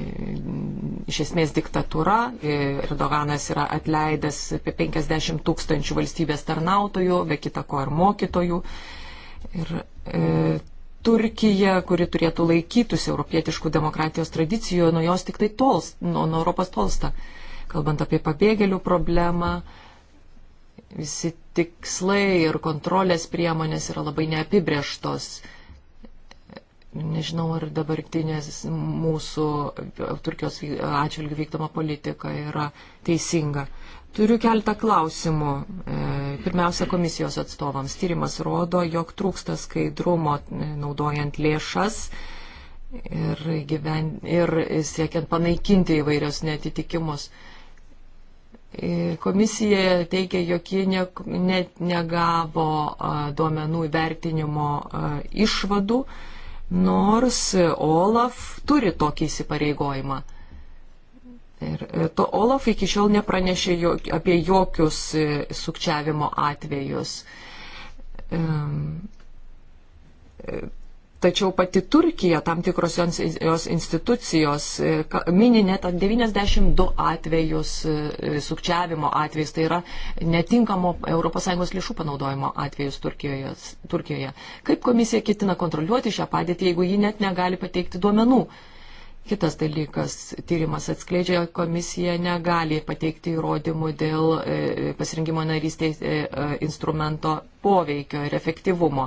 iš esmės diktatūra. Erdoganas yra atleidęs apie 50 tūkstančių valstybės tarnautojų, be kita ko ir mokytojų. Ir e, Turkija, kuri turėtų laikytus europietiškų demokratijos tradicijų, nuo jos tik tai tols, nuo, nuo Europos tolsta. Kalbant apie pabėgėlių problemą, visi tikslai ir kontrolės priemonės yra labai neapibrieštos nežinau, ar dabartinės mūsų Turkijos atžvilgių vykdoma politika yra teisinga. Turiu keltą klausimų. E, pirmiausia, komisijos atstovams. Tyrimas rodo, jog trūksta skaidrumo e, naudojant lėšas ir, gyven... ir siekiant panaikinti įvairios netitikimus. E, komisija teigia, jog ji ne, ne, negavo duomenų įvertinimo išvadų, nors OLAF turi tokį įsipareigojimą. Ir e, to Olaf iki šiol nepranešė jo, apie jokius e, sukčiavimo atvejus. E, tačiau pati Turkija, tam tikros jos institucijos, mini net 92 atvejus sukčiavimo atvejus, tai yra netinkamo ES lėšų panaudojimo atvejus Turkijoje, Turkijoje. Kaip komisija ketina kontroliuoti šią padėtį, jeigu ji net negali pateikti duomenų? Kitas dalykas, tyrimas atskleidžia, komisija negali pateikti įrodymų dėl e, pasirinkimo narystės e, e, instrumento poveikio ir efektyvumo.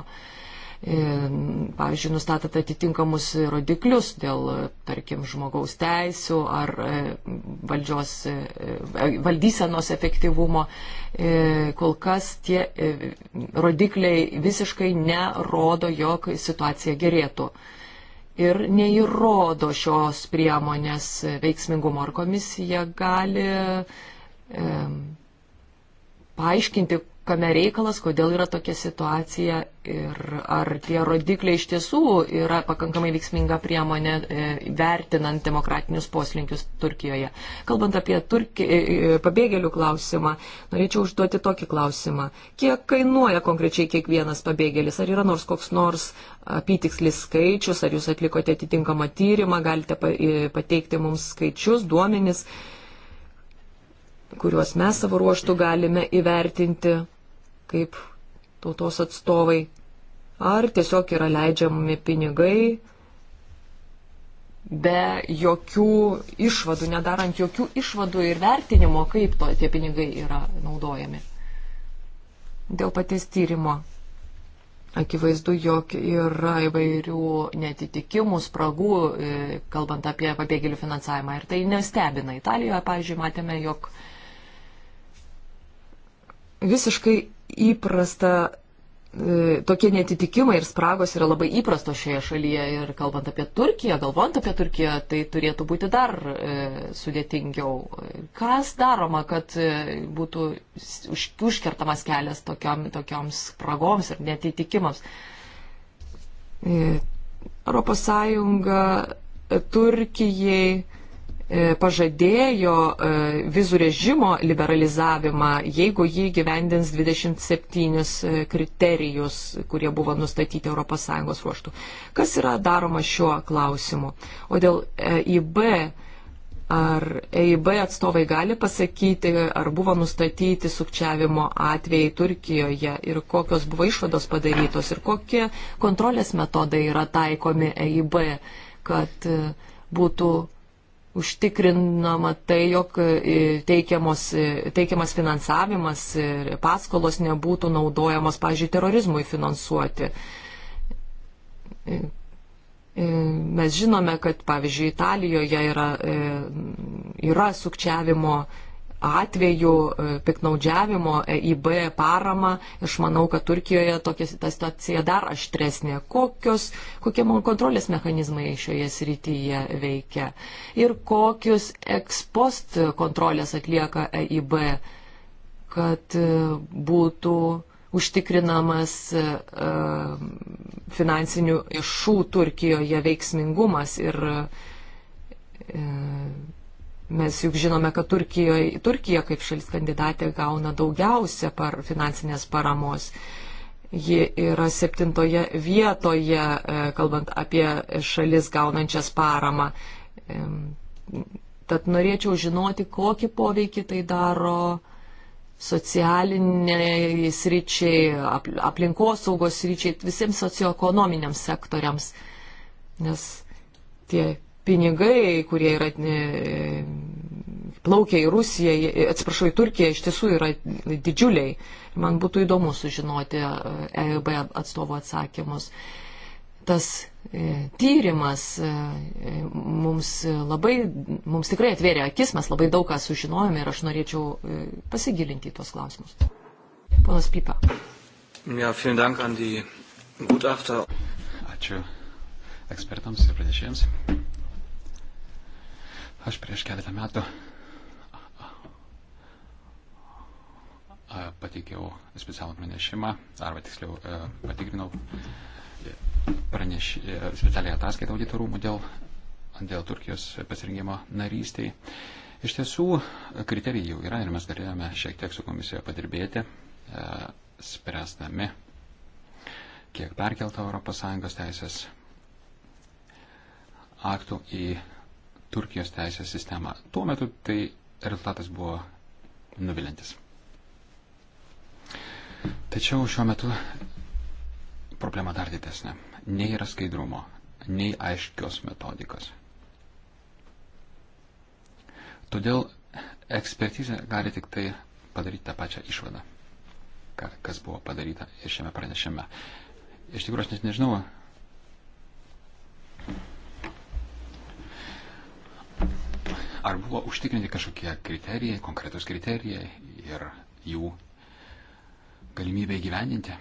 Pavyzdžiui, nustatant atitinkamus rodiklius dėl, tarkim, žmogaus teisų ar valdžios, valdysenos efektyvumo, kol kas tie rodikliai visiškai nerodo, jog situacija gerėtų ir neįrodo šios priemonės veiksmingumo. Ar komisija gali e, paaiškinti, kame reikalas, kodėl yra tokia situacija ir ar tie rodikliai iš tiesų yra pakankamai veiksminga priemonė e, vertinant demokratinius poslinkius Turkijoje. Kalbant apie Turki, e, e, pabėgėlių klausimą, norėčiau užduoti tokį klausimą. Kiek kainuoja konkrečiai kiekvienas pabėgėlis? Ar yra nors koks nors apytikslis skaičius, ar jūs atlikote atitinkamą tyrimą, galite pateikti mums skaičius, duomenis? kuriuos mes savo ruoštų galime įvertinti kaip tautos atstovai, ar tiesiog yra leidžiami pinigai be jokių išvadų, nedarant jokių išvadų ir vertinimo, kaip to, tie pinigai yra naudojami. Dėl paties tyrimo. Akivaizdu, jog yra įvairių netitikimų, spragų, e, kalbant apie pabėgėlių finansavimą. Ir tai nestebina. Italijoje, pavyzdžiui, matėme, jog visiškai įprasta, e, tokie netitikimai ir spragos yra labai įprastos šioje šalyje ir kalbant apie Turkiją, galvojant apie Turkiją, tai turėtų būti dar e, sudėtingiau. Kas daroma, kad e, būtų užkertamas kelias tokiom, tokioms spragoms ir netitikimams? Europos Sąjunga Turkijai E, pažadėjo e, vizų režimo liberalizavimą, jeigu jį gyvendins 27 e, kriterijus, kurie buvo nustatyti ES ruoštų. Kas yra daroma šiuo klausimu? O dėl EIB, ar EIB atstovai gali pasakyti, ar buvo nustatyti sukčiavimo atvejai Turkijoje ir kokios buvo išvados padarytos ir kokie kontrolės metodai yra taikomi EIB, kad būtų užtikrinama tai, jog e, e, teikiamas finansavimas ir paskolos nebūtų naudojamos, pažiūrėjau, terorizmui finansuoti. E, mes žinome, kad, pavyzdžiui, Italijoje yra, yra sukčiavimo atvejų e, piknaudžiavimo EIB parama. Aš manau, kad Turkijoje tokia ta situacija dar aštresnė. Kokios, kokie man kontrolės mechanizmai šioje srityje veikia ir kokius ekspost kontrolės atlieka EIB, kad e, būtų užtikrinamas e, finansinių iššų Turkijoje veiksmingumas ir Mes juk žinome, kad Turkijoje, Turkija kaip šalis kandidatė gauna daugiausia par finansinės paramos. Ji yra septintoje vietoje, e, kalbant apie šalis gaunančias paramą. Tad norėčiau žinoti, kokį poveikį tai daro socialiniai sryčiai, aplinkosaugos sryčiai, visiems socioekonominiams sektoriams. Nes tie pinigai, kurie yra e, plaukia į Rusiją, e, atsiprašau, į Turkiją, iš tiesų yra didžiuliai. Man būtų įdomu sužinoti EIB e atstovų atsakymus. Tas tyrimas mums labai, mums tikrai atvėrė akis, mes labai daug ką sužinojome ir aš norėčiau pasigilinti į tuos klausimus. Ponas Pipa. Ja, dank an die Ačiū ekspertams ir pranešėjams. Aš prieš keletą metų pateikiau specialų pranešimą, arba tiksliau e, patikrinau e, praneš, e, specialiai ataskaitą auditorumų dėl, dėl Turkijos pasirinkimo narystiai. Iš tiesų, kriterijai jau yra ir mes galėjome šiek tiek su komisijoje padirbėti, spręsdami, kiek perkelta ES teisės aktų į Turkijos teisės sistemą. Tuo metu tai rezultatas buvo nuvilintis. Tačiau šiuo metu problema dar didesnė. Nei yra skaidrumo, nei aiškios metodikos. Todėl ekspertizė gali tik tai padaryti tą pačią išvadą, kas buvo padaryta ir šiame pranešime. Iš tikrųjų, aš net nežinau, Ar buvo užtikrinti kažkokie kriterijai, konkretus kriterijai ir jų galimybė įgyvendinti?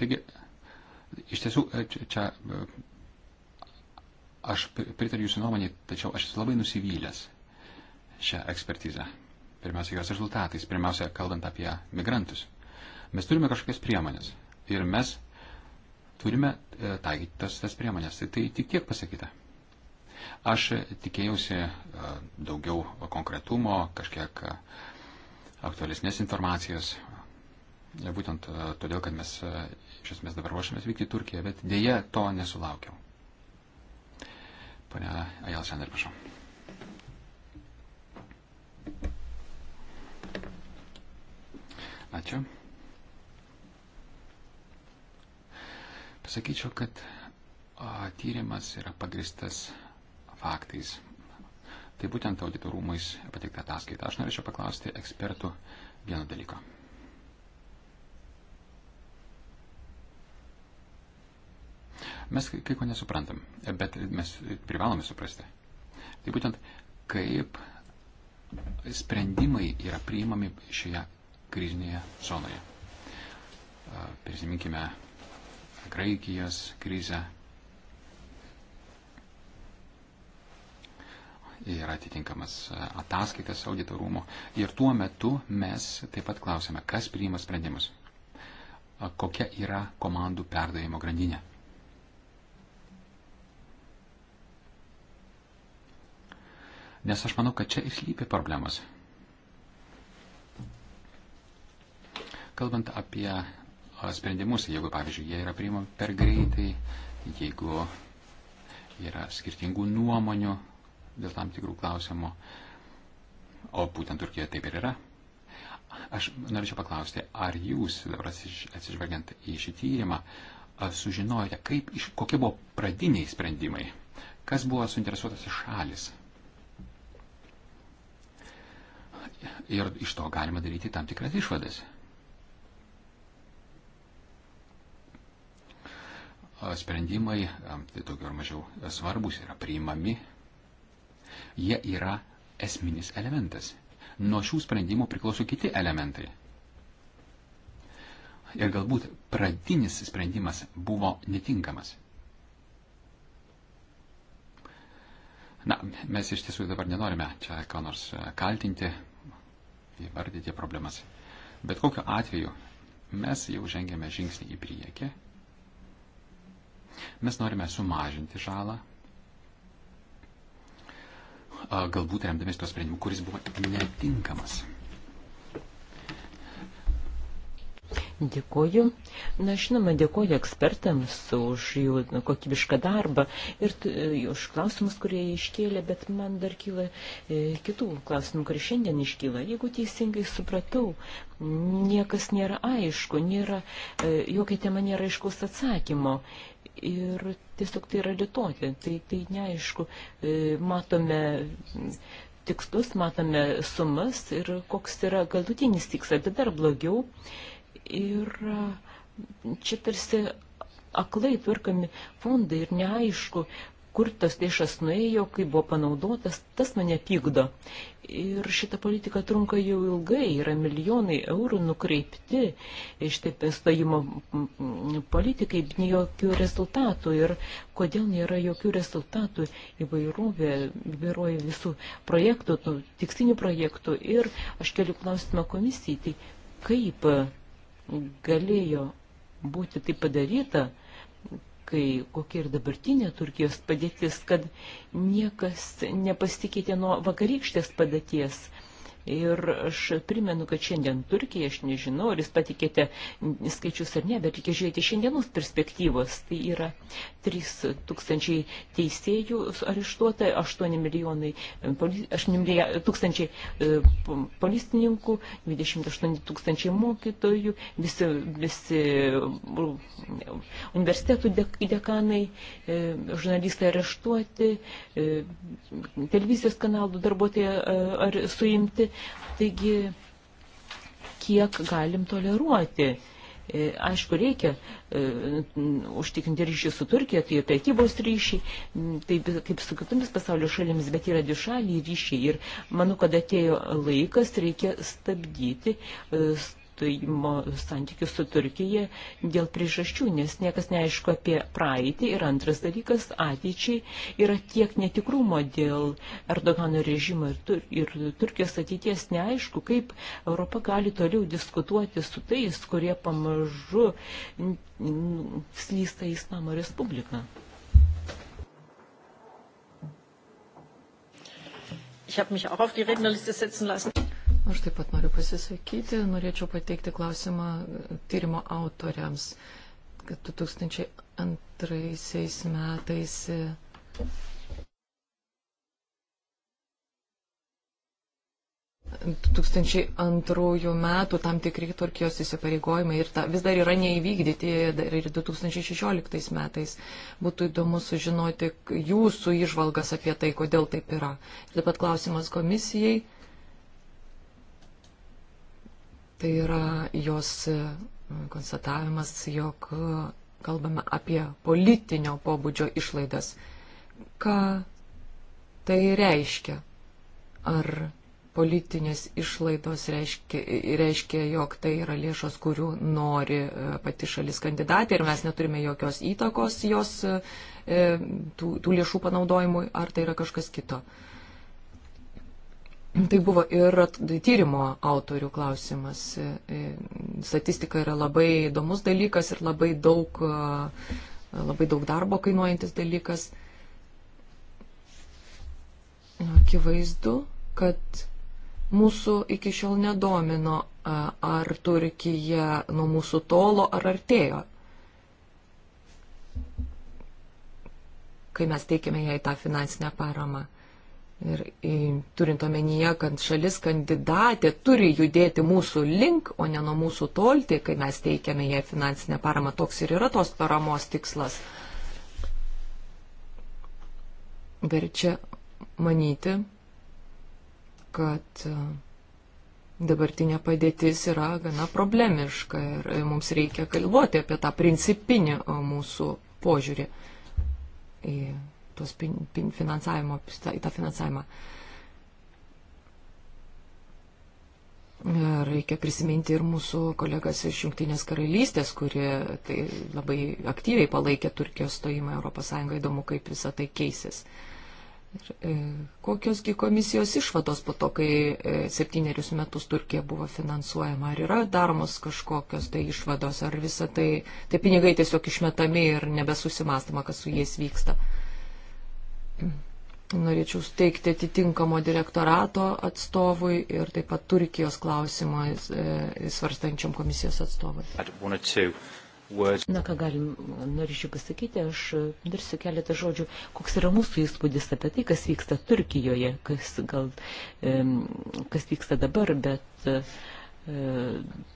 Taigi, iš tiesų, e, čia, čia e, aš pritariu jūsų nuomonį, tačiau aš esu labai nusivylęs šią ekspertizę. Pirmiausia, jos rezultatais, pirmiausia, kalbant apie migrantus. Mes turime kažkokias priemonės ir mes turime e, taikyti tas, tas priemonės. Tai, tai tik tiek pasakyta. Aš tikėjausi e, daugiau konkretumo, kažkiek e, aktualesnės informacijos, e, būtent todėl, kad mes iš esmės dabar ruošiamės vykti į Turkiją, bet dėje to nesulaukiau. Pane Ajal Sender, prašau. Ačiū. Pasakyčiau, kad tyrimas yra pagristas faktais. Tai būtent audito rūmais pateikta ataskaita. Aš norėčiau paklausti ekspertų vieno dalyko. Mes kai ko nesuprantam, bet mes privalome suprasti. Tai būtent kaip sprendimai yra priimami šioje krizinėje zonoje. Prisiminkime Graikijos krizę, ir atitinkamas e, ataskaitas audito rūmo. Ir tuo metu mes taip pat klausėme, kas priima sprendimus, kokia yra komandų perdavimo grandinė. Nes aš manau, kad čia ir slypi problemas. Kalbant apie sprendimus, jeigu, pavyzdžiui, jie yra priimami per greitai, jeigu yra skirtingų nuomonių dėl tam tikrų klausimų. O būtent Turkija taip ir yra. Aš norėčiau paklausti, ar jūs dabar atsižvelgiant į šį tyrimą sužinojote, kaip, kokie buvo pradiniai sprendimai, kas buvo suinteresuotas šalis. Ir iš to galima daryti tam tikras išvadas. Sprendimai, tai daugiau ar mažiau svarbus, yra priimami Jie yra esminis elementas. Nuo šių sprendimų priklauso kiti elementai. Ir galbūt pradinis sprendimas buvo netinkamas. Na, mes iš tiesų dabar nenorime čia ką nors e, kaltinti, įvardyti problemas. Bet kokiu atveju mes jau žengėme žingsnį į priekį. Mes norime sumažinti žalą, galbūt remdamės to sprendimu, kuris buvo netinkamas. Dėkoju. Na, žinoma, dėkoju ekspertams už jų na, kokybišką darbą ir e, už klausimus, kurie iškėlė, bet man dar kyla e, kitų klausimų, kurie šiandien iškyla. Jeigu teisingai supratau, niekas nėra aišku, nėra, e, jokia tema nėra aiškaus atsakymo. E, ir tiesiog tai yra rytoti. Tai, tai neaišku, e, matome tikslus, matome sumas ir koks yra galutinis tikslas, bet tai dar blogiau. Ir e, čia tarsi aklai pirkami fondai ir neaišku, kur tas lėšas nuėjo, kaip buvo panaudotas, tas mane pykdo. Ir šita politika trunka jau ilgai, yra milijonai eurų nukreipti šitai stojimo politikai, jokių rezultatų. Ir kodėl nėra jokių rezultatų įvairovė, įvairovė visų projektų, tų, nu, tikslinių projektų. Ir aš keliu klausimą komisijai, tai kaip galėjo būti tai padaryta, dalykai, kokia ir dabartinė Turkijos padėtis, kad niekas nepasikeitė nuo vakarykštės padėties. Ir aš primenu, kad šiandien Turkija, aš nežinau, ar jūs patikėte skaičius ar ne, bet reikia žiūrėti šiandienos perspektyvos. Tai yra 3 tūkstančiai teisėjų areštuota, 8 milijonai, 8 e, tūkstančiai e, policininkų, 28 tūkstančiai mokytojų, visi, visi universitetų dekanai, e, žurnalistai areštuoti, televizijos kanalų darbuotojai suimti Taigi, kiek galim toleruoti? E, aišku, reikia e, užtikrinti ryšį su Turkija, tai prekybos ryšiai, taip kaip su kitomis pasaulio šalimis, bet yra dvišaliai ryšiai. Ir manau, kad atėjo laikas, reikia stabdyti e, stojimo santykių su Turkija dėl priežasčių, nes niekas neaišku apie praeitį. Ir antras dalykas, ateičiai yra tiek netikrumo dėl Erdogano režimo ir, tur, ir Turkijos ateities neaišku, kaip Europa gali toliau diskutuoti su tais, kurie pamažu slysta į Islamo Respubliką. Ich habe mich auch auf die Rednerliste setzen lassen. Aš taip pat noriu pasisakyti, norėčiau pateikti klausimą tyrimo autoriams, kad 2002 metais2002 metų tam tikri Turkijos įsipareigojimai ir ta, vis dar yra neįvykdyti dar ir 2016 metais. Būtų įdomu sužinoti jūsų išvalgas apie tai, kodėl taip yra. Ir taip pat klausimas komisijai, Tai yra jos e, konstatavimas, jog e, kalbame apie politinio pobūdžio išlaidas. Ką tai reiškia? Ar politinės išlaidos reiškia, reiškia, jog tai yra lėšos, kurių nori e, pati šalis kandidatė ir mes neturime jokios įtakos jos tų, tų lėšų panaudojimui, ar tai yra kažkas kito? Tai buvo ir tyrimo autorių klausimas. E, statistika yra labai įdomus dalykas ir labai daug, e, labai daug darbo kainuojantis dalykas. Akivaizdu, kad mūsų iki šiol nedomino, e, ar Turkija nuo mūsų tolo ar artėjo. Kai mes teikėme jai tą finansinę paramą. Ir turint omenyje, kad šalis kandidatė turi judėti mūsų link, o ne nuo mūsų tolti, kai mes teikiame jai finansinę paramą, toks ir yra tos paramos tikslas. Verčia manyti, kad e, dabartinė padėtis yra gana problemiška ir e, mums reikia kalbėti apie tą principinį e, mūsų požiūrį į tuos pin, pin, finansavimo, į tą finansavimą. Reikia prisiminti ir mūsų kolegas iš Junktinės karalystės, kurie tai labai aktyviai palaikė Turkijos stojimą Europos Sąjungą. Įdomu, kaip visą tai keisis. Ir e, kokiosgi komisijos išvados po to, kai e, septynerius metus Turkija buvo finansuojama, ar yra daromos kažkokios tai išvados, ar visa tai, tai pinigai tiesiog išmetami ir nebesusimastama, kas su jais vyksta norėčiau steigti atitinkamo direktorato atstovui ir taip pat Turkijos klausimą e, svarstančiam komisijos atstovui. Na ką galim, norėčiau pasakyti, aš darsiu keletą žodžių, koks yra mūsų įspūdis apie tai, kas vyksta Turkijoje, kas, gal, kas vyksta dabar, bet e,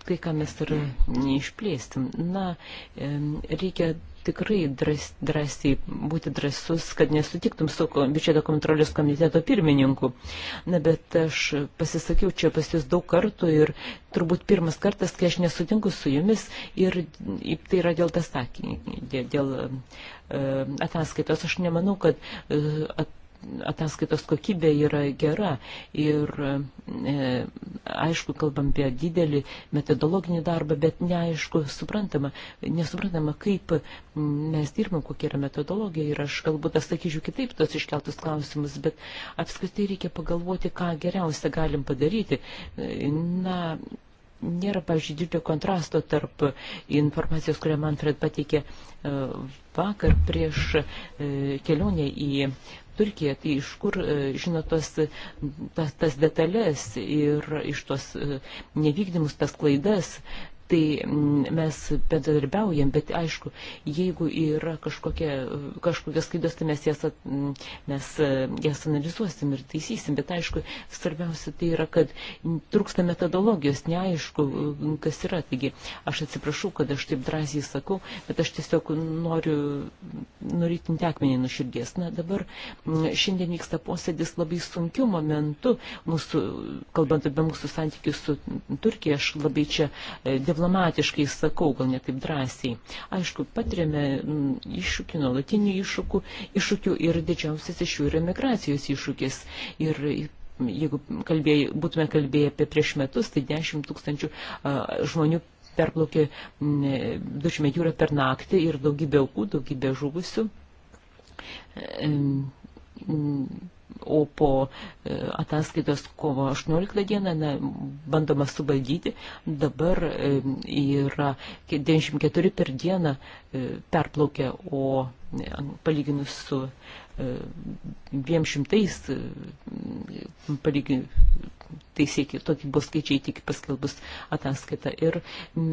tai, ką mes ir neišplėstim. Na, reikia tikrai dras, drąsiai būti drąsus, kad nesutiktum su biudžeto kontrolės komiteto pirmininku. Na, bet aš pasisakiau čia pas jūs daug kartų ir turbūt pirmas kartas, kai aš nesutinku su jumis ir tai yra dėl tas sakinį, dėl, dėl e, ataskaitos. Aš nemanau, kad e, at, ataskaitos kokybė yra gera ir e, aišku, kalbam apie didelį metodologinį darbą, bet neaišku, suprantama, nesuprantama, kaip mes dirbam, kokia yra metodologija ir aš galbūt atsakyčiau kitaip tos iškeltus klausimus, bet apskritai reikia pagalvoti, ką geriausia galim padaryti. Na, nėra, pavyzdžiui, didelio kontrasto tarp informacijos, kurią Manfred pateikė e, vakar prieš e, kelionę į Turkija, tai iš kur e, žino tos, tas, tas detalės ir iš tos e, nevykdymus, tas klaidas, Tai mm, mes bendradarbiaujam, bet aišku, jeigu yra kažkokie, kažkokios klaidos, tai mes jas, at, mm, mes e, jas analizuosim ir taisysim, bet aišku, svarbiausia tai yra, kad trūksta metodologijos, neaišku, e, kas yra. Taigi, aš atsiprašau, kad aš taip drąsiai sakau, bet aš tiesiog noriu nurytinti akmenį nuo širdies. Na, dabar mm, šiandien vyksta posėdis labai sunkiu momentu, mūsų, kalbant apie mūsų santykius su Turkija, aš labai čia. E, diplomatiškai sakau, gal netaip drąsiai. Aišku, patiriame mm, iššūkį, nuolatinių iššūkių, iššūkių ir didžiausias iš jų yra migracijos iššūkis. Ir jeigu kalbėjai, būtume kalbėję apie prieš metus, tai 10 tūkstančių žmonių perplaukė mm, dušime jūrą per naktį ir daugybė aukų, daugybė žuvusių. Mm, o po e, ataskaitos kovo 18 dieną na, bandoma suvaldyti, dabar e, yra 94 per dieną e, perplaukia, o palyginus su 200 palyginus, tai tokie buvo skaičiai tik paskelbus ataskaitą ir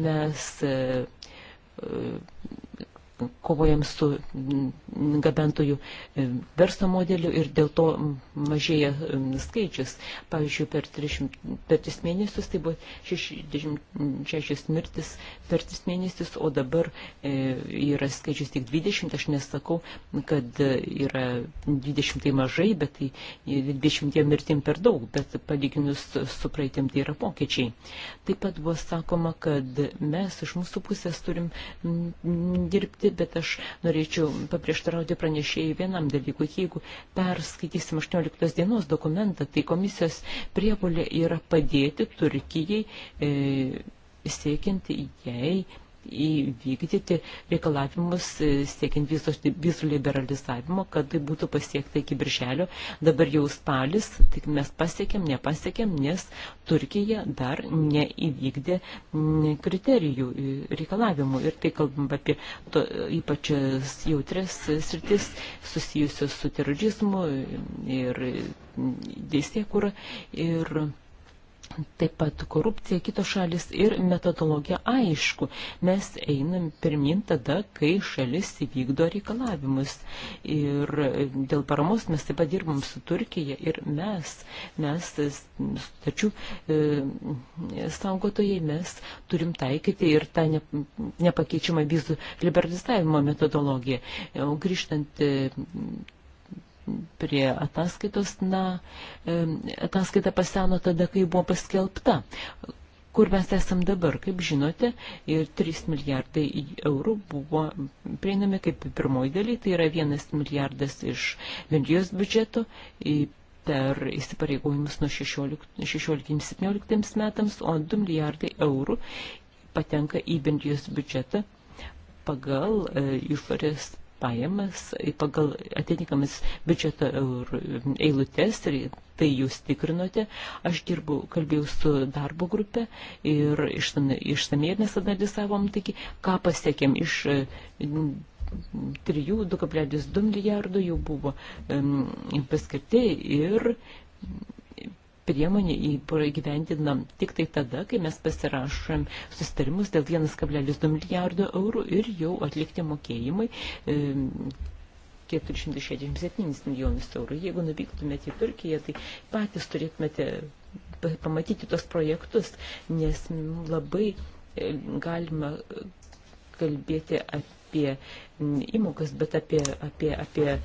mes kovojam su gabentojų e, verslo modeliu ir dėl to mažėja e, skaičius. Pavyzdžiui, per 3, per 3 mėnesius tai buvo 66 mirtis per 3 mėnesius, o dabar e, yra skaičius tik 20. Aš nesakau, kad yra 20 tai mažai, bet tai 20 mirtim per daug, bet palyginus su praeitim tai yra pokyčiai. Taip pat buvo sakoma, kad mes iš mūsų pusės turim dirbti bet aš norėčiau paprieštarauti pranešėjai vienam dalykui. Jeigu perskaitysim 18 dienos dokumentą, tai komisijos prievolė yra padėti Turkijai e, siekiant jai įvykdyti reikalavimus e, siekiant viso, viso liberalizavimo, kad tai būtų pasiekta iki birželio. Dabar jau spalis, tik mes pasiekėm, nepasiekėm, nes Turkija dar neįvykdė kriterijų e, reikalavimų. Ir kai kalbam apie to, ypač jautres sritis susijusios su terorizmu ir teisėkūra ir taip pat korupcija, kitos šalis ir metodologija aišku. Mes einam pirmin tada, kai šalis įvykdo reikalavimus. Ir dėl paramos mes taip pat dirbam su Turkija ir mes, mes, tačiau, e, saugotojai, mes turim taikyti ir tą ne, nepakeičiamą vizų liberalizavimo metodologiją. O grįžtant e, prie ataskaitos, na, e, ataskaita paseno tada, kai buvo paskelbta. Kur mes esam dabar, kaip žinote, ir 3 milijardai eurų buvo prieinami kaip pirmoji daly, tai yra 1 milijardas iš bendrijos biudžeto per įsipareigojimus nuo 16-17 metams, o 2 milijardai eurų patenka į bendrijos biudžetą pagal e, išorės pajamas pagal atitinkamas biudžeto eilutes ir tai jūs tikrinote. Aš dirbu, kalbėjau su darbo grupė ir išsamei mes analizavom, taigi, ką pasiekėm iš 3, 2,2 milijardų jau buvo paskirti ir priemonė įgyvendinam tik tai tada, kai mes pasirašom sustarimus dėl 1,2 milijardo eurų ir jau atlikti mokėjimai. E, 467 milijonus eurų. Jeigu nuvyktumėte į Turkiją, tai patys turėtumėte pamatyti tos projektus, nes labai galima kalbėti apie apie įmokas, bet apie, apie, apie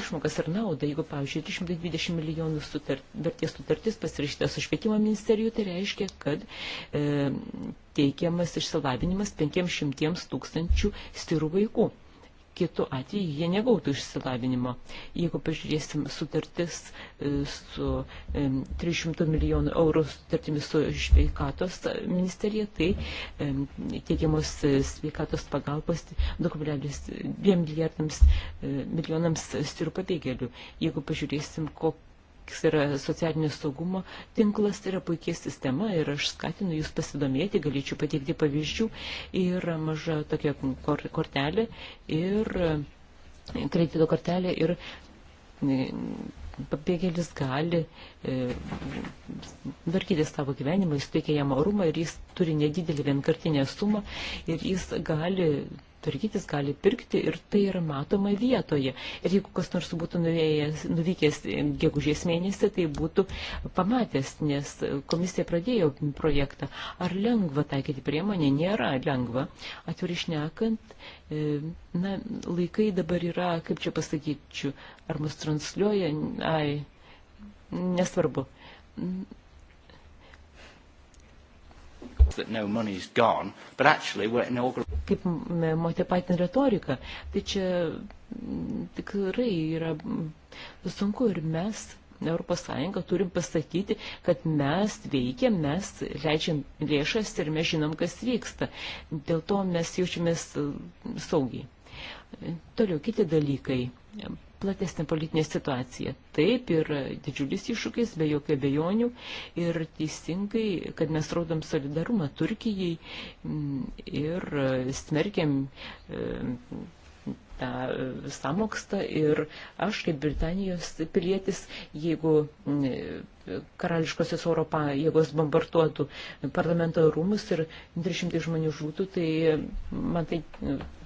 išmokas ir naudą. Jeigu, pavyzdžiui, 320 milijonų sutart, vertės sutartis pasirašyta su švietimo ministeriju, tai reiškia, kad e, teikiamas išsilavinimas 500 tūkstančių stirų vaikų kitu atveju jie negautų išsilavinimo. Jeigu pažiūrėsim sutartis e, su 300 e, milijonų eurų sutartimis su sveikatos ministerija, tai e, teikiamos sveikatos pagalbos 2,2 milijardams milijonams sirų pabėgėlių. Jeigu pažiūrėsim, kokią toks yra socialinio saugumo tinklas, tai yra puikia sistema ir aš skatinu jūs pasidomėti, galėčiau pateikti pavyzdžių ir maža tokia kortelė ir kredito kortelė ir pabėgėlis gali e, tvarkyti savo gyvenimą, jis teikia jam orumą ir jis turi nedidelį vienkartinę sumą ir jis gali tvarkytis, gali pirkti ir tai yra matoma vietoje. Ir jeigu kas nors būtų nuvėjęs, nuvykęs gegužės mėnesį, tai būtų pamatęs, nes komisija pradėjo projektą. Ar lengva taikyti priemonę? Nėra lengva. Atvirišnekant, e, na, laikai dabar yra, kaip čia pasakyčiau, ar mus transliuoja, ai, nesvarbu Kaip motipatin retorika, tai čia tikrai yra sunku ir mes Europos Sąjunga turim pasakyti, kad mes veikiam, mes leidžiam lėšas ir mes žinom, kas vyksta. Dėl to mes jaučiamės saugiai. Toliau kiti dalykai platesnę politinę situaciją. Taip, yra didžiulis iššūkis, be jokio bejonių ir teisingai, kad mes rodom solidarumą Turkijai mm, ir smerkiam e, tą e, samokstą ir aš kaip Britanijos pilietis, jeigu karališkosios oro pajėgos bombarduotų parlamento rūmus ir 300 žmonių žūtų, tai man tai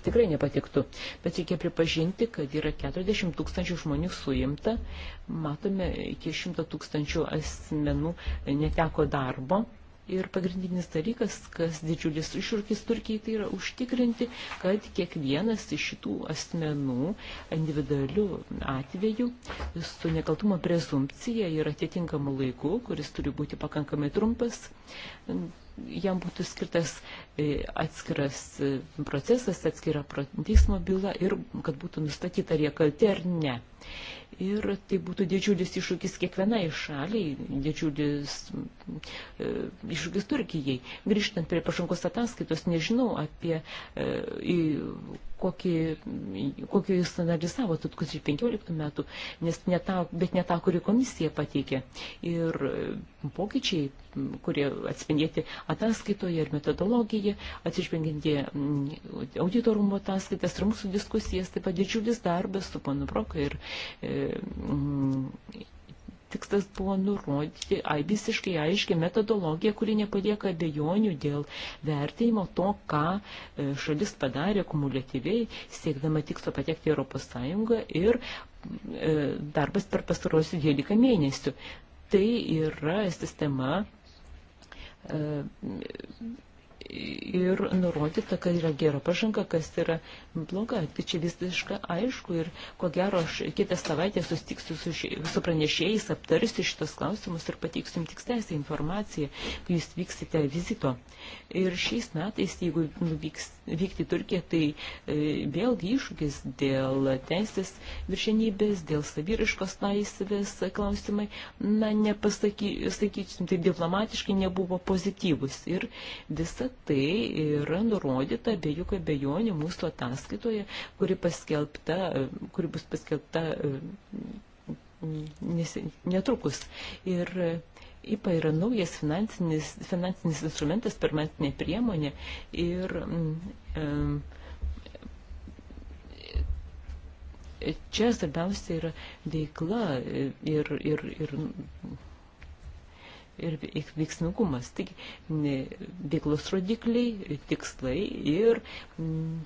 tikrai nepatiktų. Bet reikia pripažinti, kad yra 40 tūkstančių žmonių suimta, matome, iki 100 tūkstančių asmenų neteko darbo Ir pagrindinis dalykas, kas didžiulis iššūkis Turkijai, tai yra užtikrinti, kad kiekvienas iš šitų asmenų individualių atvejų su nekaltumo prezumpcija ir atitinkamu laiku, kuris turi būti pakankamai trumpas, jam būtų skirtas e, atskiras procesas, atskira teismo byla ir kad būtų nustatyta, ar jie kalti ar ne. Ir tai būtų didžiulis iššūkis kiekvienai šaliai, didžiulis e, iššūkis Turkijai. Grįžtant prie pažangos ataskaitos, nežinau apie e, į, kokį, kokį jūs analizavo 2015 metų, nes ne ta, bet ne tą, kurį komisija pateikė. Ir pokyčiai, kurie atspindėti ataskaitoje ir metodologijoje, atsižvengiant mm, auditorumo ataskaitas ir mūsų diskusijas, taip pat didžiulis darbas su panu Broka ir e, Mm, tikslas buvo nurodyti ai, visiškai aiškiai metodologiją, kuri nepalieka abejonių dėl vertinimo to, ką e, šalis padarė kumuliatyviai, siekdama tikslo patekti į Europos Sąjungą ir e, darbas per pastarosius 12 mėnesių. Tai yra sistema e, ir nurodyta, kad yra gera pažanga, kas yra bloga. Tai čia visiškai aišku ir ko gero aš kitą savaitę sustiksiu su, ši, su pranešėjais, aptarsiu šitos klausimus ir pateiksiu jums tikslesnę informaciją, kai jūs vyksite vizito. Ir šiais metais, jeigu nuvyks vykti Turkiją, tai e, vėlgi iššūkis dėl teisės viršenybės, dėl saviriškos laisvės klausimai, na, nepasakysim, tai diplomatiškai nebuvo pozityvus. Ir visa tai yra nurodyta be jokių abejonių mūsų ataskaitoje, kuri, paskelbta, kuri bus paskelbta e, netrukus. Ir e, IPA yra naujas finansinis, finansinis instrumentas, permanentinė priemonė ir um, čia svarbiausia yra veikla ir, ir, ir ir veiksmingumas. Tik veiklos rodikliai, tikslai ir mm,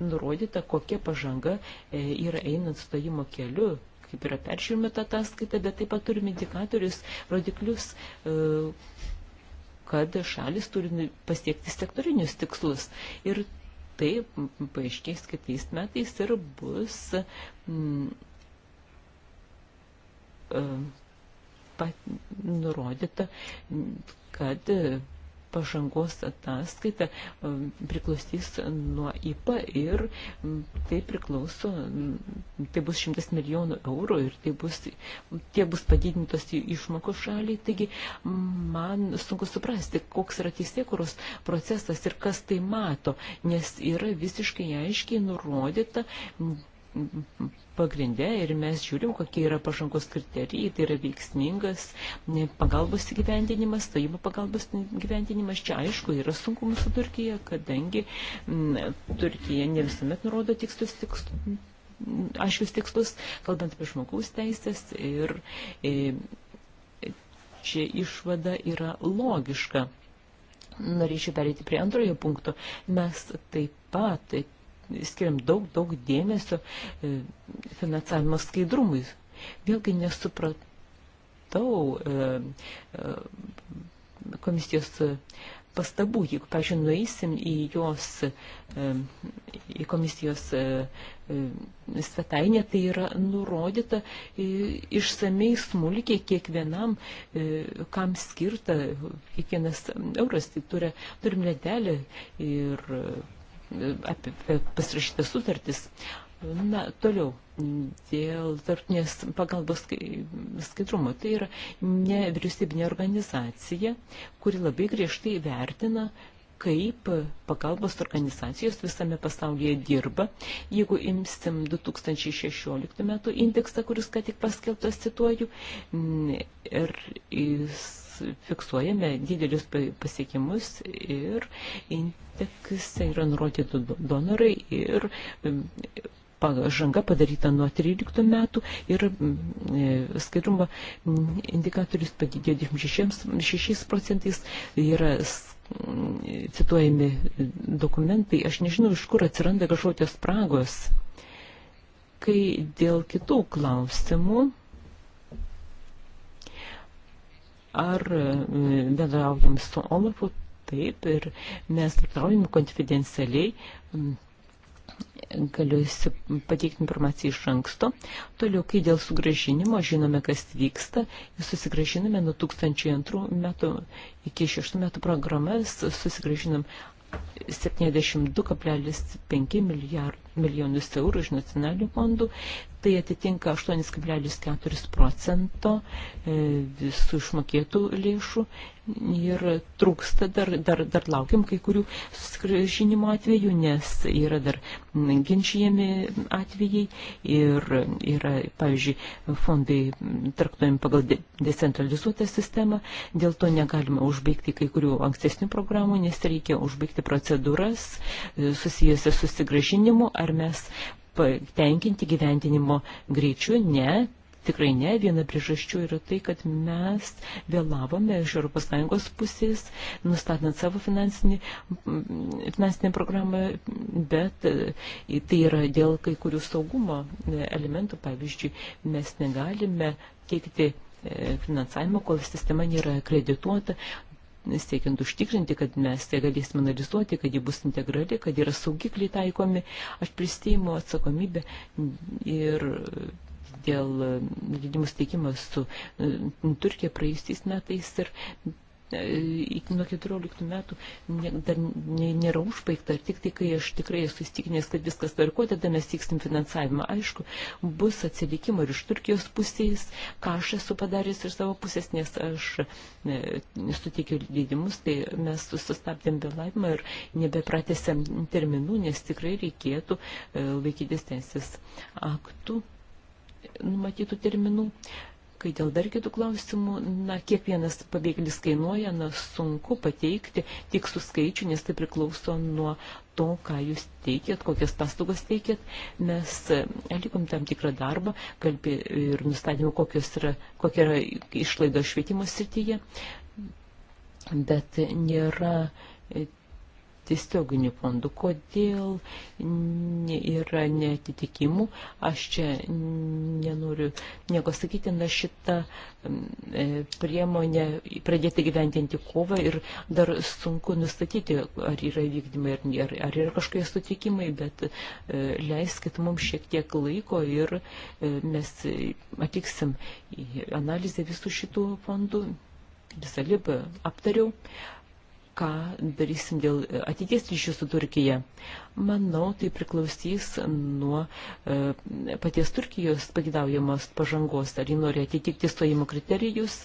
nurodyta, kokia pažanga e, yra einant stojimo keliu kaip yra peržiūrime tą ataskaitą, bet taip pat turime indikatorius, rodiklius, e, kad šalis turi pasiekti sektorinius tikslus. Ir tai paaiškės kitais metais ir bus mm, e, pat nurodyta, kad pažangos ataskaita e, priklausys nuo IPA ir tai priklauso, tai bus šimtas milijonų eurų ir tai bus, tie bus padidintos išmokos šaliai. Taigi man sunku suprasti, koks yra teisėkuros procesas ir kas tai mato, nes yra visiškai aiškiai nurodyta pagrindė ir mes žiūrim, kokie yra pažangos kriterijai, tai yra veiksmingas pagalbos gyvendinimas, stojimo pagalbos gyvendinimas. Čia aišku yra sunkumų su Turkija, kadangi m, Turkija ne visuomet nurodo tikslus tikslus. Aiškius tikslus, kalbant apie žmogaus teisės ir e, čia išvada yra logiška. Norėčiau perėti prie antrojo punkto. Mes taip pat skiriam daug, daug dėmesio e, finansavimo skaidrumui. Vėlgi nesupratau e, e, komisijos pastabų, jeigu, pažiūrėjau, nueisim į jos, į komisijos svetainę, tai yra nurodyta išsamei smulkiai kiekvienam, kam skirta kiekvienas euras, tai turi, turim ledelį ir apie, apie pasirašytas sutartis. Na, toliau, dėl tarptinės pagalbos skaidrumo. Tai yra nevyriausybinė organizacija, kuri labai griežtai vertina kaip pagalbos organizacijos visame pasaulyje dirba. Jeigu imsim 2016 metų indeksą, kuris ką tik paskelbtas, cituoju, ir jis fiksuojame didelius pasiekimus ir indekse yra nurodyti donorai ir pažanga padaryta nuo 13 metų ir e, skaidrumo indikatorius padidėjo 26 procentais, yra cituojami dokumentai, aš nežinau, iš kur atsiranda kažkokios spragos. Kai dėl kitų klausimų ar e, bendraujam su Olafu, taip, ir mes bendraujam konfidencialiai, galiu pateikti informaciją iš anksto. Toliau, kai dėl sugražinimo žinome, kas vyksta, susigražiname nuo 2002 metų iki 6 metų programas, susigražinam 72,5 milijardų milijonus eurų iš nacionalinių fondų, tai atitinka 8,4 procento e, visų išmokėtų lėšų ir trūksta, dar, dar, dar laukiam kai kurių susigražinimo atvejų, nes yra dar ginčijami atvejai ir yra, pavyzdžiui, fondai traktuojami pagal decentralizuotą sistemą, dėl to negalima užbaigti kai kurių ankstesnių programų, nes reikia užbaigti procedūras e, susijusias susigražinimu ar mes patenkinti gyventinimo greičiu, ne, Tikrai ne, viena priežasčių yra tai, kad mes vėlavome iš ES pusės, nustatant savo finansinį, finansinę programą, bet e, tai yra dėl kai kurių saugumo e, elementų. Pavyzdžiui, mes negalime teikti e, finansavimo, kol sistema nėra akredituota, siekiant užtikrinti, kad mes ją galėsime analizuoti, kad ji bus integrali, kad yra saugikliai taikomi. Aš pristėjimu atsakomybę ir dėl leidimų steikimo su e, Turkija praėjusiais metais ir E, iki nuo 14 metų ne, dar ne, nėra užbaigta. Ir tik tai, kai aš tikrai esu įstikinęs, kad viskas tvarko, tada mes tiksim finansavimą. Aišku, bus atsilikimo ir iš Turkijos pusės, ką aš esu padaręs iš savo pusės, nes aš ne, suteikiau leidimus, tai mes sustabdėm vėlavimą ir nebepratėsėm terminų, nes tikrai reikėtų e, laikytis teisės aktų numatytų terminų. E, Kai dėl dar kitų klausimų, na, kiekvienas pabėgėlis kainuoja, na, sunku pateikti tik su skaičiu, nes tai priklauso nuo to, ką jūs teikėt, kokias paslaugas teikėt. Mes e, atlikom tam tikrą darbą kalbė, ir nustatėme, kokios yra, kokia yra išlaida švietimo srityje, bet nėra e, tiesioginių fondų. Kodėl yra netitikimų, aš čia nenoriu nieko sakyti, na šitą e, priemonę pradėti gyventinti kovą ir dar sunku nustatyti, ar yra vykdymai, ar, ar yra kažkokie sutikimai, bet e, leiskit mums šiek tiek laiko ir e, mes atliksim analizę visų šitų fondų visą libą aptariau ką darysim dėl ateities ryšių su Turkija. Manau, tai priklausys nuo e, paties Turkijos pagidaujamos pažangos, ar ji nori atitikti stojimo kriterijus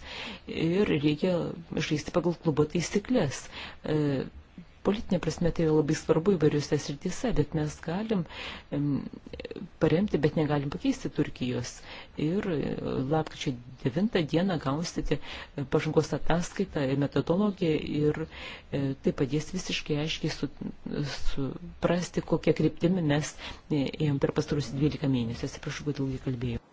ir reikia žaisti pagal klubo taisyklės. E, politinė prasme tai yra labai svarbu įvairiuose srityse, bet mes galim paremti, bet negalim pakeisti Turkijos. Ir e, lapkričio 9 dieną gausite e, pažangos ataskaitą, e, metodologiją ir tai padės visiškai aiškiai su, suprasti, kokią kryptimį mes ėjom per pastarus 12 mėnesių. Atsiprašau, kad ilgai kalbėjau.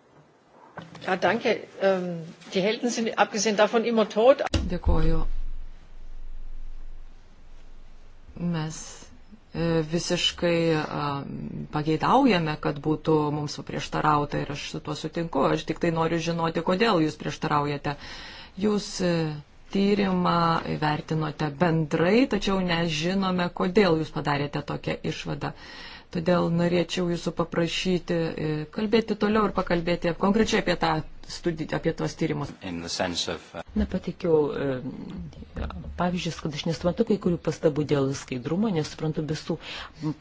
Ja, danke. Ähm, die Helden sind abgesehen davon immer tot. Dėkoju. Mes e, visiškai pageidaujame, kad būtų mums prieštarauta ir aš su tuo sutinku. Aš tik tai noriu žinoti, kodėl jūs prieštaraujate. Jūs e, tyrimą įvertinote bendrai, tačiau nežinome, kodėl jūs padarėte tokią išvadą. Todėl norėčiau jūsų paprašyti e, kalbėti toliau ir pakalbėti konkrečiai apie tą studiją, apie tuos tyrimus. Of... Uh, Na, pateikiau e, pavyzdžius, kad aš nesuprantu kai kurių pastabų dėl skaidrumo, nesuprantu visų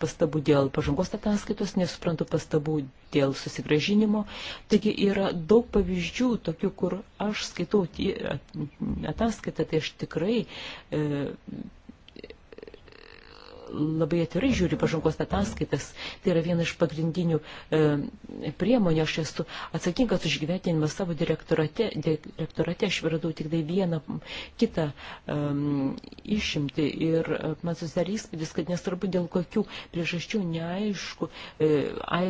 pastabų dėl pažangos ataskaitos, nesuprantu pastabų dėl susigražinimo. Taigi yra daug pavyzdžių tokių, kur aš skaitau ataskaitą, tai aš tikrai e, labai atvirai žiūri pažangos ataskaitas. Tai yra viena iš pagrindinių e, priemonių. Aš esu atsakingas už gyvenimą savo direktorate. direktorate. Aš radau tik tai vieną kitą e, išimti. Ir man susidarys įspūdis, kad nesvarbu dėl kokių priežasčių, neaišku, e, ai,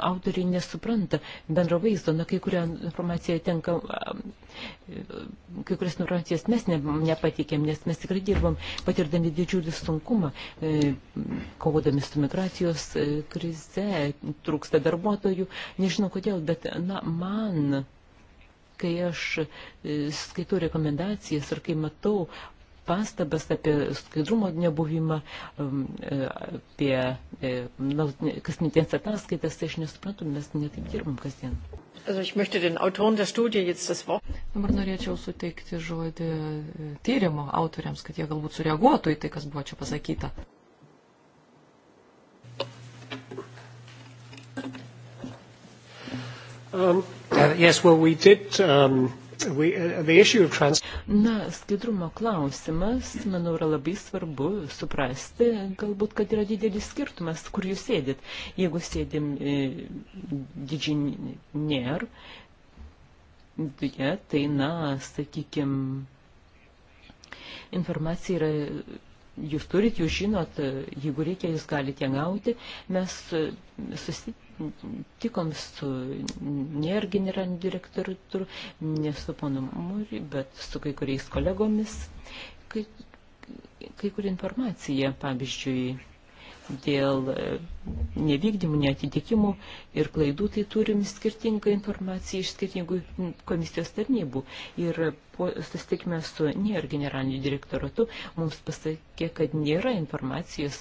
autoriai nesupranta bendro vaizdo, na, kai kurią informaciją tenka, kai kurias informacijas mes ne, nepatikėm, nes mes tikrai dirbam patirdami didžiulį sunkumą, e, kovodami su migracijos e, krize, trūksta darbuotojų, nežinau kodėl, bet, na, man kai aš e, skaitau rekomendacijas ir kai matau pastabas apie skaidrumo nebuvimą, um, e, apie e, kasmetienas ataskaitas, tai aš nesuprantu, mes netaip dirbam kasdien. Dabar norėčiau suteikti žodį e, tyrimo autoriams, kad jie galbūt sureaguotų į tai, kas buvo čia pasakyta. Um, uh, yes, well, we did um, we, uh, the issue of trans... Na, skaidrumo klausimas, manau, yra labai svarbu suprasti, galbūt, kad yra didelis skirtumas, kur jūs sėdit. Jeigu sėdim e, didžinier, duje, tai, na, sakykime, informacija yra jūs turit, jūs žinot, jeigu reikia, jūs galite gauti. Mes e, susitikom su NER generaliniu direktoriu, ne su ponu Mūri, bet su kai kuriais kolegomis. Kai, kai kur informacija, pavyzdžiui, dėl e, nevykdymų, neatitikimų ir klaidų, tai turim skirtingą informaciją iš skirtingų komisijos tarnybų. Ir susitikime su NIR generaliniu direktoratu, mums pasakė, kad nėra informacijos,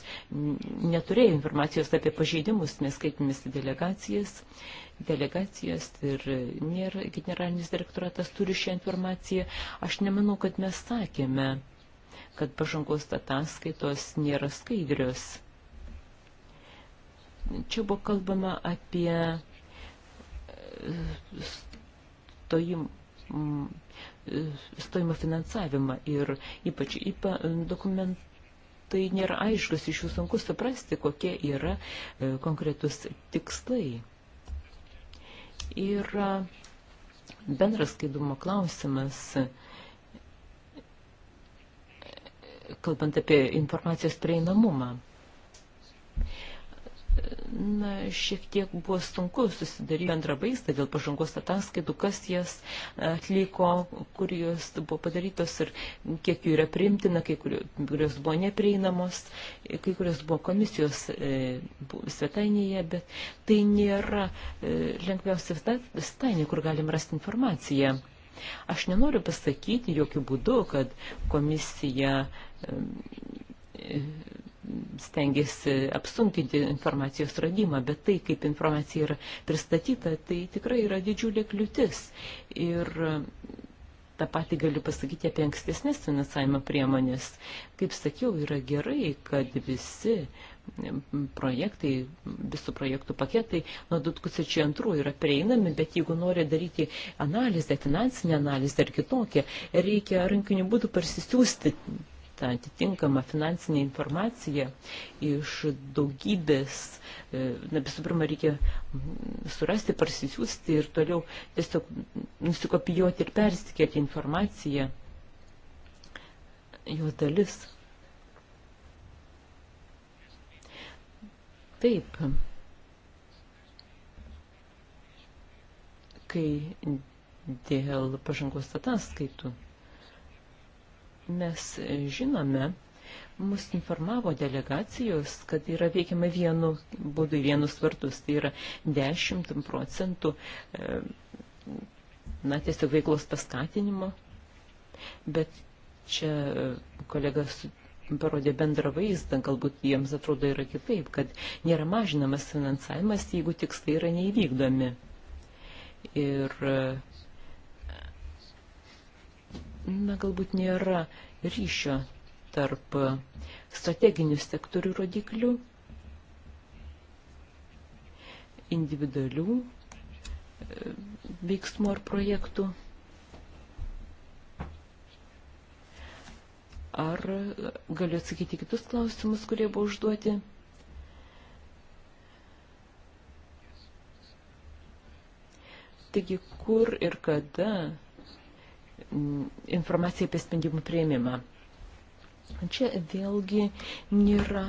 neturėjo informacijos apie pažeidimus, mes skaitėmės delegacijas delegacijas ir nėra, generalinis direktoratas turi šią informaciją. Aš nemanau, kad mes sakėme, kad pažangos ataskaitos nėra skaidrios. Čia buvo kalbama apie e, stojim, mm, stojimo finansavimą ir ypač IPA dokumentų tai nėra aiškus, iš jų sunku suprasti, kokie yra e, konkretus tikslai. Ir bendras skaidumo klausimas, kalbant apie informacijos prieinamumą na, šiek tiek buvo sunku susidaryti bendrą vaizdą dėl pažangos ataskaitų, kas jas atliko, kur jos buvo padarytos ir kiek jų yra priimtina, kai kurios buvo neprieinamos, kai kurios buvo komisijos e, svetainėje, bet tai nėra e, lengviausia svetainė, kur galim rasti informaciją. Aš nenoriu pasakyti jokių būdų, kad komisija e, e, stengiasi apsunkinti informacijos radimą, bet tai, kaip informacija yra pristatyta, tai tikrai yra didžiulė kliūtis. Ir e, tą patį galiu pasakyti apie ankstesnės finansavimo priemonės. Kaip sakiau, yra gerai, kad visi e, projektai, visų projektų paketai nuo 2002 yra prieinami, bet jeigu nori daryti analizę, finansinę analizę ar kitokią, reikia rankiniu būdu persistiūsti tą atitinkamą finansinę informaciją iš daugybės, e, na visų pirma, reikia surasti, parsisiųsti ir toliau tiesiog nusikopijuoti ir persikėti informaciją, jo dalis. Taip. Kai dėl pažangos ataskaitų mes žinome, mus informavo delegacijos, kad yra veikiama vienu būdu, vienus vartus, tai yra 10 procentų, e, na, tiesiog veiklos paskatinimo, bet čia kolegas parodė bendrą vaizdą, galbūt jiems atrodo yra kitaip, kad nėra mažinamas finansavimas, jeigu tikslai yra neįvykdomi. Ir e, na, galbūt nėra ryšio tarp strateginių sektorių rodiklių, individualių e, veiksmų ar projektų, ar galiu atsakyti kitus klausimus, kurie buvo užduoti. Taigi, kur ir kada Mm, informaciją apie sprendimų prieimimą. Čia vėlgi nėra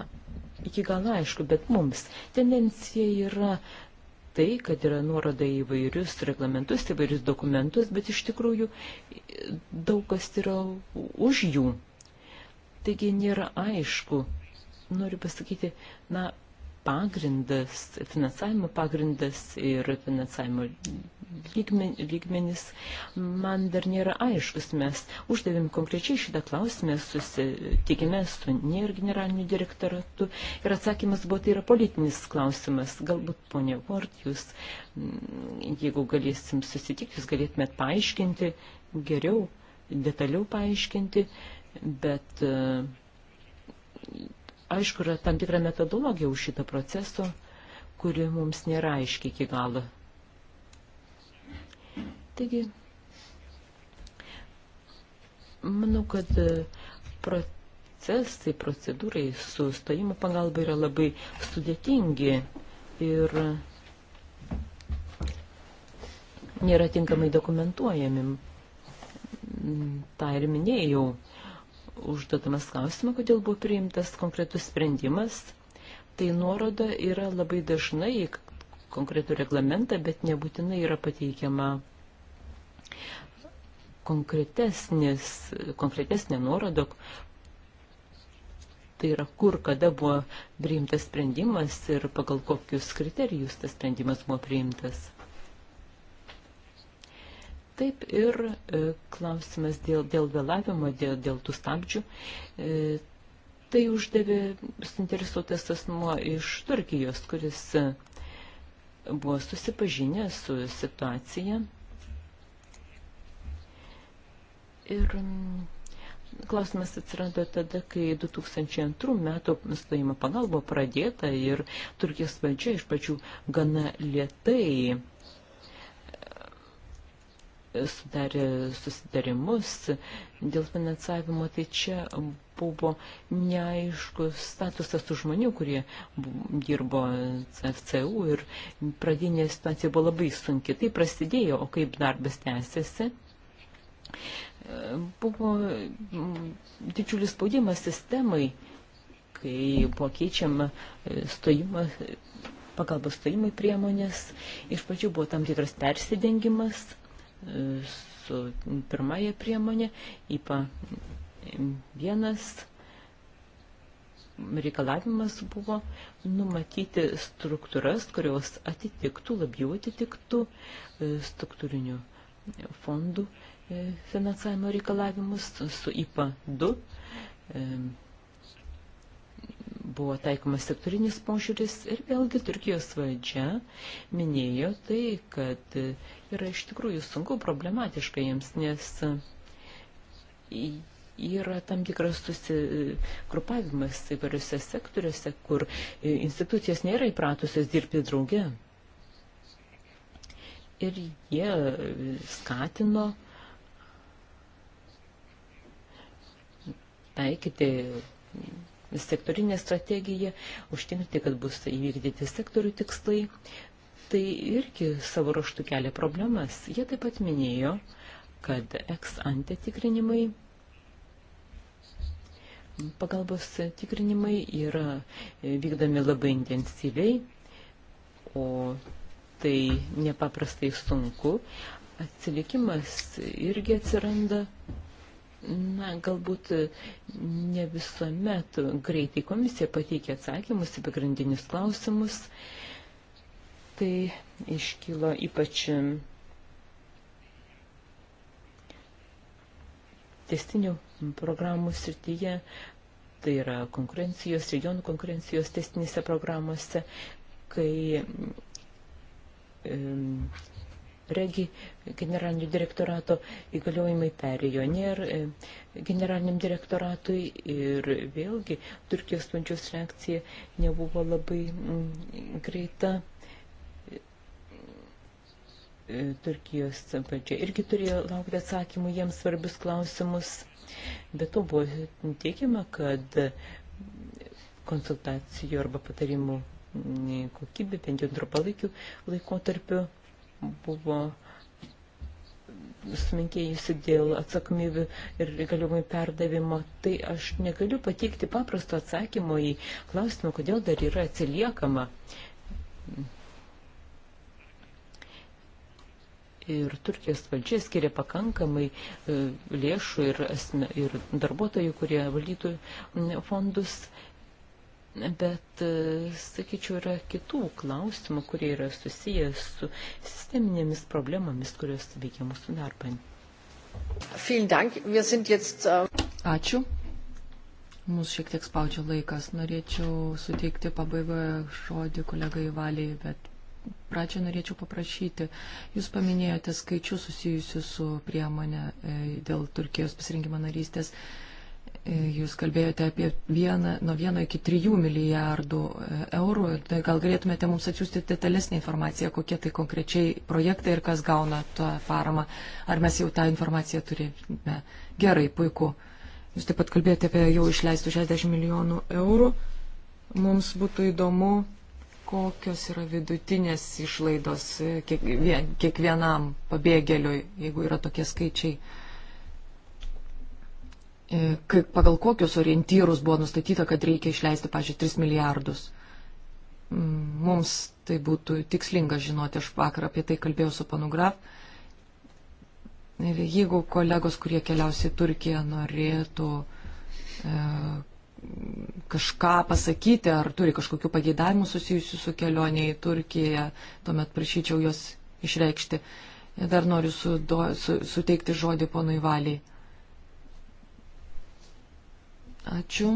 iki galo aišku, bet mums tendencija yra tai, kad yra nuoroda į vairius reglamentus, įvairius dokumentus, bet iš tikrųjų daug kas yra už jų. Taigi nėra aišku. Noriu pasakyti, na, pagrindas, finansavimo pagrindas ir finansavimo lygmenis man dar nėra aiškus. Mes uždavėm konkrečiai šitą klausimą, susitikime su NIR generaliniu direktoratu ir atsakymas buvo, tai yra politinis klausimas. Galbūt, ponė Vort, jūs, mm, jeigu galėsim susitikti, jūs galėtumėt paaiškinti geriau, detaliau paaiškinti, bet e, aišku, yra tam tikra metodologija už šito proceso, kuri mums nėra aiški iki galo. Taigi, manau, kad e, procesai, procedūrai su stojimo pagalba yra labai sudėtingi ir nėra tinkamai dokumentuojami. Mm, Ta ir minėjau užduodamas klausimą, kodėl buvo priimtas konkretus sprendimas, tai nuoroda yra labai dažnai į konkretų reglamentą, bet nebūtinai yra pateikiama konkretesnė nuoroda, tai yra kur, kada buvo priimtas sprendimas ir pagal kokius kriterijus tas sprendimas buvo priimtas. Taip ir e, klausimas dėl, dėl vėlavimo, dėl, dėl tų stabdžių. E, tai uždavė suinteresuotas asmuo iš Turkijos, kuris e, buvo susipažinęs su situacija. Ir mm, Klausimas atsirado tada, kai 2002 metų stojimo pagalba pradėta ir Turkijos valdžia iš pačių gana lietai sudarė susidarimus dėl finansavimo, tai čia buvo neaiškus statusas tų žmonių, kurie dirbo CFCU ir pradinė situacija buvo labai sunki. Tai prasidėjo, o kaip darbas tęsiasi? Buvo mm, didžiulis spaudimas sistemai, kai buvo keičiama e, stojimas pagalbos stojimai priemonės, iš pradžių buvo tam tikras persidengimas su pirmąją priemonę, IPA vienas reikalavimas buvo numatyti struktūras, kurios atitiktų, labiau atitiktų e, struktūrinių fondų e, finansavimo reikalavimus su IPA 2 buvo taikomas sektorinis požiūris ir vėlgi Turkijos valdžia minėjo tai, kad yra iš tikrųjų sunku problematiška jiems, nes yra tam tikras susigrupavimas įvairiuose sektoriuose, kur institucijos nėra įpratusios dirbti drauge. Ir jie skatino taikyti sektorinė strategija, užtikrinti, kad bus įvykdyti sektorių tikslai. Tai irgi savo raštų kelia problemas. Jie taip pat minėjo, kad eks ante tikrinimai, pagalbos tikrinimai yra vykdomi labai intensyviai, o tai nepaprastai sunku. Atsilikimas irgi atsiranda Na, galbūt ne visuomet greitai komisija pateikė atsakymus į pagrindinius klausimus. Tai iškilo ypač testinių programų srityje, tai yra konkurencijos, regionų konkurencijos testinėse programuose, kai e, regi generalinio direktorato įgaliojimai perėjo NER e, generaliniam direktoratui ir vėlgi Turkijos valdžios reakcija nebuvo labai mm, greita. E, Turkijos valdžia irgi turėjo laukti atsakymų jiems svarbius klausimus. Bet to buvo teikiama, kad konsultacijų arba patarimų mm, kokybė, bent jau trumpalaikiu laikotarpiu, buvo sumenkėjusi dėl atsakomybių ir įgaliojimų perdavimo, tai aš negaliu pateikti paprasto atsakymo į klausimą, kodėl dar yra atsiliekama. Ir Turkijos valdžia skiria pakankamai e, lėšų ir, asme, ir darbuotojų, kurie valdytų fondus bet, e, sakyčiau, yra kitų klausimų, kurie yra susijęs su sisteminėmis problemomis, kurios veikia mūsų darbą. Äh, Ačiū. Mūsų šiek tiek spaudžia laikas. Norėčiau suteikti pabaigoje žodį kolegai Valiai, bet pradžią norėčiau paprašyti. Jūs paminėjote skaičius susijusius su priemonė e, dėl Turkijos pasirinkimo narystės. E, E, jūs kalbėjote apie vieną, nuo 1 iki 3 milijardų e, eurų. Tai gal galėtumėte mums atsiųsti detalesnį informaciją, kokie tai konkrečiai projektai ir kas gauna tą paramą. Ar mes jau tą informaciją turime? Gerai, puiku. Jūs taip pat kalbėjote apie jau išleistų 60 milijonų eurų. Mums būtų įdomu, kokios yra vidutinės išlaidos e, kiekvienam pabėgėliui, jeigu yra tokie skaičiai. E, kaip, pagal kokius orientyrus buvo nustatyta, kad reikia išleisti, pažiūrėjau, 3 milijardus. Mm, mums tai būtų tikslinga žinoti, aš vakar apie tai kalbėjau su panu Graf. Ir jeigu kolegos, kurie keliausi į Turkiją, norėtų e, kažką pasakyti ar turi kažkokių pageidavimų susijusių su kelionė į Turkiją, tuomet prašyčiau juos išreikšti. Ir dar noriu su, do, su, suteikti žodį ponui Valiai. Ačiū.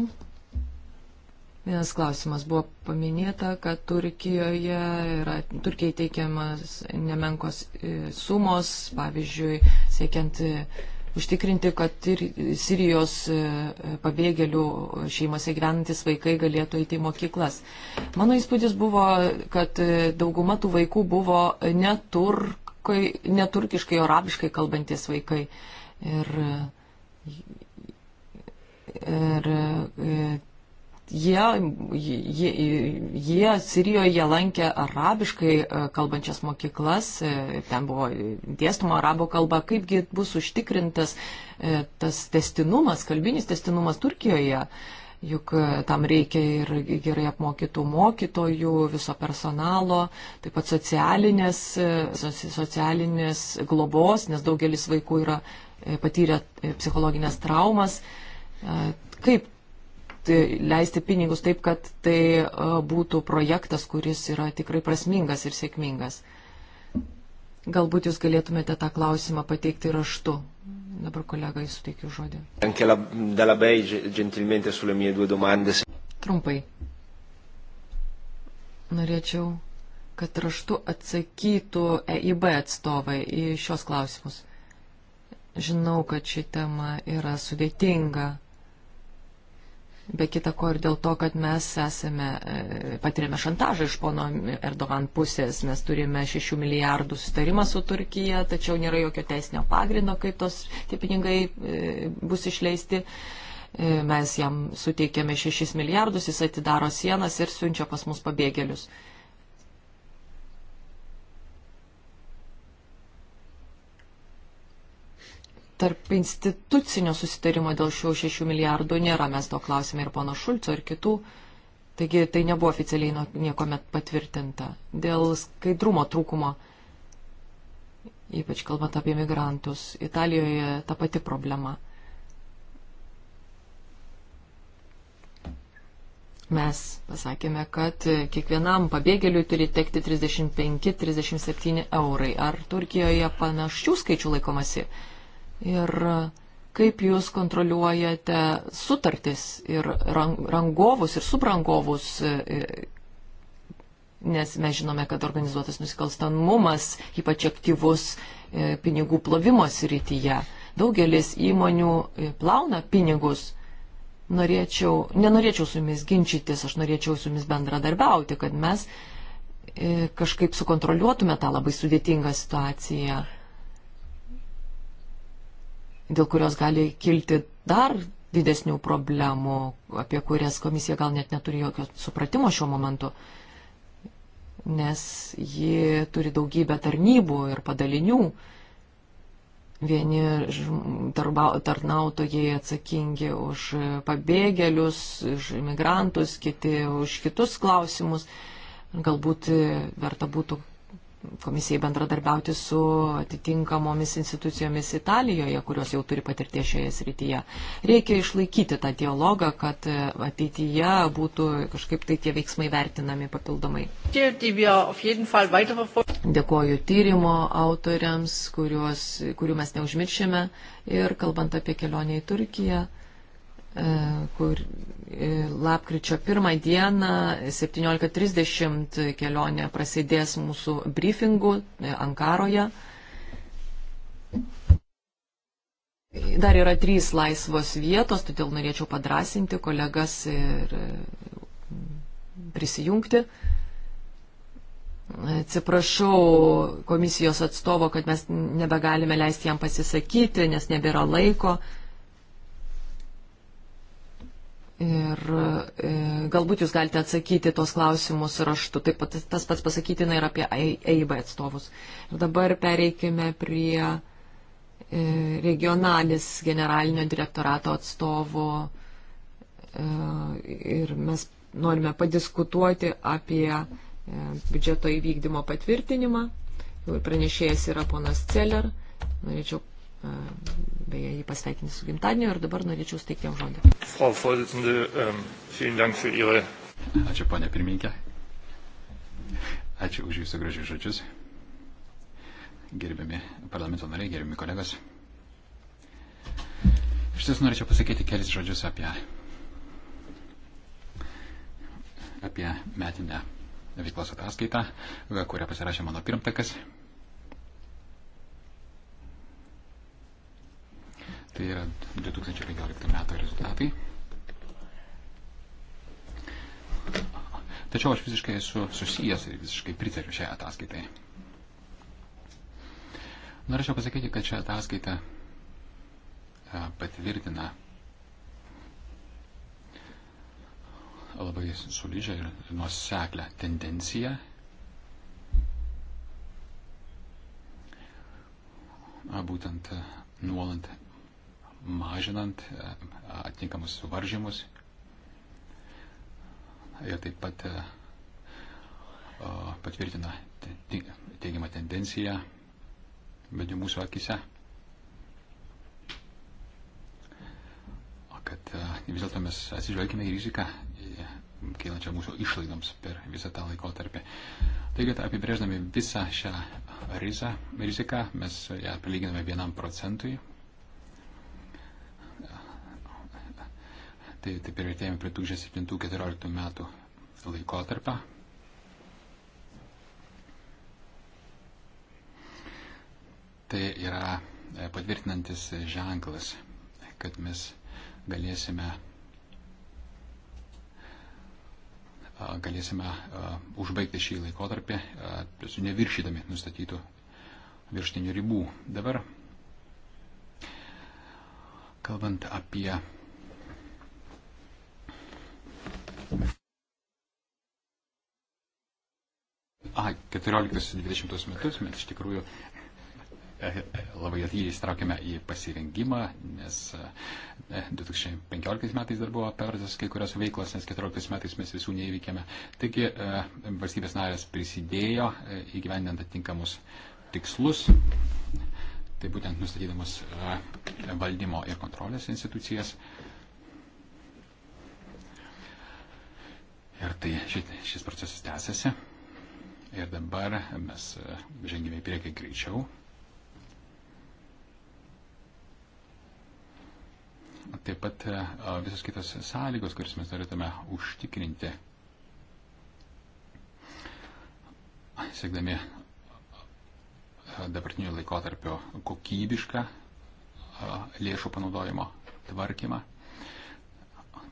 Vienas klausimas buvo paminėta, kad Turkijoje yra, Turkijai teikiamas nemenkos e, sumos, pavyzdžiui, siekiant e, užtikrinti, kad ir Sirijos e, pabėgėlių šeimose gyvenantis vaikai galėtų eiti į mokyklas. Mano įspūdis buvo, kad dauguma tų vaikų buvo neturkai, neturkiškai, arabiškai kalbantis vaikai. Ir Ir e, jie, jie, jie Sirijoje lankė arabiškai e, kalbančias mokyklas, e, ten buvo dėstoma arabo kalba, kaipgi bus užtikrintas tas testinumas, kalbinis testinumas Turkijoje. Juk tam reikia ir gerai apmokytų mokytojų, viso personalo, taip pat socialinės, socialinės globos, nes daugelis vaikų yra patyrę psichologinės traumas. Mhm Kaip tai leisti pinigus taip, kad tai būtų projektas, kuris yra tikrai prasmingas ir sėkmingas? Galbūt jūs galėtumėte tą klausimą pateikti raštu. Dabar kolegai suteikiu žodį. Trumpai. Norėčiau, kad raštu atsakytų EIB atstovai į šios klausimus. Žinau, kad ši tema yra sudėtinga Be kita ko ir dėl to, kad mes esame, e, patiriame šantažą iš pono Erdogan pusės. Mes turime 6 milijardų sustarimą su Turkija, tačiau nėra jokio teisinio pagrindo, kaip tos tie pinigai e, bus išleisti. E, mes jam suteikėme 6 milijardus, jis atidaro sienas ir siunčia pas mus pabėgėlius. tarp institucinio susitarimo dėl šių 6 milijardų nėra. Mes to klausime ir pono Šulco, ir kitų. Taigi tai nebuvo oficialiai niekuomet patvirtinta. Dėl skaidrumo trūkumo, ypač kalbant apie migrantus, Italijoje ta pati problema. Mes pasakėme, kad kiekvienam pabėgėliui turi tekti 35-37 eurai. Ar Turkijoje panašių skaičių laikomasi? ir kaip jūs kontroliuojate sutartis ir rangovus ir subrangovus, e, nes mes žinome, kad organizuotas nusikalstamumas ypač aktyvus e, pinigų plovimo srityje. Daugelis įmonių e, plauna pinigus. Norėčiau, nenorėčiau su jumis ginčytis, aš norėčiau su jumis bendradarbiauti, kad mes kažkaip sukontroliuotume tą labai sudėtingą situaciją dėl kurios gali kilti dar didesnių problemų, apie kurias komisija gal net neturi jokio supratimo šiuo momentu, nes ji turi daugybę tarnybų ir padalinių. Vieni darba, tarnautojai atsakingi už pabėgėlius, už imigrantus, kiti už kitus klausimus. Galbūt verta būtų komisijai bendradarbiauti su atitinkamomis institucijomis Italijoje, kurios jau turi patirtie šioje srityje. Reikia išlaikyti tą dialogą, kad ateityje būtų kažkaip tai tie veiksmai vertinami papildomai. Dėkoju tyrimo autoriams, kuriuos, kurių mes neužmiršime. Ir kalbant apie kelionę į Turkiją E, kur e, lapkričio pirmą dieną 17.30 kelionė prasidės mūsų briefingu e, Ankaroje. Dar yra trys laisvos vietos, todėl norėčiau padrasinti kolegas ir prisijungti. Atsiprašau komisijos atstovo, kad mes nebegalime leisti jam pasisakyti, nes nebėra laiko. Ir e, galbūt jūs galite atsakyti tuos klausimus raštu. Taip pat tas pats pasakytina ir apie EIB atstovus. Ir dabar pereikime prie e, regionalis generalinio direktorato atstovo. E, ir mes norime padiskutuoti apie e, biudžeto įvykdymo patvirtinimą. Jau ir pranešėjas yra ponas Celler. Norėčiau beje, jį pasveikinti su gimtadieniu ir dabar norėčiau steikti jam žodį. Frau Vorsitzende, ähm, vielen Dank für Ihre. Ačiū, ponė pirmininkė. Ačiū už Jūsų gražius žodžius. Gerbiami parlamento nariai, gerbiami kolegos. Iš tiesų norėčiau pasakyti kelis žodžius apie, apie metinę veiklos ataskaitą, kurią pasirašė mano pirmtakas Tai yra 2015 metų rezultatai. Tačiau aš visiškai esu susijęs ir visiškai pritariu šiai ataskaitai. Norėčiau pasakyti, kad šią ataskaitą e, patvirtina labai sulyžę ir nuoseklę tendenciją būtent e, nuolant mažinant e, atitinkamus suvaržymus ir taip pat e, patvirtina teigiamą tendenciją, bet jau mūsų akise, kad e, vis dėlto mes atsižvelgime į riziką kylančią mūsų išlaidoms per visą tą laikotarpį. Taigi, apibrėždami visą šią rizą, riziką, mes ją prilyginame vienam procentui Tai, tai prieartėjame prie 2007-2014 metų laikotarpio. Tai yra e, patvirtinantis ženklas, kad mes galėsime, galėsime užbaigti šį laikotarpį, neviršydami nustatytų virštinių ribų. Dabar, kalbant apie A, 14-20 metus mes iš tikrųjų e, labai atvyliai įstraukėme į pasirengimą, nes 2015 e, metais dar buvo perversas kai kurios veiklos, nes 2014 metais mes visų neįvykėme. Taigi e, valstybės narės prisidėjo įgyvendinant atitinkamus tikslus, tai būtent nustatydamas valdymo ir kontrolės institucijas. Ir tai šit, šis procesas tęsiasi. Ir dabar mes e, žengime į priekį greičiau. Taip pat e, visos kitos sąlygos, kuris mes norėtume užtikrinti, siekdami e, dabartinio laikotarpio kokybišką lėšų panaudojimo tvarkymą.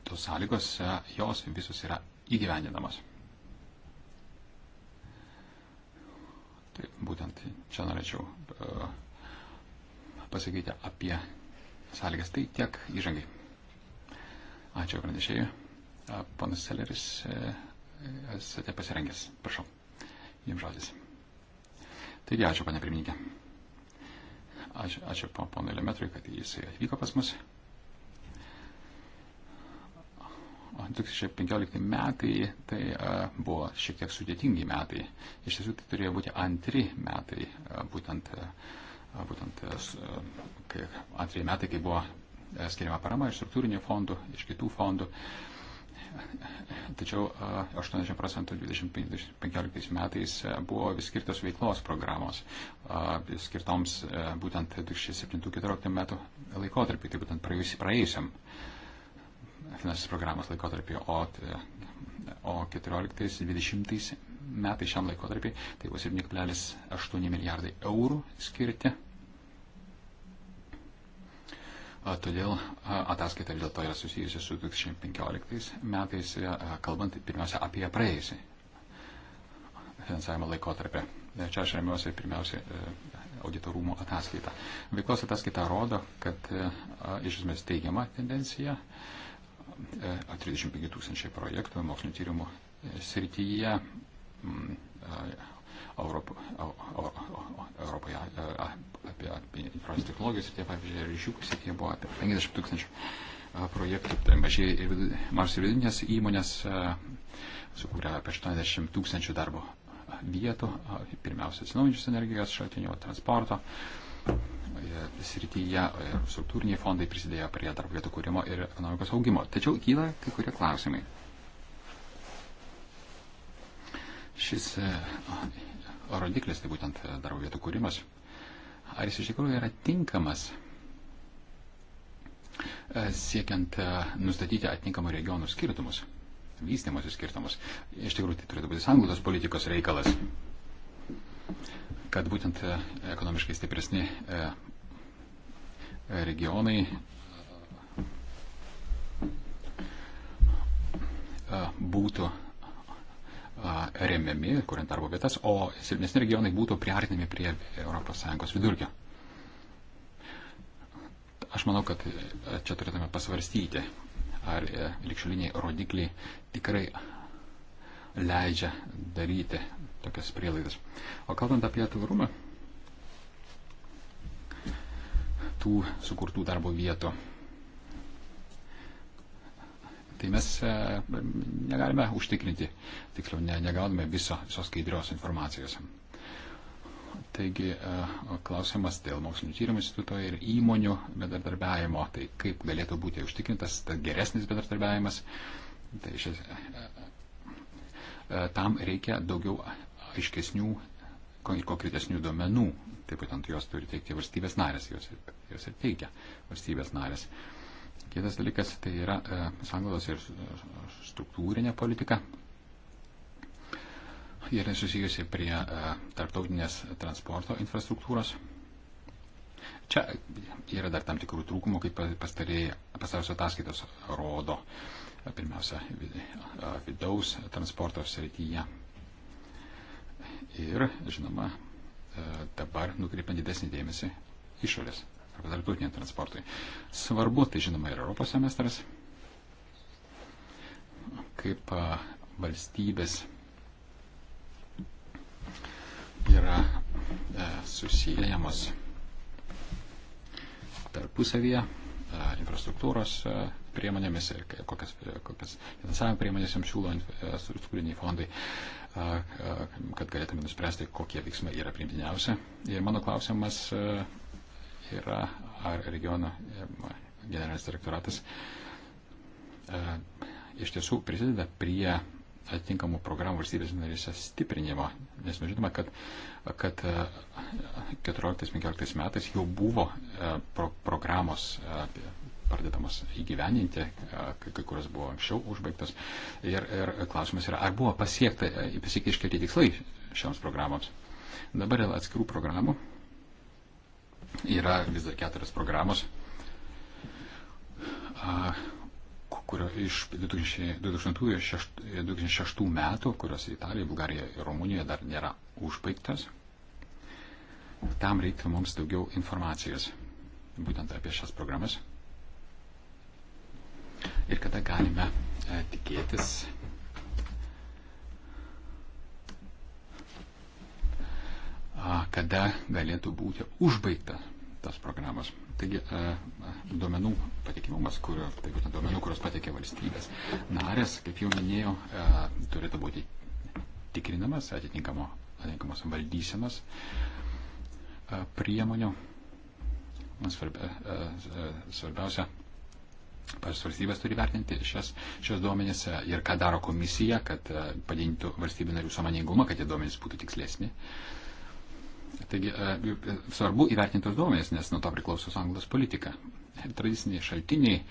Tos sąlygos, jos visos yra įgyvendinamas. Tai būtent čia norėčiau e, pasakyti apie sąlygas. Tai tiek įžangai. Ačiū pranešėjai. E, Panas Seleris, e, esate pasirengęs. Prašau. Jums žodis. Taigi, ačiū, pane pirmininkė. Ačiū, ačiū ponui Lemetrui, kad jis atvyko pas mus. 2015 metai tai buvo šiek tiek sudėtingi metai. Iš tiesų tai turėjo būti antri metai, būtent, būtent antrie metai, kai buvo skiriama parama iš struktūrinių fondų, iš kitų fondų. Tačiau 80 procentų 2015 metais buvo skirtos veiklos programos, skirtoms būtent 2007-2014 metų laikotarpį, tai būtent praėjusiam finansinės programos laikotarpį, o, o 14-20 metai šiam laikotarpį tai bus 7,8 milijardai eurų skirti. Todėl ataskaita vis dėlto yra susijusi su 2015 metais, kalbant pirmiausia apie praėjusį finansavimo laikotarpį. Čia aš remiuosi pirmiausia auditorumų ataskaita. Veiklos ataskaita rodo, kad iš esmės teigiama tendencija. A, 35 e, tūkstančiai projektų mokslinio tyrimų srityje Europo, Europoje apie, apie informacinių technologijų srityje, pavyzdžiui, ryšių srityje buvo apie 50 tūkstančių projektų. Tai mažai ir vidutinės įmonės sukūrė apie 80 tūkstančių darbo vietų, pirmiausia, atsinaujinčios energijos šaltinių, transporto. Uh, srityje e, struktūriniai fondai prisidėjo prie darbo vietų kūrimo ir ekonomikos augimo. Tačiau kyla kai kurie klausimai. Šis e, rodiklis, tai būtent e, darbo vietų kūrimas, ar jis iš tikrųjų yra tinkamas siekiant nustatyti atitinkamų regionų skirtumus, vystimosi skirtumus. Iš tikrųjų, tai turėtų būti sanglūdos politikos reikalas kad būtent e, ekonomiškai stipresni e, regionai e, būtų remiami, kuriant darbo vietas, o silpnesni regionai būtų priartinami prie ES vidurkio. Aš manau, kad čia turėtume pasvarstyti, ar likščiuliniai rodikliai tikrai leidžia daryti tokias prielaidas. O kalbant apie tvarumą, tų sukurtų darbo vietų, tai mes e, negalime užtikrinti, tiksliau, ne, negauname viso, visos skaidrios informacijos. Taigi e, klausimas dėl mokslinio tyrimų instituto ir įmonių bendradarbiavimo, tai kaip galėtų būti užtikrintas geresnis bendradarbiavimas. Tai šis, E, tam reikia daugiau aiškesnių ir konkretesnių duomenų. Taip būtent jos turi teikti valstybės narės, jos, jos ir teikia valstybės narės. Kitas dalykas tai yra e, sanglaudos ir struktūrinė politika. Yra susijusi prie e, tarptautinės transporto infrastruktūros. Čia yra dar tam tikrų trūkumų, kaip pastarėjai pasaros ataskaitos rodo. E, pirmiausia, vidaus transporto srityje. Ir, žinoma, e, dabar nukreipiant didesnį dėmesį išorės arba tarptautiniam transportui. Svarbu, tai žinoma, ir Europos semestras, kaip valstybės yra e, susijęjamos tarpusavyje infrastruktūros priemonėmis ir kokias, kokias finansavimo priemonės jums siūlo e, struktūriniai fondai, kad galėtume nuspręsti, kokie veiksmai yra priimtiniausia. Ir mano klausimas e, yra, ar regiono e, generalinis direktoratas iš tiesų prisideda prie atitinkamų programų valstybės narėse stiprinimo. Nes mes žinome, kad, kad 14-15 metais jau buvo pro, programos pradedamas įgyveninti, kai, kai kurios buvo anksčiau užbaigtas. Ir, ir klausimas yra, ar buvo pasiekta, pasiekti iškelti tikslai šioms programoms. Dabar dėl atskirų programų yra vis dar keturios programos, kurio iš 2006 metų, kurios Italijoje, Bulgarijoje ir Rumunijoje dar nėra užbaigtas. Tam reikia mums daugiau informacijos būtent apie šias programas ir kada galime e, tikėtis kada galėtų būti užbaigta tas programos. Taigi, e, duomenų patikimumas, kurio, tai būtent duomenų, kurios patikė valstybės narės, kaip jau minėjau, e, turėtų būti tikrinamas atitinkamo, atitinkamos valdysenos priemonių. Svarbia, svarbiausia Pačios valstybės turi vertinti šias, šias duomenis e, ir ką daro komisija, kad e, padidintų valstybių narių samoningumą, kad tie duomenys būtų tikslesni. Taigi e, svarbu įvertinti tos duomenys, nes nuo to priklauso sąjungos politika. Tradiciniai šaltiniai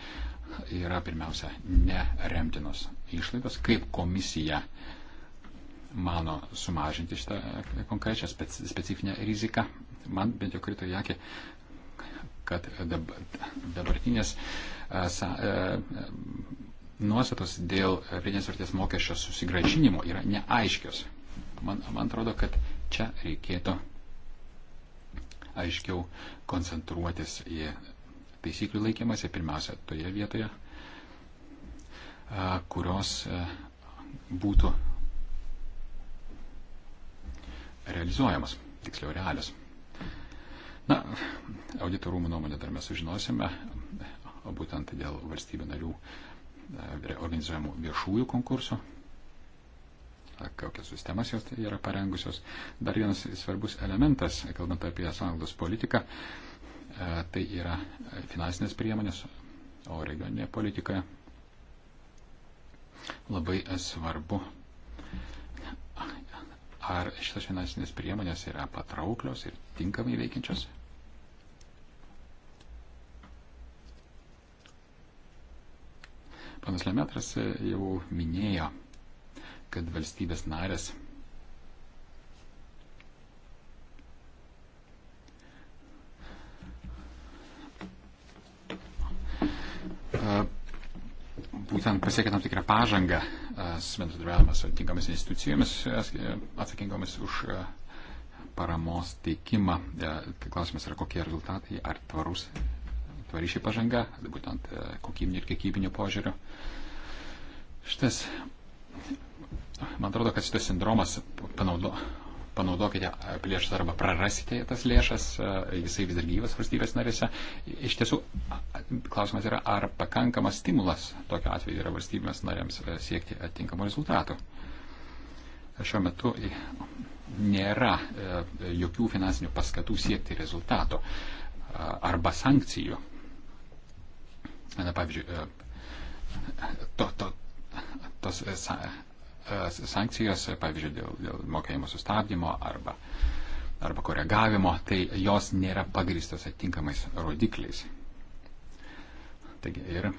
yra pirmiausia neremtinos išlaidos, kaip komisija mano sumažinti šitą konkrečią specifinę riziką. Man bent jau krito į akį, kad dabartinės e, nuostatos dėl pridėtinės vertės mokesčio susigražinimo yra neaiškios. Man, man atrodo, kad čia reikėtų aiškiau koncentruotis į taisyklių laikymasi, pirmiausia, toje vietoje, kurios e, būtų realizuojamos, tiksliau realios. Na, auditorumų nuomonę dar mes sužinosime, būtent dėl valstybių narių e, organizuojamų viešųjų konkursų, kokias sistemas jos tai yra parengusios. Dar vienas svarbus elementas, kalbant apie sąnaudos politiką, e, tai yra finansinės priemonės, o regioninė politika labai svarbu. Ar šitas finansinės priemonės yra patrauklios ir tinkamai veikiančios? Panas Lemetras jau minėjo, kad valstybės narės būtent pasiekia tam tikrą pažangą bendradarbiavimas su atitinkamis institucijomis e, atsakingomis už e, paramos teikimą. E, tai klausimas yra, kokie rezultatai, ar tvarus ryšiai pažanga, būtent e, kokybinio ir kiekybinio požiūrio. Šitas, man atrodo, kad šitas sindromas panaudo, panaudokite lėšas arba prarasite tas lėšas, e, jisai vis dar gyvas valstybės narėse. Iš tiesų, klausimas yra, ar pakankamas stimulas tokiu atveju yra valstybės narėms e, siekti atitinkamų rezultatų. Šiuo metu nėra jokių finansinių paskatų siekti rezultato arba sankcijų Na, pavyzdžiui, e, to, to, tos e, e, sankcijos, pavyzdžiui, dėl, dėl mokėjimo sustabdymo arba, arba koregavimo, tai jos nėra pagristos atitinkamais rodikliais. Taigi ir a,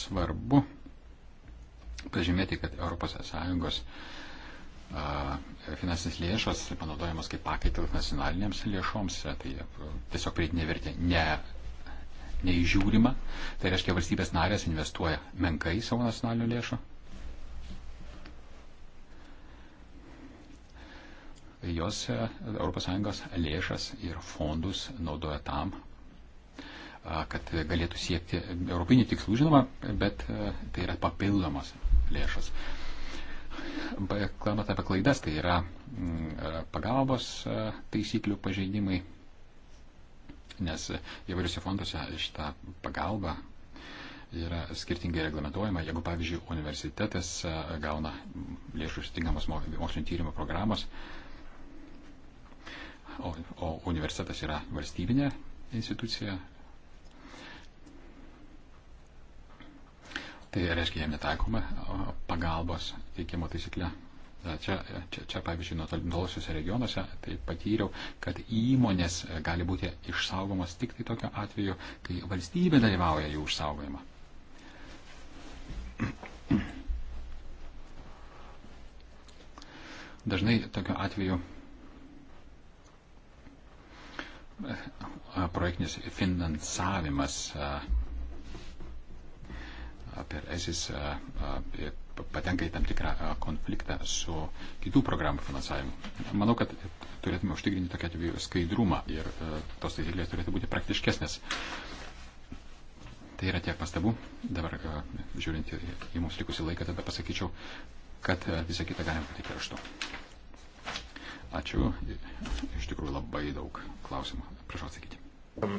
svarbu pažymėti, kad ES finansinės lėšos panaudojamos kaip pakaitalas nacionalinėms lėšoms, tai tiesiog pridinė vertė ne neižiūrima. Tai reiškia, valstybės narės investuoja menkai savo nacionalinių lėšų. Jos ES lėšas ir fondus naudoja tam, kad galėtų siekti europinių tikslų, žinoma, bet e, tai yra papildomas lėšas. Kalbant apie klaidas, tai yra e, pagalbos e, taisyklių pažeidimai, nes įvairiuose fonduose šitą pagalbą yra skirtingai reglamentuojama. Jeigu, pavyzdžiui, universitetas e, gauna lėšų stingamos mokslinio tyrimo programos, o, o universitetas yra valstybinė institucija, tai reiškia jam netaikoma pagalbos teikimo taisyklė Čia, čia, čia pavyzdžiui, nuotolintolosiuose regionuose tai patyriau, kad įmonės gali būti išsaugomos tik tai tokio atveju, kai valstybė dalyvauja jų išsaugojimą. Dažnai tokiu atveju projektinis finansavimas per esis patenka į tam tikrą e, konfliktą su kitų programų finansavimu. Manau, kad turėtume užtikrinti tokia atveju skaidrumą ir e, tos taisyklės turėtų būti praktiškesnės. Tai yra tiek pastabų. Dabar, e, žiūrint į mums likusį laiką, tada pasakyčiau, kad visą kitą galime patikti raštu. Ačiū. Iš tikrųjų labai daug klausimų. Prašau atsakyti.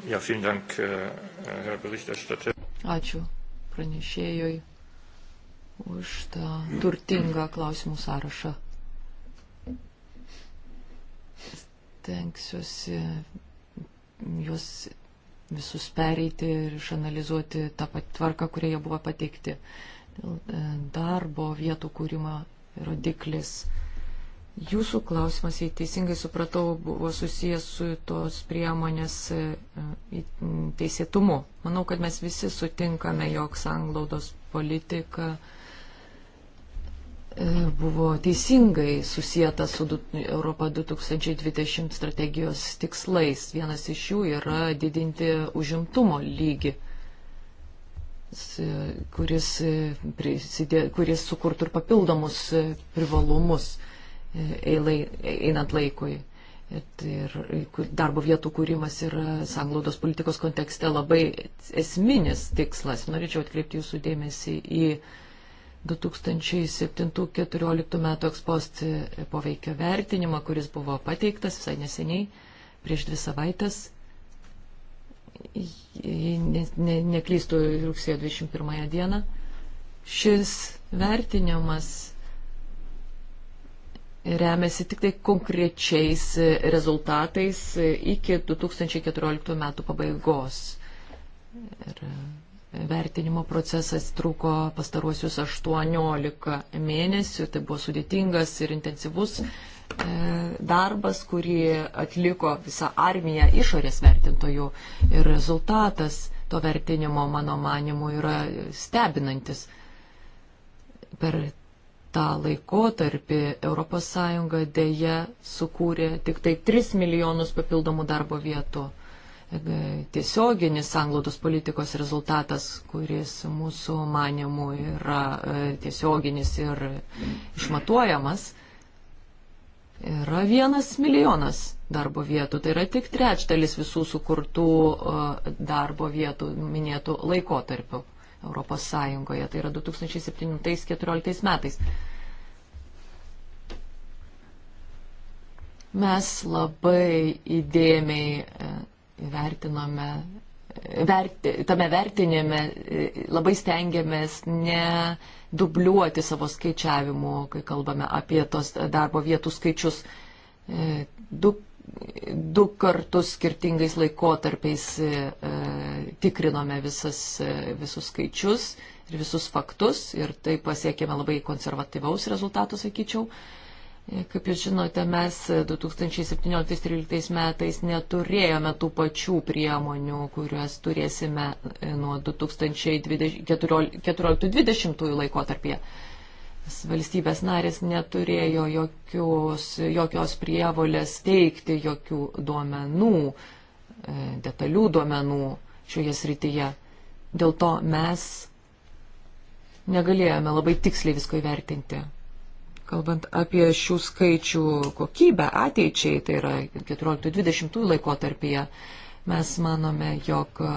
Ja, dank, äh, Ačiū pranešėjui už tą turtingą klausimų sąrašą. Tenksiuosi juos visus pereiti ir išanalizuoti tą patį tvarką, kurie jie buvo pateikti. E, darbo vietų kūrimo rodiklis. Jūsų klausimas, jei teisingai supratau, buvo susijęs su tos priemonės e, teisėtumu. Manau, kad mes visi sutinkame, jog sanglaudos politika uh, E, buvo teisingai susijęta su Europa 2020 strategijos tikslais. Vienas iš jų yra didinti užimtumo lygį, e, kuris, e, prisidė, kuris sukurtų ir papildomus privalumus einant laikui. Ir tai darbo vietų kūrimas yra sanglaudos politikos kontekste labai esminis tikslas. Norėčiau atkreipti jūsų dėmesį į 2007-2014 metų ekspost poveikio vertinimą, kuris buvo pateiktas visai neseniai, prieš dvi savaitės. Ne, ne, neklystų rugsėjo 21 dieną. Šis vertinimas remiasi tik tai konkrečiais rezultatais iki 2014 metų pabaigos. Ir Vertinimo procesas truko pastaruosius 18 mėnesių, tai buvo sudėtingas ir intensyvus e, darbas, kurį atliko visa armija išorės vertintojų ir rezultatas to vertinimo, mano manimu, yra stebinantis. Per tą laikotarpį ES dėje sukūrė tik tai 3 milijonus papildomų darbo vietų. E, tiesioginis sanglaudos politikos rezultatas, kuris mūsų manimų yra e, tiesioginis ir išmatuojamas, yra vienas milijonas darbo vietų. Tai yra tik trečdalis visų sukurtų e, darbo vietų minėtų laikotarpių Europos Sąjungoje. Tai yra 2017-2014 metais. Mes labai įdėmiai vertinome, verti, tame vertinime e, labai stengiamės nedubliuoti savo skaičiavimų, kai kalbame apie tos darbo vietų skaičius. E, du, du kartus skirtingais laikotarpiais e, tikrinome visas, visus skaičius ir visus faktus ir tai pasiekėme labai konservatyvaus rezultatų, sakyčiau. Kaip jūs žinote, mes 2017-2013 metais neturėjome tų pačių priemonių, kurias turėsime e, nuo 2014-2020 laikotarpėje. Valstybės narės neturėjo jokios, jokios prievolės teikti jokių duomenų, e, detalių duomenų šioje srityje. Dėl to mes negalėjome labai tiksliai visko įvertinti. Kalbant apie šių skaičių kokybę ateičiai, tai yra 14-20 laikotarpyje, mes manome, jog e,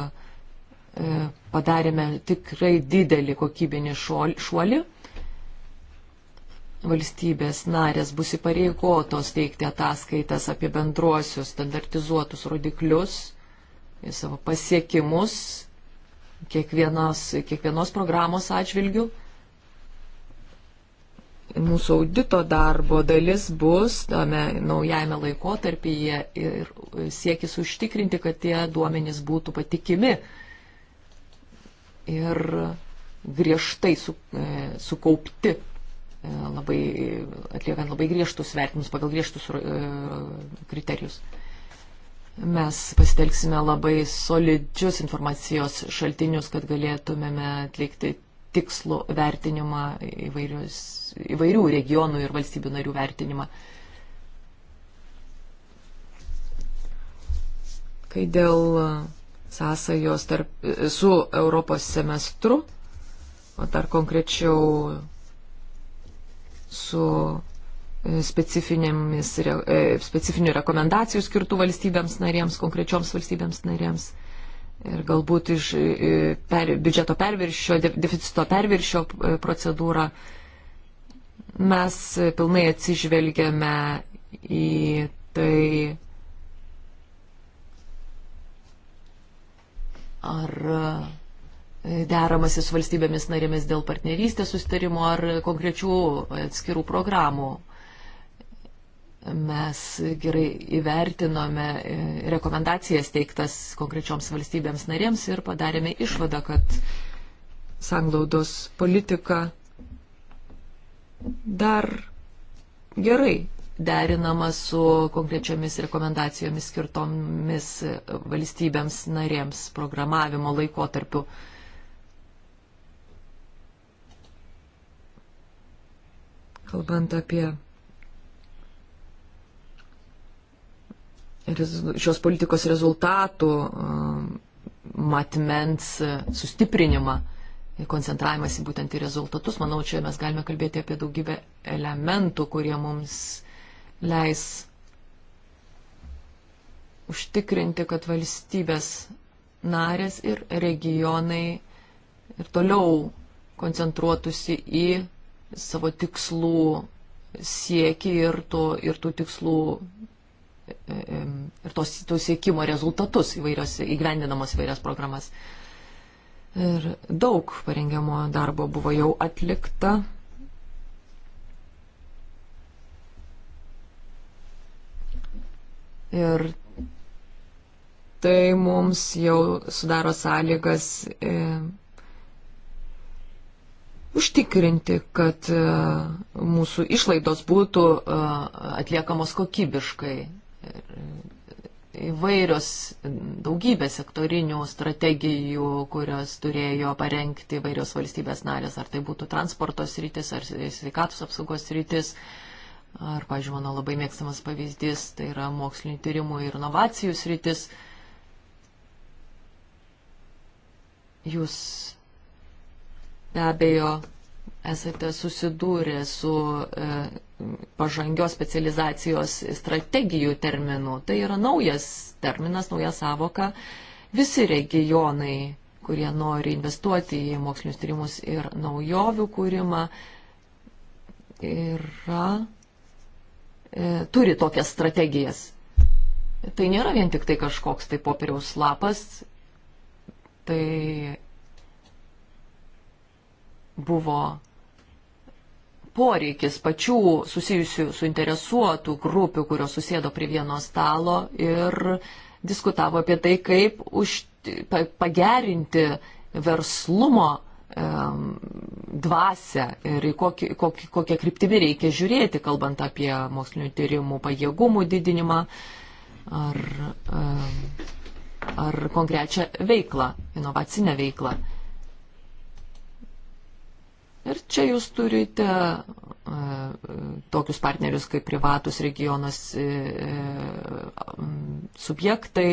padarėme tikrai didelį kokybinį šuolį. Valstybės narės bus įpareigotos teikti ataskaitas apie bendruosius standartizuotus rodiklius, savo pasiekimus kiekvienos, kiekvienos programos atžvilgių mūsų audito darbo dalis bus tame naujame laikotarpyje ir siekis užtikrinti, kad tie duomenys būtų patikimi ir griežtai su, e, sukaupti, e, labai, atliekant labai griežtus vertinimus pagal griežtus e, kriterijus. Mes pasitelksime labai solidžius informacijos šaltinius, kad galėtumėme atlikti tikslų vertinimą įvairius įvairių regionų ir valstybių narių vertinimą. Kai dėl sąsajos tarp, su Europos semestru, o dar konkrečiau su e, e, specifinių rekomendacijų skirtų valstybėms narėms, konkrečioms valstybėms narėms. Ir galbūt iš e, per, biudžeto perviršio, deficito perviršio procedūrą Mes pilnai atsižvelgiame į tai, ar deramasi su valstybėmis narėmis dėl partnerystės sustarimo ar konkrečių atskirų programų. Mes gerai įvertinome rekomendacijas teiktas konkrečioms valstybėms narėms ir padarėme išvadą, kad sanglaudos politika dar gerai derinama su konkrečiomis rekomendacijomis skirtomis valstybėms narėms programavimo laikotarpiu. Kalbant apie šios politikos rezultatų um, matmens sustiprinimą koncentravimas į būtent į rezultatus. Manau, čia mes galime kalbėti apie daugybę elementų, kurie mums leis užtikrinti, kad valstybės narės ir regionai ir toliau koncentruotųsi į savo tikslų siekį ir, to, ir tų tikslų e, e, ir tos, to siekimo rezultatus įvairios, įgyvendinamos įvairias programas. Ir daug parengiamojo darbo buvo jau atlikta. Ir tai mums jau sudaro sąlygas e, užtikrinti, kad e, mūsų išlaidos būtų e, atliekamos kokybiškai. Ir, įvairios daugybė sektorinių strategijų, kurios turėjo parengti įvairios valstybės narės, ar tai būtų transporto sritis, ar sveikatos apsaugos sritis, ar, pažiūrėjau, mano labai mėgstamas pavyzdys, tai yra mokslinio tyrimų ir inovacijų sritis. Jūs be abejo esate susidūrę su e, pažangios specializacijos strategijų terminu. Tai yra naujas terminas, nauja savoka. Visi regionai, kurie nori investuoti į mokslinius tyrimus ir naujovių kūrimą, yra, e, turi tokias strategijas. Tai nėra vien tik tai kažkoks tai popieriaus lapas, tai buvo poreikis pačių susijusių suinteresuotų grupių, kurios susėdo prie vieno stalo ir diskutavo apie tai, kaip už, pagerinti verslumo dvasę ir kokį, kokį, kokią kryptimį reikia žiūrėti, kalbant apie mokslinių tyrimų pajėgumų didinimą ar, ar konkrečią veiklą, inovacinę veiklą. Ir čia jūs turite e, tokius partnerius kaip privatus regionas e, e, subjektai,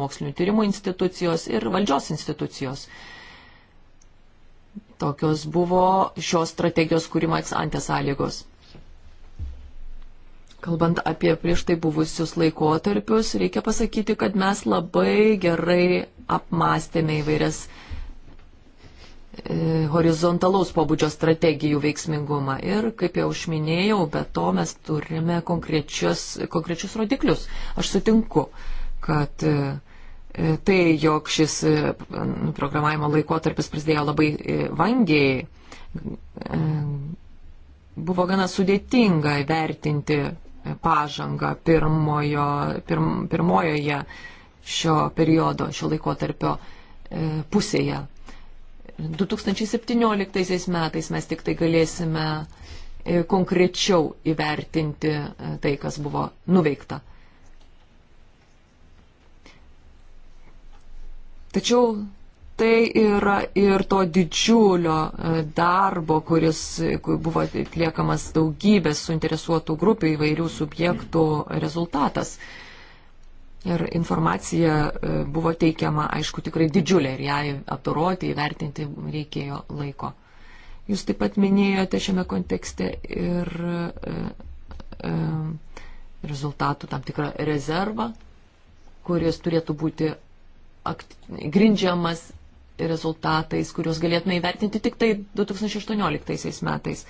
mokslinių tyrimų institucijos ir valdžios institucijos. Tokios buvo šios strategijos kūrimo eksantės sąlygos. Kalbant apie prieš tai buvusius laikotarpius, reikia pasakyti, kad mes labai gerai apmastėme įvairias uh, E, horizontalaus pobūdžio strategijų veiksmingumą. Ir, kaip jau aš minėjau, be to mes turime konkrečius, konkrečius rodiklius. Aš sutinku, kad e, e, tai, jog šis programavimo laikotarpis prasidėjo labai vangiai, buvo gana sudėtinga vertinti pažangą pirmojo, pirm, pirmojoje šio periodo, šio laikotarpio pusėje 2017 metais mes tik tai galėsime e, konkrečiau įvertinti e, tai, kas buvo nuveikta. Tačiau tai yra ir to didžiulio e, darbo, kuris buvo atliekamas daugybės suinteresuotų grupių įvairių subjektų rezultatas. Mm. Ir informacija e, buvo teikiama, aišku, tikrai didžiulė ir ją apdoroti, įvertinti reikėjo laiko. Jūs taip pat minėjote šiame kontekste ir e, e, rezultatų tam tikrą rezervą, kuris turėtų būti grindžiamas rezultatais, kuriuos galėtume įvertinti tik tai 2018 metais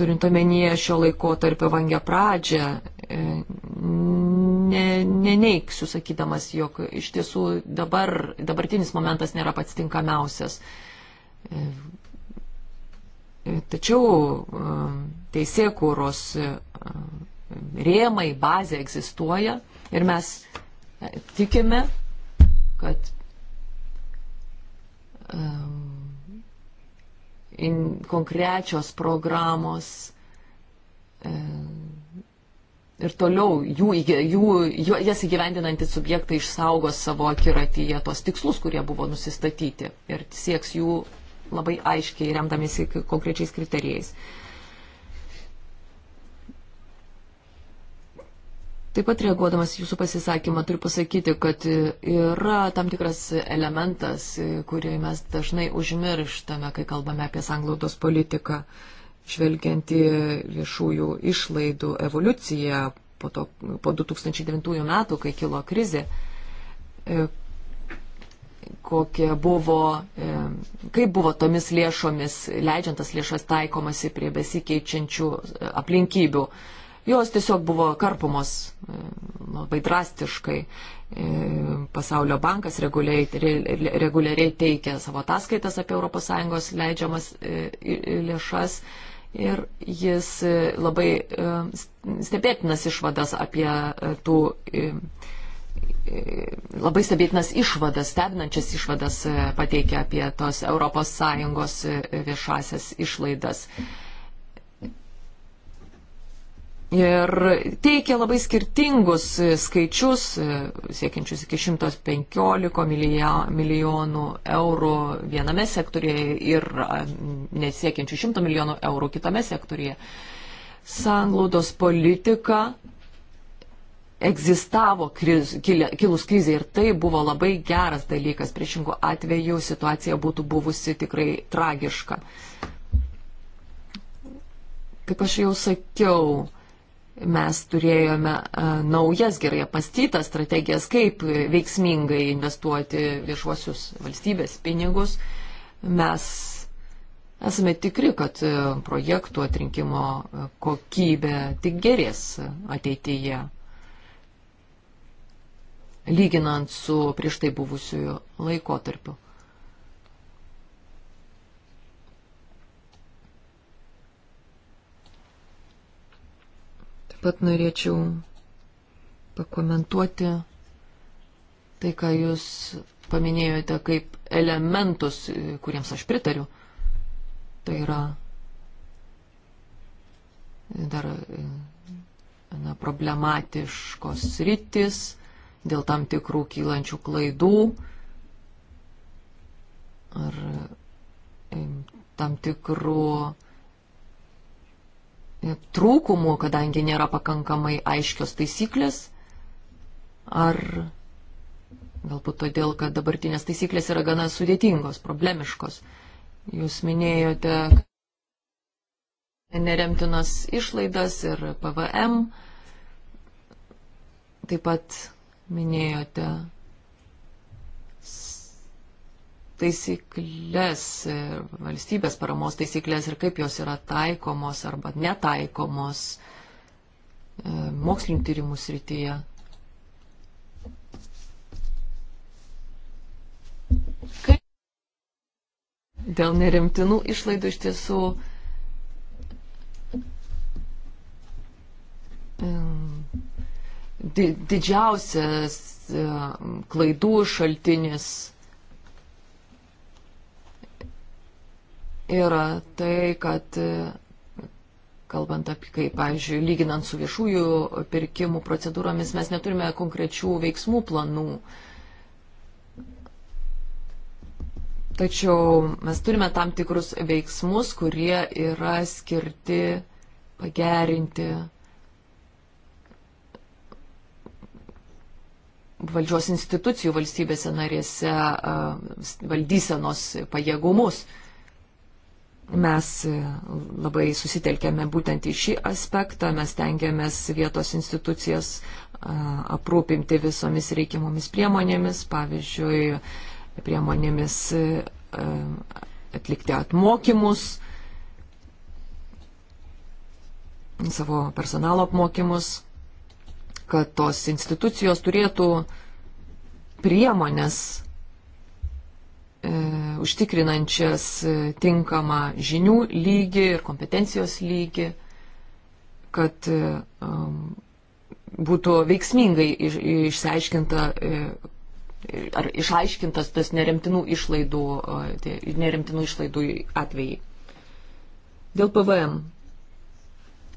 turint omenyje šio laiko tarp evangę pradžią, e, ne, neneiksiu sakydamas, jog iš tiesų dabar, dabartinis momentas nėra pats tinkamiausias. E, e, tačiau teisėkūros rėmai, bazė egzistuoja ir mes tikime, kad um, in, konkrečios programos e, ir toliau jų, jų, jų, jas įgyvendinantys subjektai išsaugos savo akiratyje tos tikslus, kurie buvo nusistatyti ir sieks jų labai aiškiai remdamiesi konkrečiais kriterijais. E, Taip pat reaguodamas jūsų pasisakymą turiu pasakyti, kad yra tam tikras elementas, kurį mes dažnai užmirštame, kai kalbame apie sanglaudos politiką, žvelgiant į viešųjų išlaidų evoliuciją po, to, po 2009 metų, kai kilo krizė e, kokie buvo, e, kaip buvo tomis lėšomis, leidžiantas lėšas taikomasi prie besikeičiančių e, aplinkybių. Uh, jos tiesiog buvo karpomos e, labai drastiškai. E, Pasaulio bankas reguliariai, reguliariai teikia savo ataskaitas apie ES leidžiamas e, lėšas ir jis labai stebėtinas išvadas apie tų labai stebėtinas išvadas, stebinančias išvadas pateikia apie tos ES viešasias išlaidas. Mm ir teikia labai skirtingus skaičius, siekiančius iki 115 milijonų eurų viename sektorėje ir nesiekiančių 100 milijonų eurų kitame sektorėje. Sanglaudos politika egzistavo kriz, kilus krizė ir tai buvo labai geras dalykas. Priešingų atveju situacija būtų buvusi tikrai tragiška. Kaip aš jau sakiau, mes turėjome e, naujas gerai apastytas strategijas, kaip veiksmingai investuoti viešuosius valstybės pinigus. Mes esame tikri, kad e, projektų atrinkimo e, kokybė tik gerės ateityje, lyginant su prieš tai buvusiu laikotarpiu. pat norėčiau pakomentuoti tai, ką jūs paminėjote kaip elementus, kuriems aš pritariu. Tai yra dar na, problematiškos rytis dėl tam tikrų kylančių klaidų ar tam tikrų trūkumų, kadangi nėra pakankamai aiškios taisyklės, ar galbūt todėl, kad dabartinės taisyklės yra gana sudėtingos, problemiškos. Jūs minėjote neremtinas išlaidas ir PVM, taip pat minėjote taisyklės, e, valstybės paramos taisyklės ir kaip jos yra taikomos arba netaikomos e, mokslinių tyrimų srityje. Kaip dėl nerimtinų išlaidų iš tiesų didžiausias e, klaidų šaltinis yra tai, kad kalbant apie, kaip, pavyzdžiui, lyginant su viešųjų pirkimų procedūromis, mes neturime konkrečių veiksmų planų. Tačiau mes turime tam tikrus veiksmus, kurie yra skirti pagerinti valdžios institucijų valstybėse narėse valdysenos pajėgumus. Uh, Mes e, labai susitelkėme būtent į šį aspektą, mes tengiamės vietos institucijas aprūpinti visomis reikiamomis priemonėmis, pavyzdžiui, priemonėmis e, atlikti atmokymus, savo personalo apmokymus, kad tos institucijos turėtų priemonės E, užtikrinančias e, tinkamą žinių lygį ir kompetencijos lygį, kad e, būtų veiksmingai išsiaiškinta ar išaiškintas tas neremtinų išlaidų, tai neremtinų išlaidų atvejai. Dėl PVM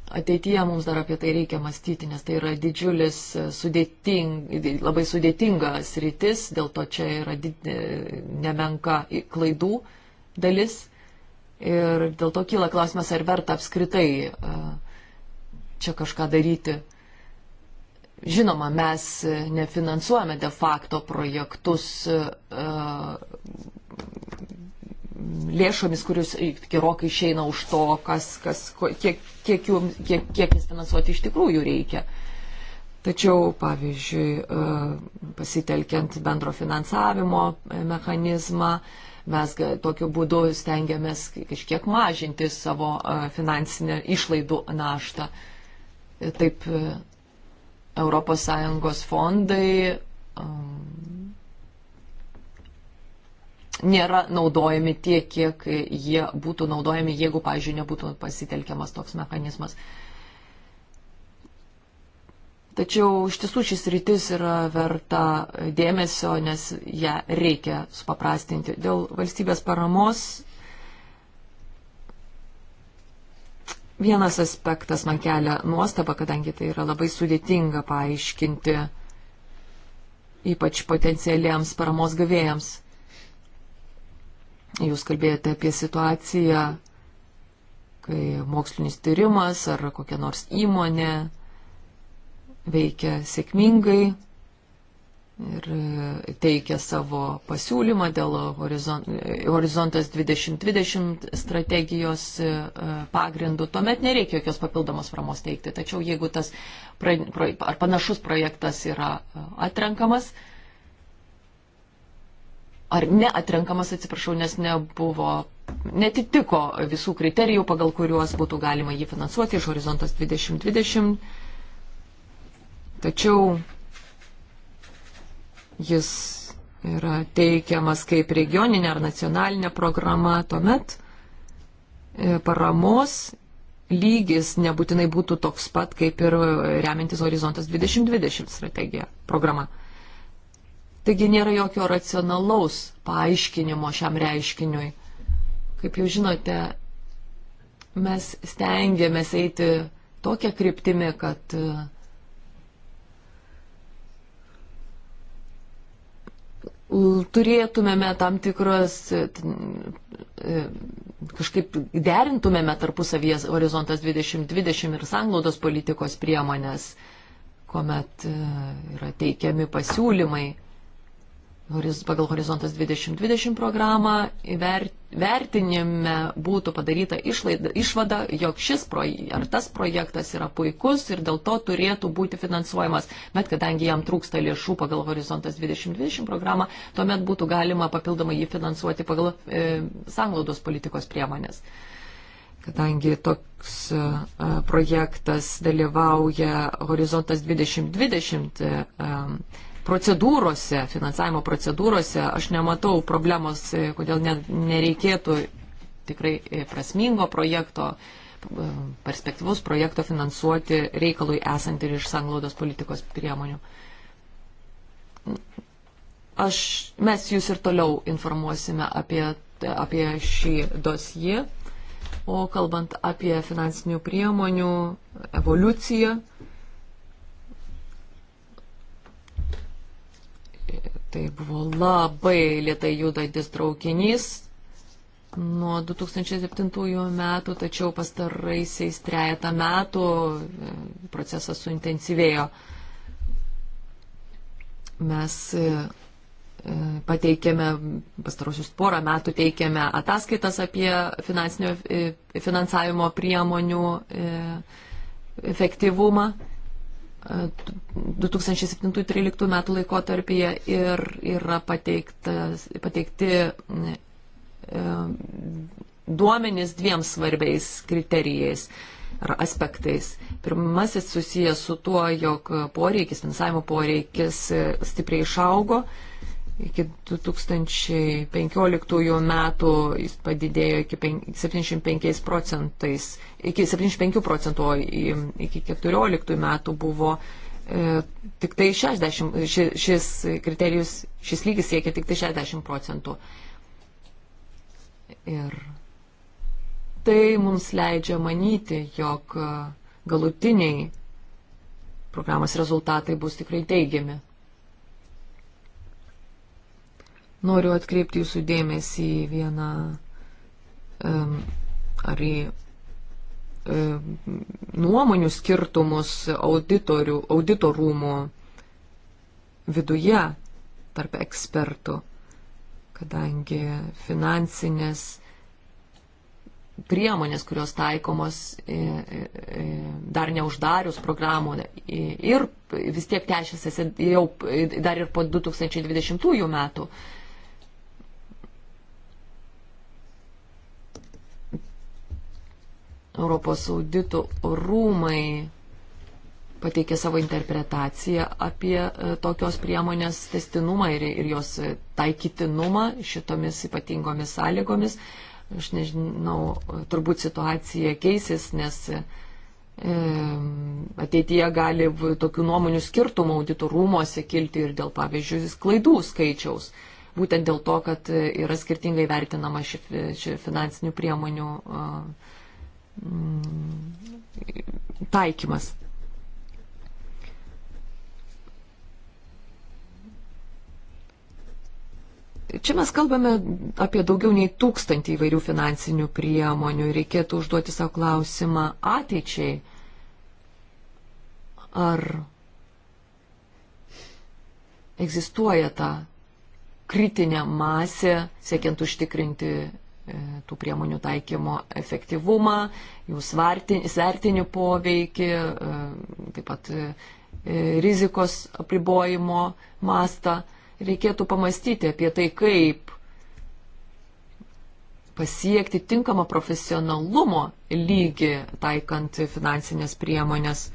ateityje mums dar apie tai reikia mąstyti, nes tai yra didžiulis, e, sudėting, labai sudėtingas rytis, dėl to čia yra did, e, nemenka klaidų dalis. Ir dėl to kyla klausimas, ar verta apskritai e, čia kažką daryti. Žinoma, mes nefinansuojame de facto projektus lėšomis, kurios e, gerokai išeina už to, kas, kas, kiek, kiek, jum, kiek, kiek jis finansuoti iš tikrųjų reikia. Tačiau, pavyzdžiui, e, pasitelkiant bendro finansavimo e, mechanizmą, mes tokiu būdu stengiamės kažkiek mažinti savo finansinę išlaidų naštą. Taip, ES fondai nėra naudojami tiek, kiek jie būtų naudojami, jeigu, pavyzdžiui, nebūtų pasitelkiamas toks mechanizmas. Tačiau iš tiesų šis rytis yra verta dėmesio, nes ją reikia supaprastinti. Dėl valstybės paramos vienas aspektas man kelia nuostabą, kadangi tai yra labai sudėtinga paaiškinti ypač potencialiems paramos gavėjams. Jūs kalbėjote apie situaciją, kai mokslinis tyrimas ar kokia nors įmonė veikia sėkmingai ir teikia savo pasiūlymą dėl horizontas 2020 strategijos e, pagrindų, tuomet nereikia jokios papildomos paramos teikti. Tačiau jeigu tas ar panašus projektas yra e, atrenkamas, ar neatrenkamas, atsiprašau, nes nebuvo, netitiko visų kriterijų, pagal kuriuos būtų galima jį finansuoti iš horizontas 2020. Tačiau jis yra teikiamas kaip regioninė ar nacionalinė programa, tuomet e, paramos lygis nebūtinai būtų toks pat, kaip ir e, remintis horizontas 2020 strategija, programa. Taigi nėra jokio racionalaus paaiškinimo šiam reiškiniui. Kaip jau žinote, mes stengiamės eiti tokią kryptimį, kad uh, turėtumėme tam tikras, uh, kažkaip derintumėme tarpusavies horizontas 2020 ir sanglaudos politikos priemonės, kuomet uh, yra teikiami pasiūlymai pagal Horizontas 2020 programą vertinime būtų padaryta išlaida, išvada, jog šis proje, ar tas projektas yra puikus ir dėl to turėtų būti finansuojamas, bet kadangi jam trūksta lėšų pagal Horizontas 2020 programą, tuomet būtų galima papildomai jį finansuoti pagal e, sanglaudos politikos priemonės. Kadangi toks e, projektas dalyvauja Horizontas 2020 e, procedūrose, finansavimo procedūrose aš nematau problemos, e, kodėl nereikėtų tikrai e, prasmingo projekto, e, perspektyvus projekto finansuoti reikalui esant ir iš sanglaudos politikos priemonių. Aš, mes jūs ir toliau informuosime apie, apie šį dosiją, o kalbant apie finansinių priemonių evoliuciją, Tai buvo labai lietai judantis traukinys nuo 2007 metų, tačiau pastaraisiais trejata metų e, procesas suintensyvėjo. Mes e, e, pateikėme, pastarosius porą metų teikėme ataskaitas apie finansinio finansavimo priemonių efektyvumą. 2007-2013 metų laikotarpyje ir yra pateikti e, duomenys dviem svarbiais kriterijais ar aspektais. Pirmasis susijęs su tuo, jog poreikis, finansavimo poreikis stipriai išaugo Iki 2015 metų jis padidėjo iki 75 procentais, iki 75 procentų, iki 2014 metų buvo e, tik tai 60, ši, šis kriterijus, šis lygis siekia tik tai 60 procentų. Ir tai mums leidžia manyti, jog galutiniai programos rezultatai bus tikrai teigiami. Noriu atkreipti jūsų dėmesį į vieną um, ar į um, nuomonių skirtumus audito rūmų viduje tarp ekspertų, kadangi finansinės priemonės, kurios taikomos e, e, e, dar neuždarius programų ir vis tiek tęsiasi jau dar ir po 2020 metų. Europos auditų rūmai pateikė savo interpretaciją apie e, tokios priemonės testinumą ir, ir jos taikytinumą šitomis ypatingomis sąlygomis. Aš nežinau, e, turbūt situacija keisis, nes e, ateityje gali tokių nuomonių skirtumų auditų rūmose kilti ir dėl, pavyzdžiui, klaidų skaičiaus. Būtent dėl to, kad yra skirtingai vertinama ši, ši finansinių priemonių uh, Mm, taikymas. Čia mes kalbame apie daugiau nei tūkstantį įvairių finansinių priemonių. Reikėtų užduoti savo klausimą ateičiai. Ar egzistuoja ta kritinė masė, siekiant užtikrinti E, tų priemonių taikymo efektyvumą, jų svertinį poveikį, e, taip pat e, rizikos apribojimo mastą. Reikėtų pamastyti apie tai, kaip pasiekti tinkamą profesionalumo lygį taikant finansinės priemonės.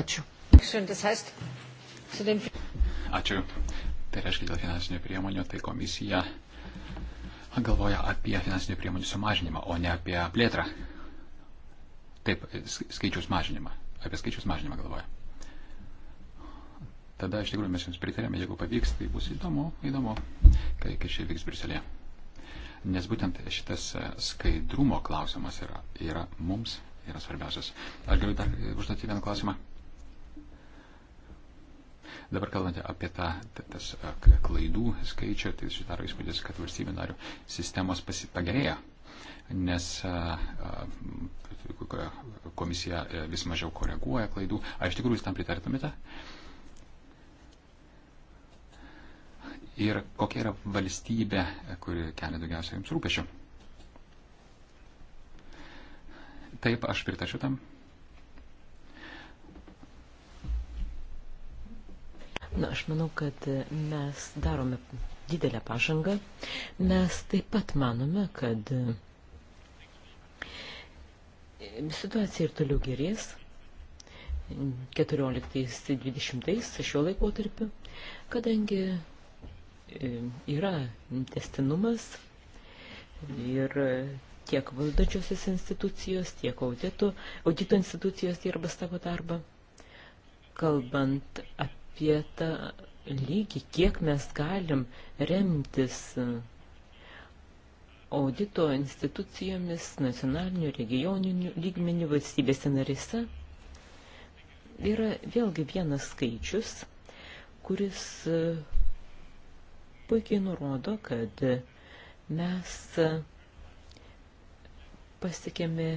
Ačiū. Ačiū. Tai reiškia dėl finansinių priemonių, tai komisija galvoja apie finansinių priemonių sumažinimą, o ne apie plėtrą. Taip, skaičius mažinimą. Apie skaičius mažinimą galvoja. Tada iš tikrųjų mes jums pritarėme, jeigu pavyks, tai bus įdomu, įdomu, kai, kai čia vyks Briuselėje. Nes būtent šitas e, skaidrumo klausimas yra, yra mums yra svarbiausias. Aš galiu dar e, užduoti vieną klausimą. Dabar kalbant apie tą, tas klaidų skaičių, tai susidaro įspūdis, kad valstybių narių sistemos pagerėjo, nes komisija e, vis mažiau koreguoja klaidų. Ar iš tikrųjų jūs tam pritartumėte? Ir kokia yra valstybė, kuri kelia daugiausiai jums rūpešių? Taip, aš pritaršiu tam. Na, aš manau, kad mes darome didelę pažangą. Mes taip pat manome, kad situacija ir toliau gerės 14-20 šiuo laikotarpiu, kadangi e, yra testinumas ir tiek valdančiosios institucijos, tiek audito, audito institucijos dirba savo darbą. Kalbant apie apie tą lygį, kiek mes galim remtis audito institucijomis nacionaliniu, regioniniu lygmeniu valstybėse narėse. Yra vėlgi vienas skaičius, kuris puikiai nurodo, kad mes pasiekėme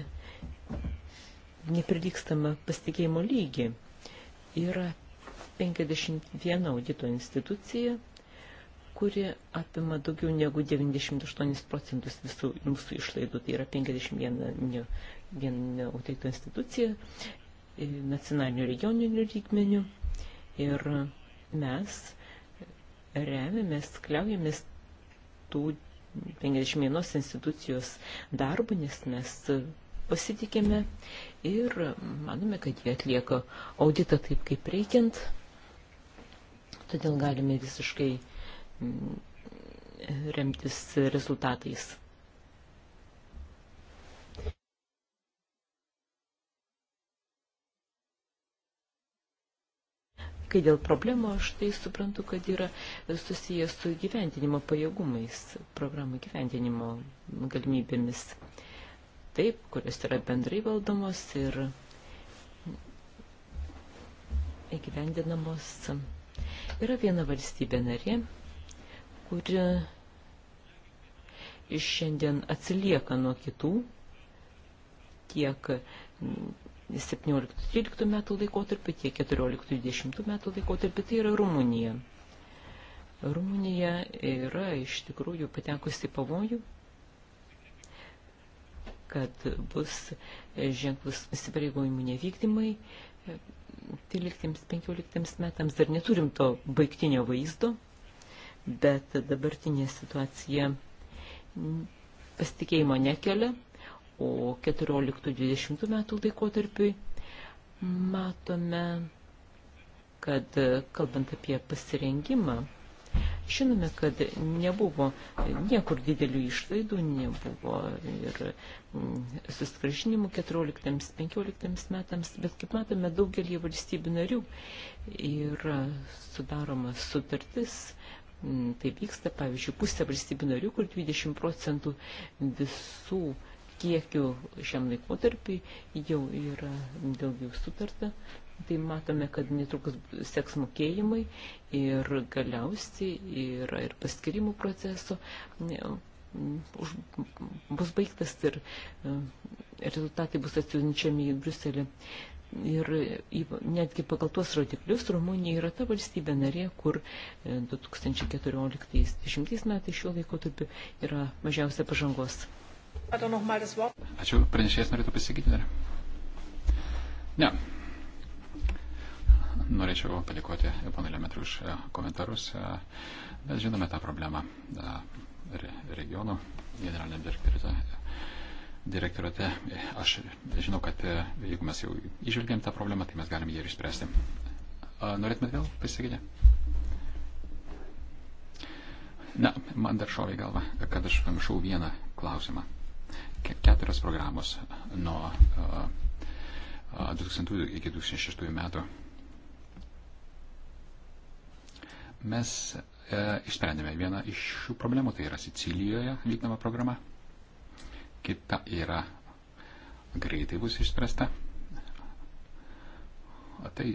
neprilykstamą pasitikėjimo lygį. Yra 51 audito institucija, kuri apima daugiau negu 98 procentus visų mūsų išlaidų, tai yra 51 viena audito institucija e, nacionalinių regioninių lygmenių ir mes remiamės, kliaujamės tų 51 institucijos darbų, nes mes pasitikėme ir manome, kad jie atlieka auditą taip, kaip reikiant todėl galime visiškai mm, remtis rezultatais. Kai dėl problemų, aš tai suprantu, kad yra susijęs su gyventinimo pajėgumais, programų gyventinimo galimybėmis. Taip, kurios yra bendrai valdomos ir įgyvendinamos. E Yra viena valstybė narė, kuri šiandien atsilieka nuo kitų tiek 17-13 metų laikotarpį, tiek 14-20 metų laikotarpį, tai yra Rumunija. Rumunija yra iš tikrųjų patekusi pavojų, kad bus ženklus įsipareigojimų nevykdymai 13-15 metams dar neturim to baigtinio vaizdo, bet dabartinė situacija pasitikėjimo nekelia, o 14-20 metų laikotarpiui matome, kad kalbant apie pasirengimą, Žinome, kad nebuvo niekur didelių išlaidų, nebuvo ir mm, suskražinimų 14-15 metams, bet kaip matome, daugelį valstybių narių yra sudaroma sutartis mm, tai vyksta, pavyzdžiui, pusė valstybių narių, kur 20 procentų visų kiekių šiam laikotarpiai jau yra daugiau sutarta, tai matome, kad netrukus seks mokėjimai ir galiausiai yra ir paskirimų proceso, už, bus baigtas ir e, rezultatai bus atsiunčiami į Bruselį. Ir netgi pagal tuos rodiklius Rumunija yra ta valstybė narė, kur 2014-2020 e, metais šiuo laikotarpiu yra mažiausia pažangos. Ačiū, pranešėjas norėtų pasakyti dar. Ne. Norėčiau padėkoti panelė Metru už e, komentarus. E, mes žinome tą problemą e, regionų generaliniam direktoriui direktorate. Aš žinau, kad jeigu mes jau išvelgėm tą problemą, tai mes galim ją ir išspręsti. Norėtumėt vėl pasisakyti? Na, man dar šovė galva, kad aš pamiršau vieną klausimą. Keturios programos nuo 2000 iki 2006 metų mes e, išsprendėme vieną iš šių problemų, tai yra Sicilijoje vykdoma programa. Kita yra greitai bus išspręsta. Tai,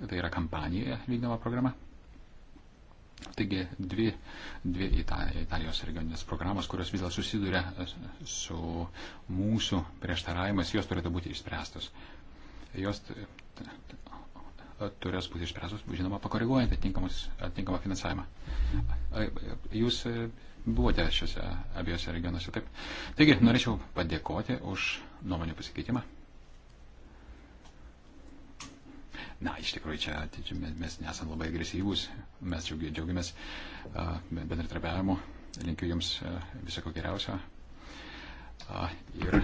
tai yra kampanijoje vykdoma programa. Taigi dvi, dvi Italijos regioninės programos, kurios vis dėlto susiduria su mūsų prieštaravimas, jos turėtų būti išspręstos. Jos turės būti išspręstos, žinoma, pakoreguojant atitinkamą finansavimą. Jūs e, buvote šiuose abiejose regionuose, taip. Taigi, norėčiau padėkoti už nuomonių pasikeitimą. Na, iš tikrųjų, čia, čia mes nesam labai agresyvūs, mes džiaugiamės bendradarbiavimu, linkiu Jums visoko geriausio. Ir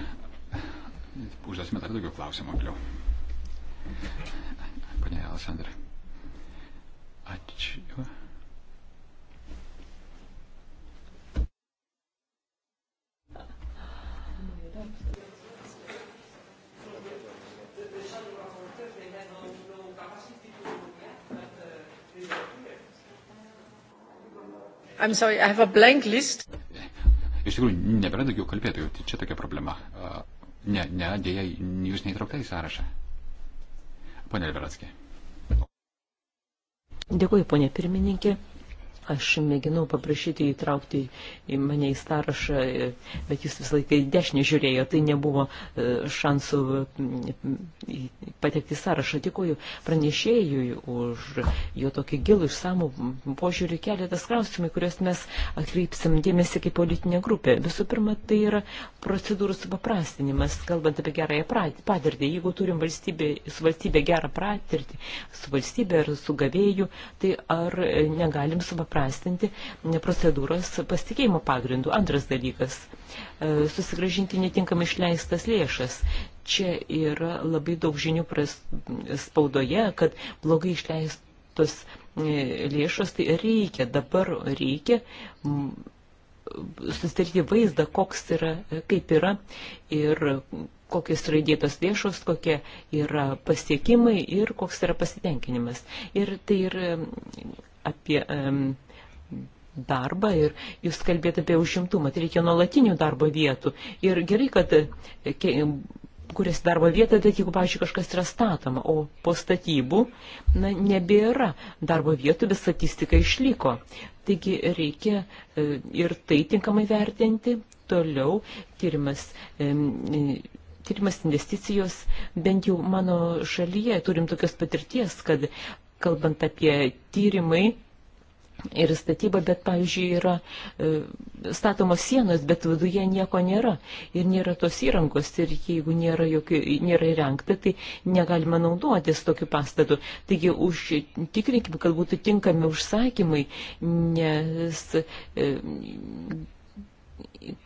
užduosime dar daugiau klausimų vėliau ponė Alessandra. Ačiū. I'm sorry, I have a blank list. Iš tikrųjų, nebėra daugiau kalbėtojų, tai čia tokia problema. Ne, ne, dėja, jūs neįtraukta į sąrašą. Pone Liberatskiai. Dėkuoju, ponė pirmininkė. Aš mėginau paprašyti įtraukti į mane į sąrašą, bet jūs visą laiką į dešinę žiūrėjo, tai nebuvo e, šansų patekti į sąrašą. Tikuoju pranešėjui už jo tokį gilų išsamų požiūrį keletas klausimų, kuriuos mes atkreipsim dėmesį kaip politinė grupė. Visų pirma, tai yra procedūrų supaprastinimas, kalbant apie gerąją patirtį. Jeigu turim valstybė, su valstybė gerą patirtį, su valstybė ar su gavėju, tai ar e, negalim supaprastinti supaprastinti procedūros pasitikėjimo pagrindų. Antras dalykas e, - susigražinti netinkamai išleistas lėšas. Čia yra labai daug žinių spaudoje, kad blogai išleistos e, lėšos, tai reikia, dabar reikia susidaryti vaizdą, koks yra, kaip yra ir kokios yra įdėtos lėšos, kokie yra pasiekimai ir koks yra pasitenkinimas. Ir tai yra apie um, darbą ir jūs kalbėt apie užimtumą, tai reikia nuolatinių darbo vietų. Ir gerai, kad e, kuriasi darbo vietą, bet jeigu, pavyzdžiui, kažkas yra statoma, o po statybų na, nebėra darbo vietų, bet statistika išliko. Taigi reikia e, ir tai tinkamai vertinti. Toliau tyrimas e, tyrimas investicijos, bent jau mano šalyje turim tokios patirties, kad kalbant apie tyrimai, ir statyba, bet, pavyzdžiui, yra e, statomos sienos, bet viduje nieko nėra ir nėra tos įrankos ir jeigu nėra, jokių, nėra įrengta, tai negalima naudotis tokiu pastatu. Taigi užtikrinkime, kad būtų tinkami užsakymai, nes. E,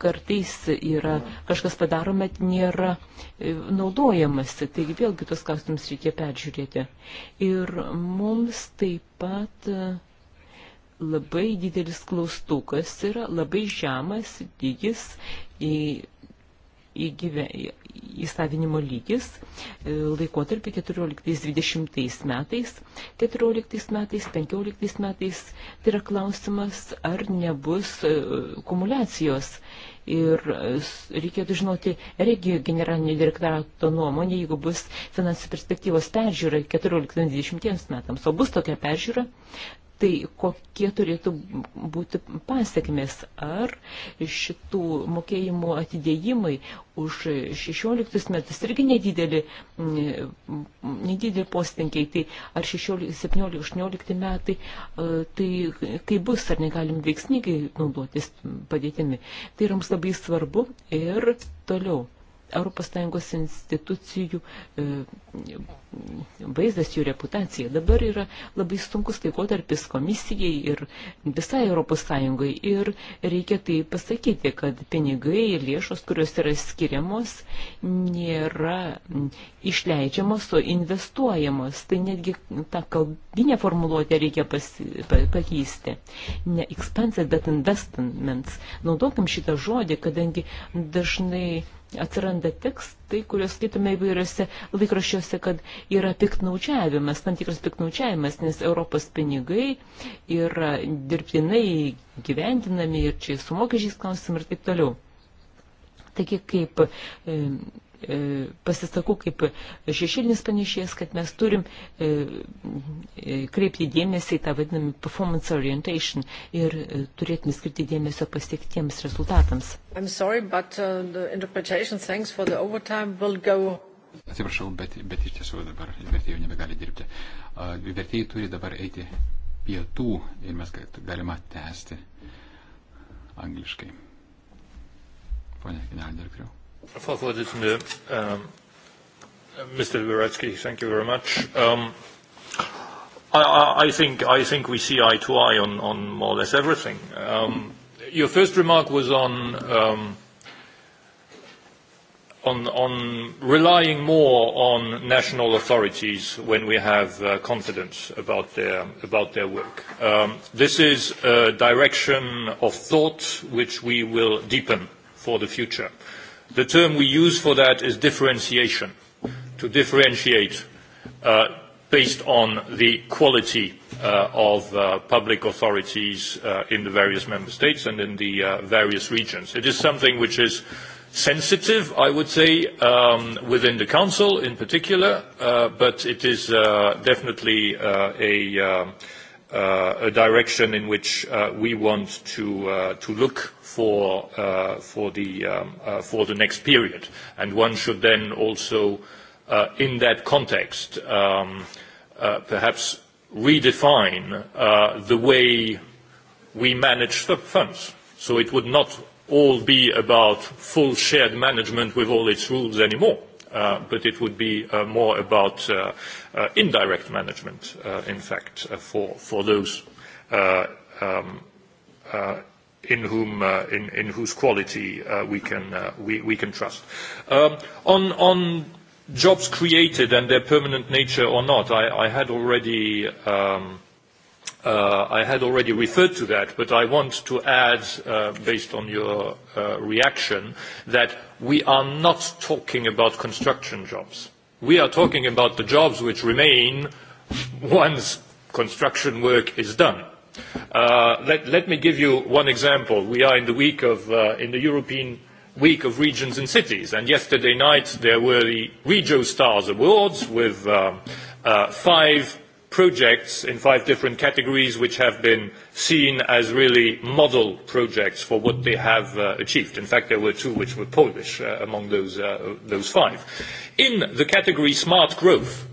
kartais yra kažkas padaroma, nėra e, naudojamasi. Taigi vėlgi tos klausimus reikia peržiūrėti. Ir mums taip pat uh, labai didelis klaustukas yra, labai žemas lygis į, į gyve, įsavinimo lygis e, laikotarpį 14-20 metais, 14 metais, 15 metais, tai yra klausimas, ar nebus e, kumulacijos. Ir e, reikėtų žinoti regijų generalinio direktorato nuomonę, jeigu bus finansų perspektyvos peržiūra 14-20 metams, o bus tokia peržiūra, tai kokie turėtų būti pasiekmes, ar šitų mokėjimų atidėjimai už 16 metus irgi nedidelį, mm, nedidelį postinkiai, tai ar 17-18 metai, e, tai kai bus, ar negalim veiksmingai naudotis padėtimi. Tai yra mums labai svarbu ir toliau. ES institucijų e, vaizdas, jų reputacija. Dabar yra labai sunkus taikotarpis komisijai ir visai ES. Ir reikia tai pasakyti, kad pinigai ir lėšos, kurios yra skiriamos, nėra išleidžiamos, o investuojamos. Tai netgi tą kalbinę formuluotę reikia pasi, pa, pakeisti. Ne expenses, bet investments. Naudokim šitą žodį, kadangi dažnai atsiranda tekstai, kuriuos skaitome įvairiose laikraščiuose, kad yra piknaudžiavimas, tam tikras piknaudžiavimas, nes Europos pinigai yra dirbtinai gyvendinami ir čia su mokesčiais klausim ir taip toliau. Taigi, kaip e, E, pasisakau kaip šešėlinis panešėjas, kad mes turim e, e, kreipti dėmesį į tą vadinamą performance orientation ir turėtume skirti dėmesio pasiektiems rezultatams. I'm sorry, but uh, the interpretation, thanks for the overtime, will go Atsiprašau, bet, bet iš tiesų dabar vertėjai nebegali dirbti. Uh, vertėjai turi dabar eiti pietų ir mes galima tęsti angliškai. Pone generalinė direktoriau. Frau Vorsitzende, um, ähm, Mr. Liberetsky, thank you very much. Um, I, I, think, I think we see eye to eye on, on more or less everything. Um, your first remark was on, um, on, on relying more on national authorities when we have uh, confidence about their, about their work. Um, this is a direction of thought which we will deepen for the future. Uh, The term we use for that is differentiation, to differentiate uh, based on the quality uh, of uh, public authorities uh, in the various member states and in the uh, various regions. It is something which is sensitive, I would say, um, within the Council in particular, uh, but it is uh, definitely uh, a uh, uh, a direction in which uh, we want to, uh, to look for, uh, for, the, um, uh, for the next period. And one should then also, uh, in that context, um, uh, perhaps redefine uh, the way we manage the funds. So it would not all be about full shared management with all its rules anymore. Uh, uh, but it would be uh, more about uh, uh, indirect management, uh, in fact, uh, for, for those uh, um, uh, in whom uh, in, in whose quality uh, we can uh, we, we can trust. Um, on on jobs created and their permanent nature or not, I, I had already. Um, Uh, I had already referred to that, but I want to add, uh, based on your uh, reaction, that we are not talking about construction jobs. We are talking about the jobs which remain once construction work is done. Uh, let, let me give you one example. We are in the, week of, uh, in the European Week of Regions and Cities, and yesterday night there were the Regio Stars Awards with um, uh, five projects in five different categories which have been seen as really model projects for what they have uh, achieved. In fact, there were two which were Polish uh, among those, uh, those five. In the category smart growth,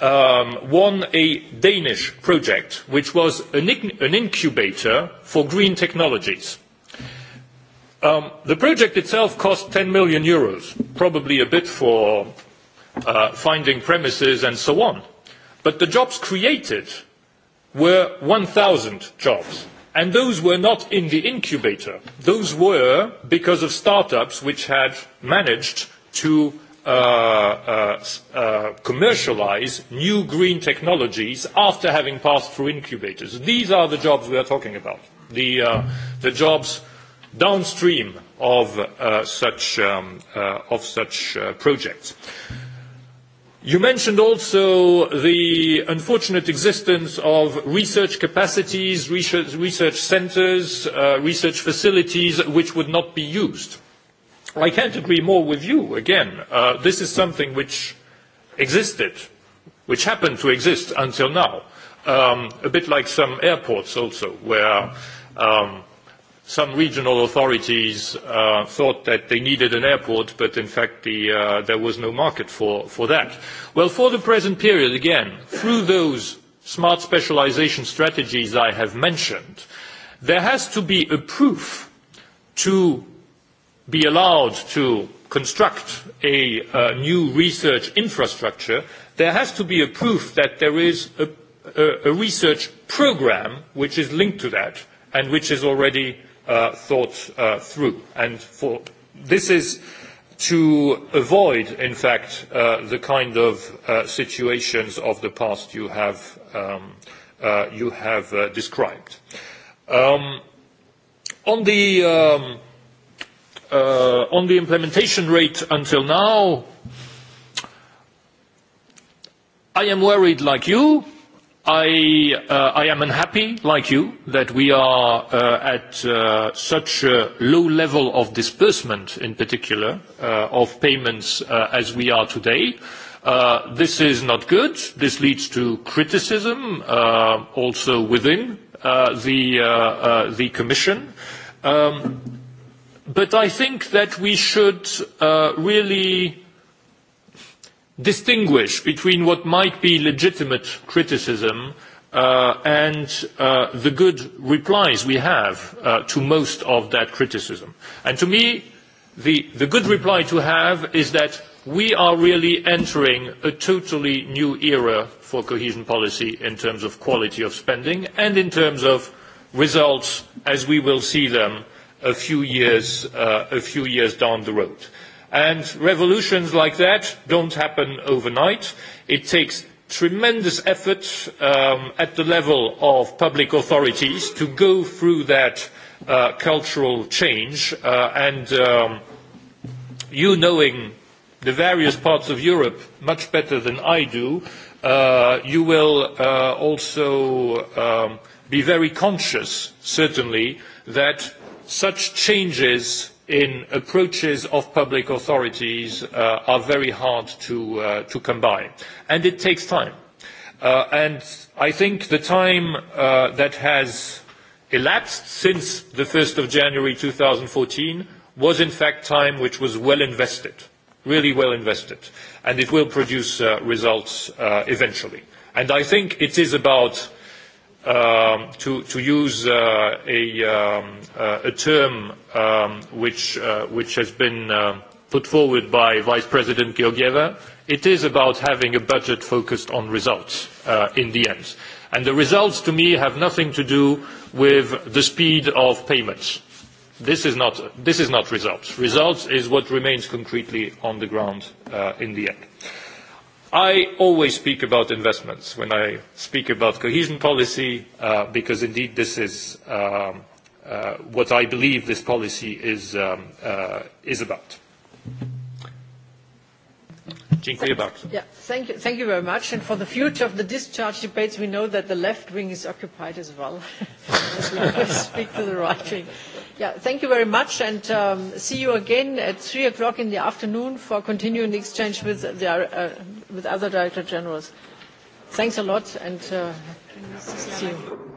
um, won a Danish project which was an, an incubator for green technologies. Um, the project itself cost 10 million euros, probably a bit for uh, finding premises and so on. Uh, But the jobs created were 1,000 jobs. And those were not in the incubator. Those were because of startups which had managed to uh, uh, uh, commercialize new green technologies after having passed through incubators. These are the jobs we are talking about. The, uh, the jobs downstream of uh, such, um, uh, of such uh, projects. Uh, You mentioned also the unfortunate existence of research capacities, research, research centers, uh, research facilities which would not be used. I can't agree more with you. Again, uh, this is something which existed, which happened to exist until now. Um, a bit like some airports also, where um, some regional authorities uh, thought that they needed an airport, but in fact the, uh, there was no market for, for that. Well, for the present period, again, through those smart specialization strategies I have mentioned, there has to be a proof to be allowed to construct a uh, new research infrastructure, there has to be a proof that there is a, a, a research program which is linked to that and which is already uh, thought uh, through and thought. This is to avoid, in fact, uh, the kind of uh, situations of the past you have, um, uh, you have uh, described. Um, on the um, uh, on the implementation rate until now, I am worried like you I, uh, I am unhappy, like you, that we are uh, at uh, such a low level of disbursement, in particular, uh, of payments uh, as we are today. Uh, this is not good. This leads to criticism uh, also within uh, the, uh, uh, the Commission. Um, but I think that we should uh, really distinguish between what might be legitimate criticism uh, and uh, the good replies we have uh, to most of that criticism. And to me, the, the good reply to have is that we are really entering a totally new era for cohesion policy in terms of quality of spending and in terms of results as we will see them a few years, uh, a few years down the road. Uh, And revolutions like that don't happen overnight. It takes tremendous effort um, at the level of public authorities to go through that uh, cultural change. Uh, and um, you knowing the various parts of Europe much better than I do, uh, you will uh, also um, be very conscious, certainly, that such changes in approaches of public authorities uh, are very hard to, uh, to come by. And it takes time. Uh, and I think the time uh, that has elapsed since the 1st of January 2014 was in fact time which was well invested, really well invested. And it will produce uh, results uh, eventually. And I think it is about um, to, to use uh, a, um, uh, a term um, which, uh, which has been uh, put forward by Vice President Georgieva, it is about having a budget focused on results uh, in the end. And the results to me have nothing to do with the speed of payments. This is not, this is not results. Results is what remains concretely on the ground uh, in the end. Uh, I always speak about investments when I speak about cohesion policy, uh, because indeed this is um, uh, what I believe this policy is, um, uh, is about. Dziękuję bardzo. Yeah, thank you, thank you very much. And for the future of the discharge debates, we know that the left wing is occupied as well. Let's speak to the right wing. Yeah, thank you very much and um, see you again at 3 o'clock in the afternoon for continuing exchange with, the, uh, with other Director Generals. Thanks a lot and uh, see you.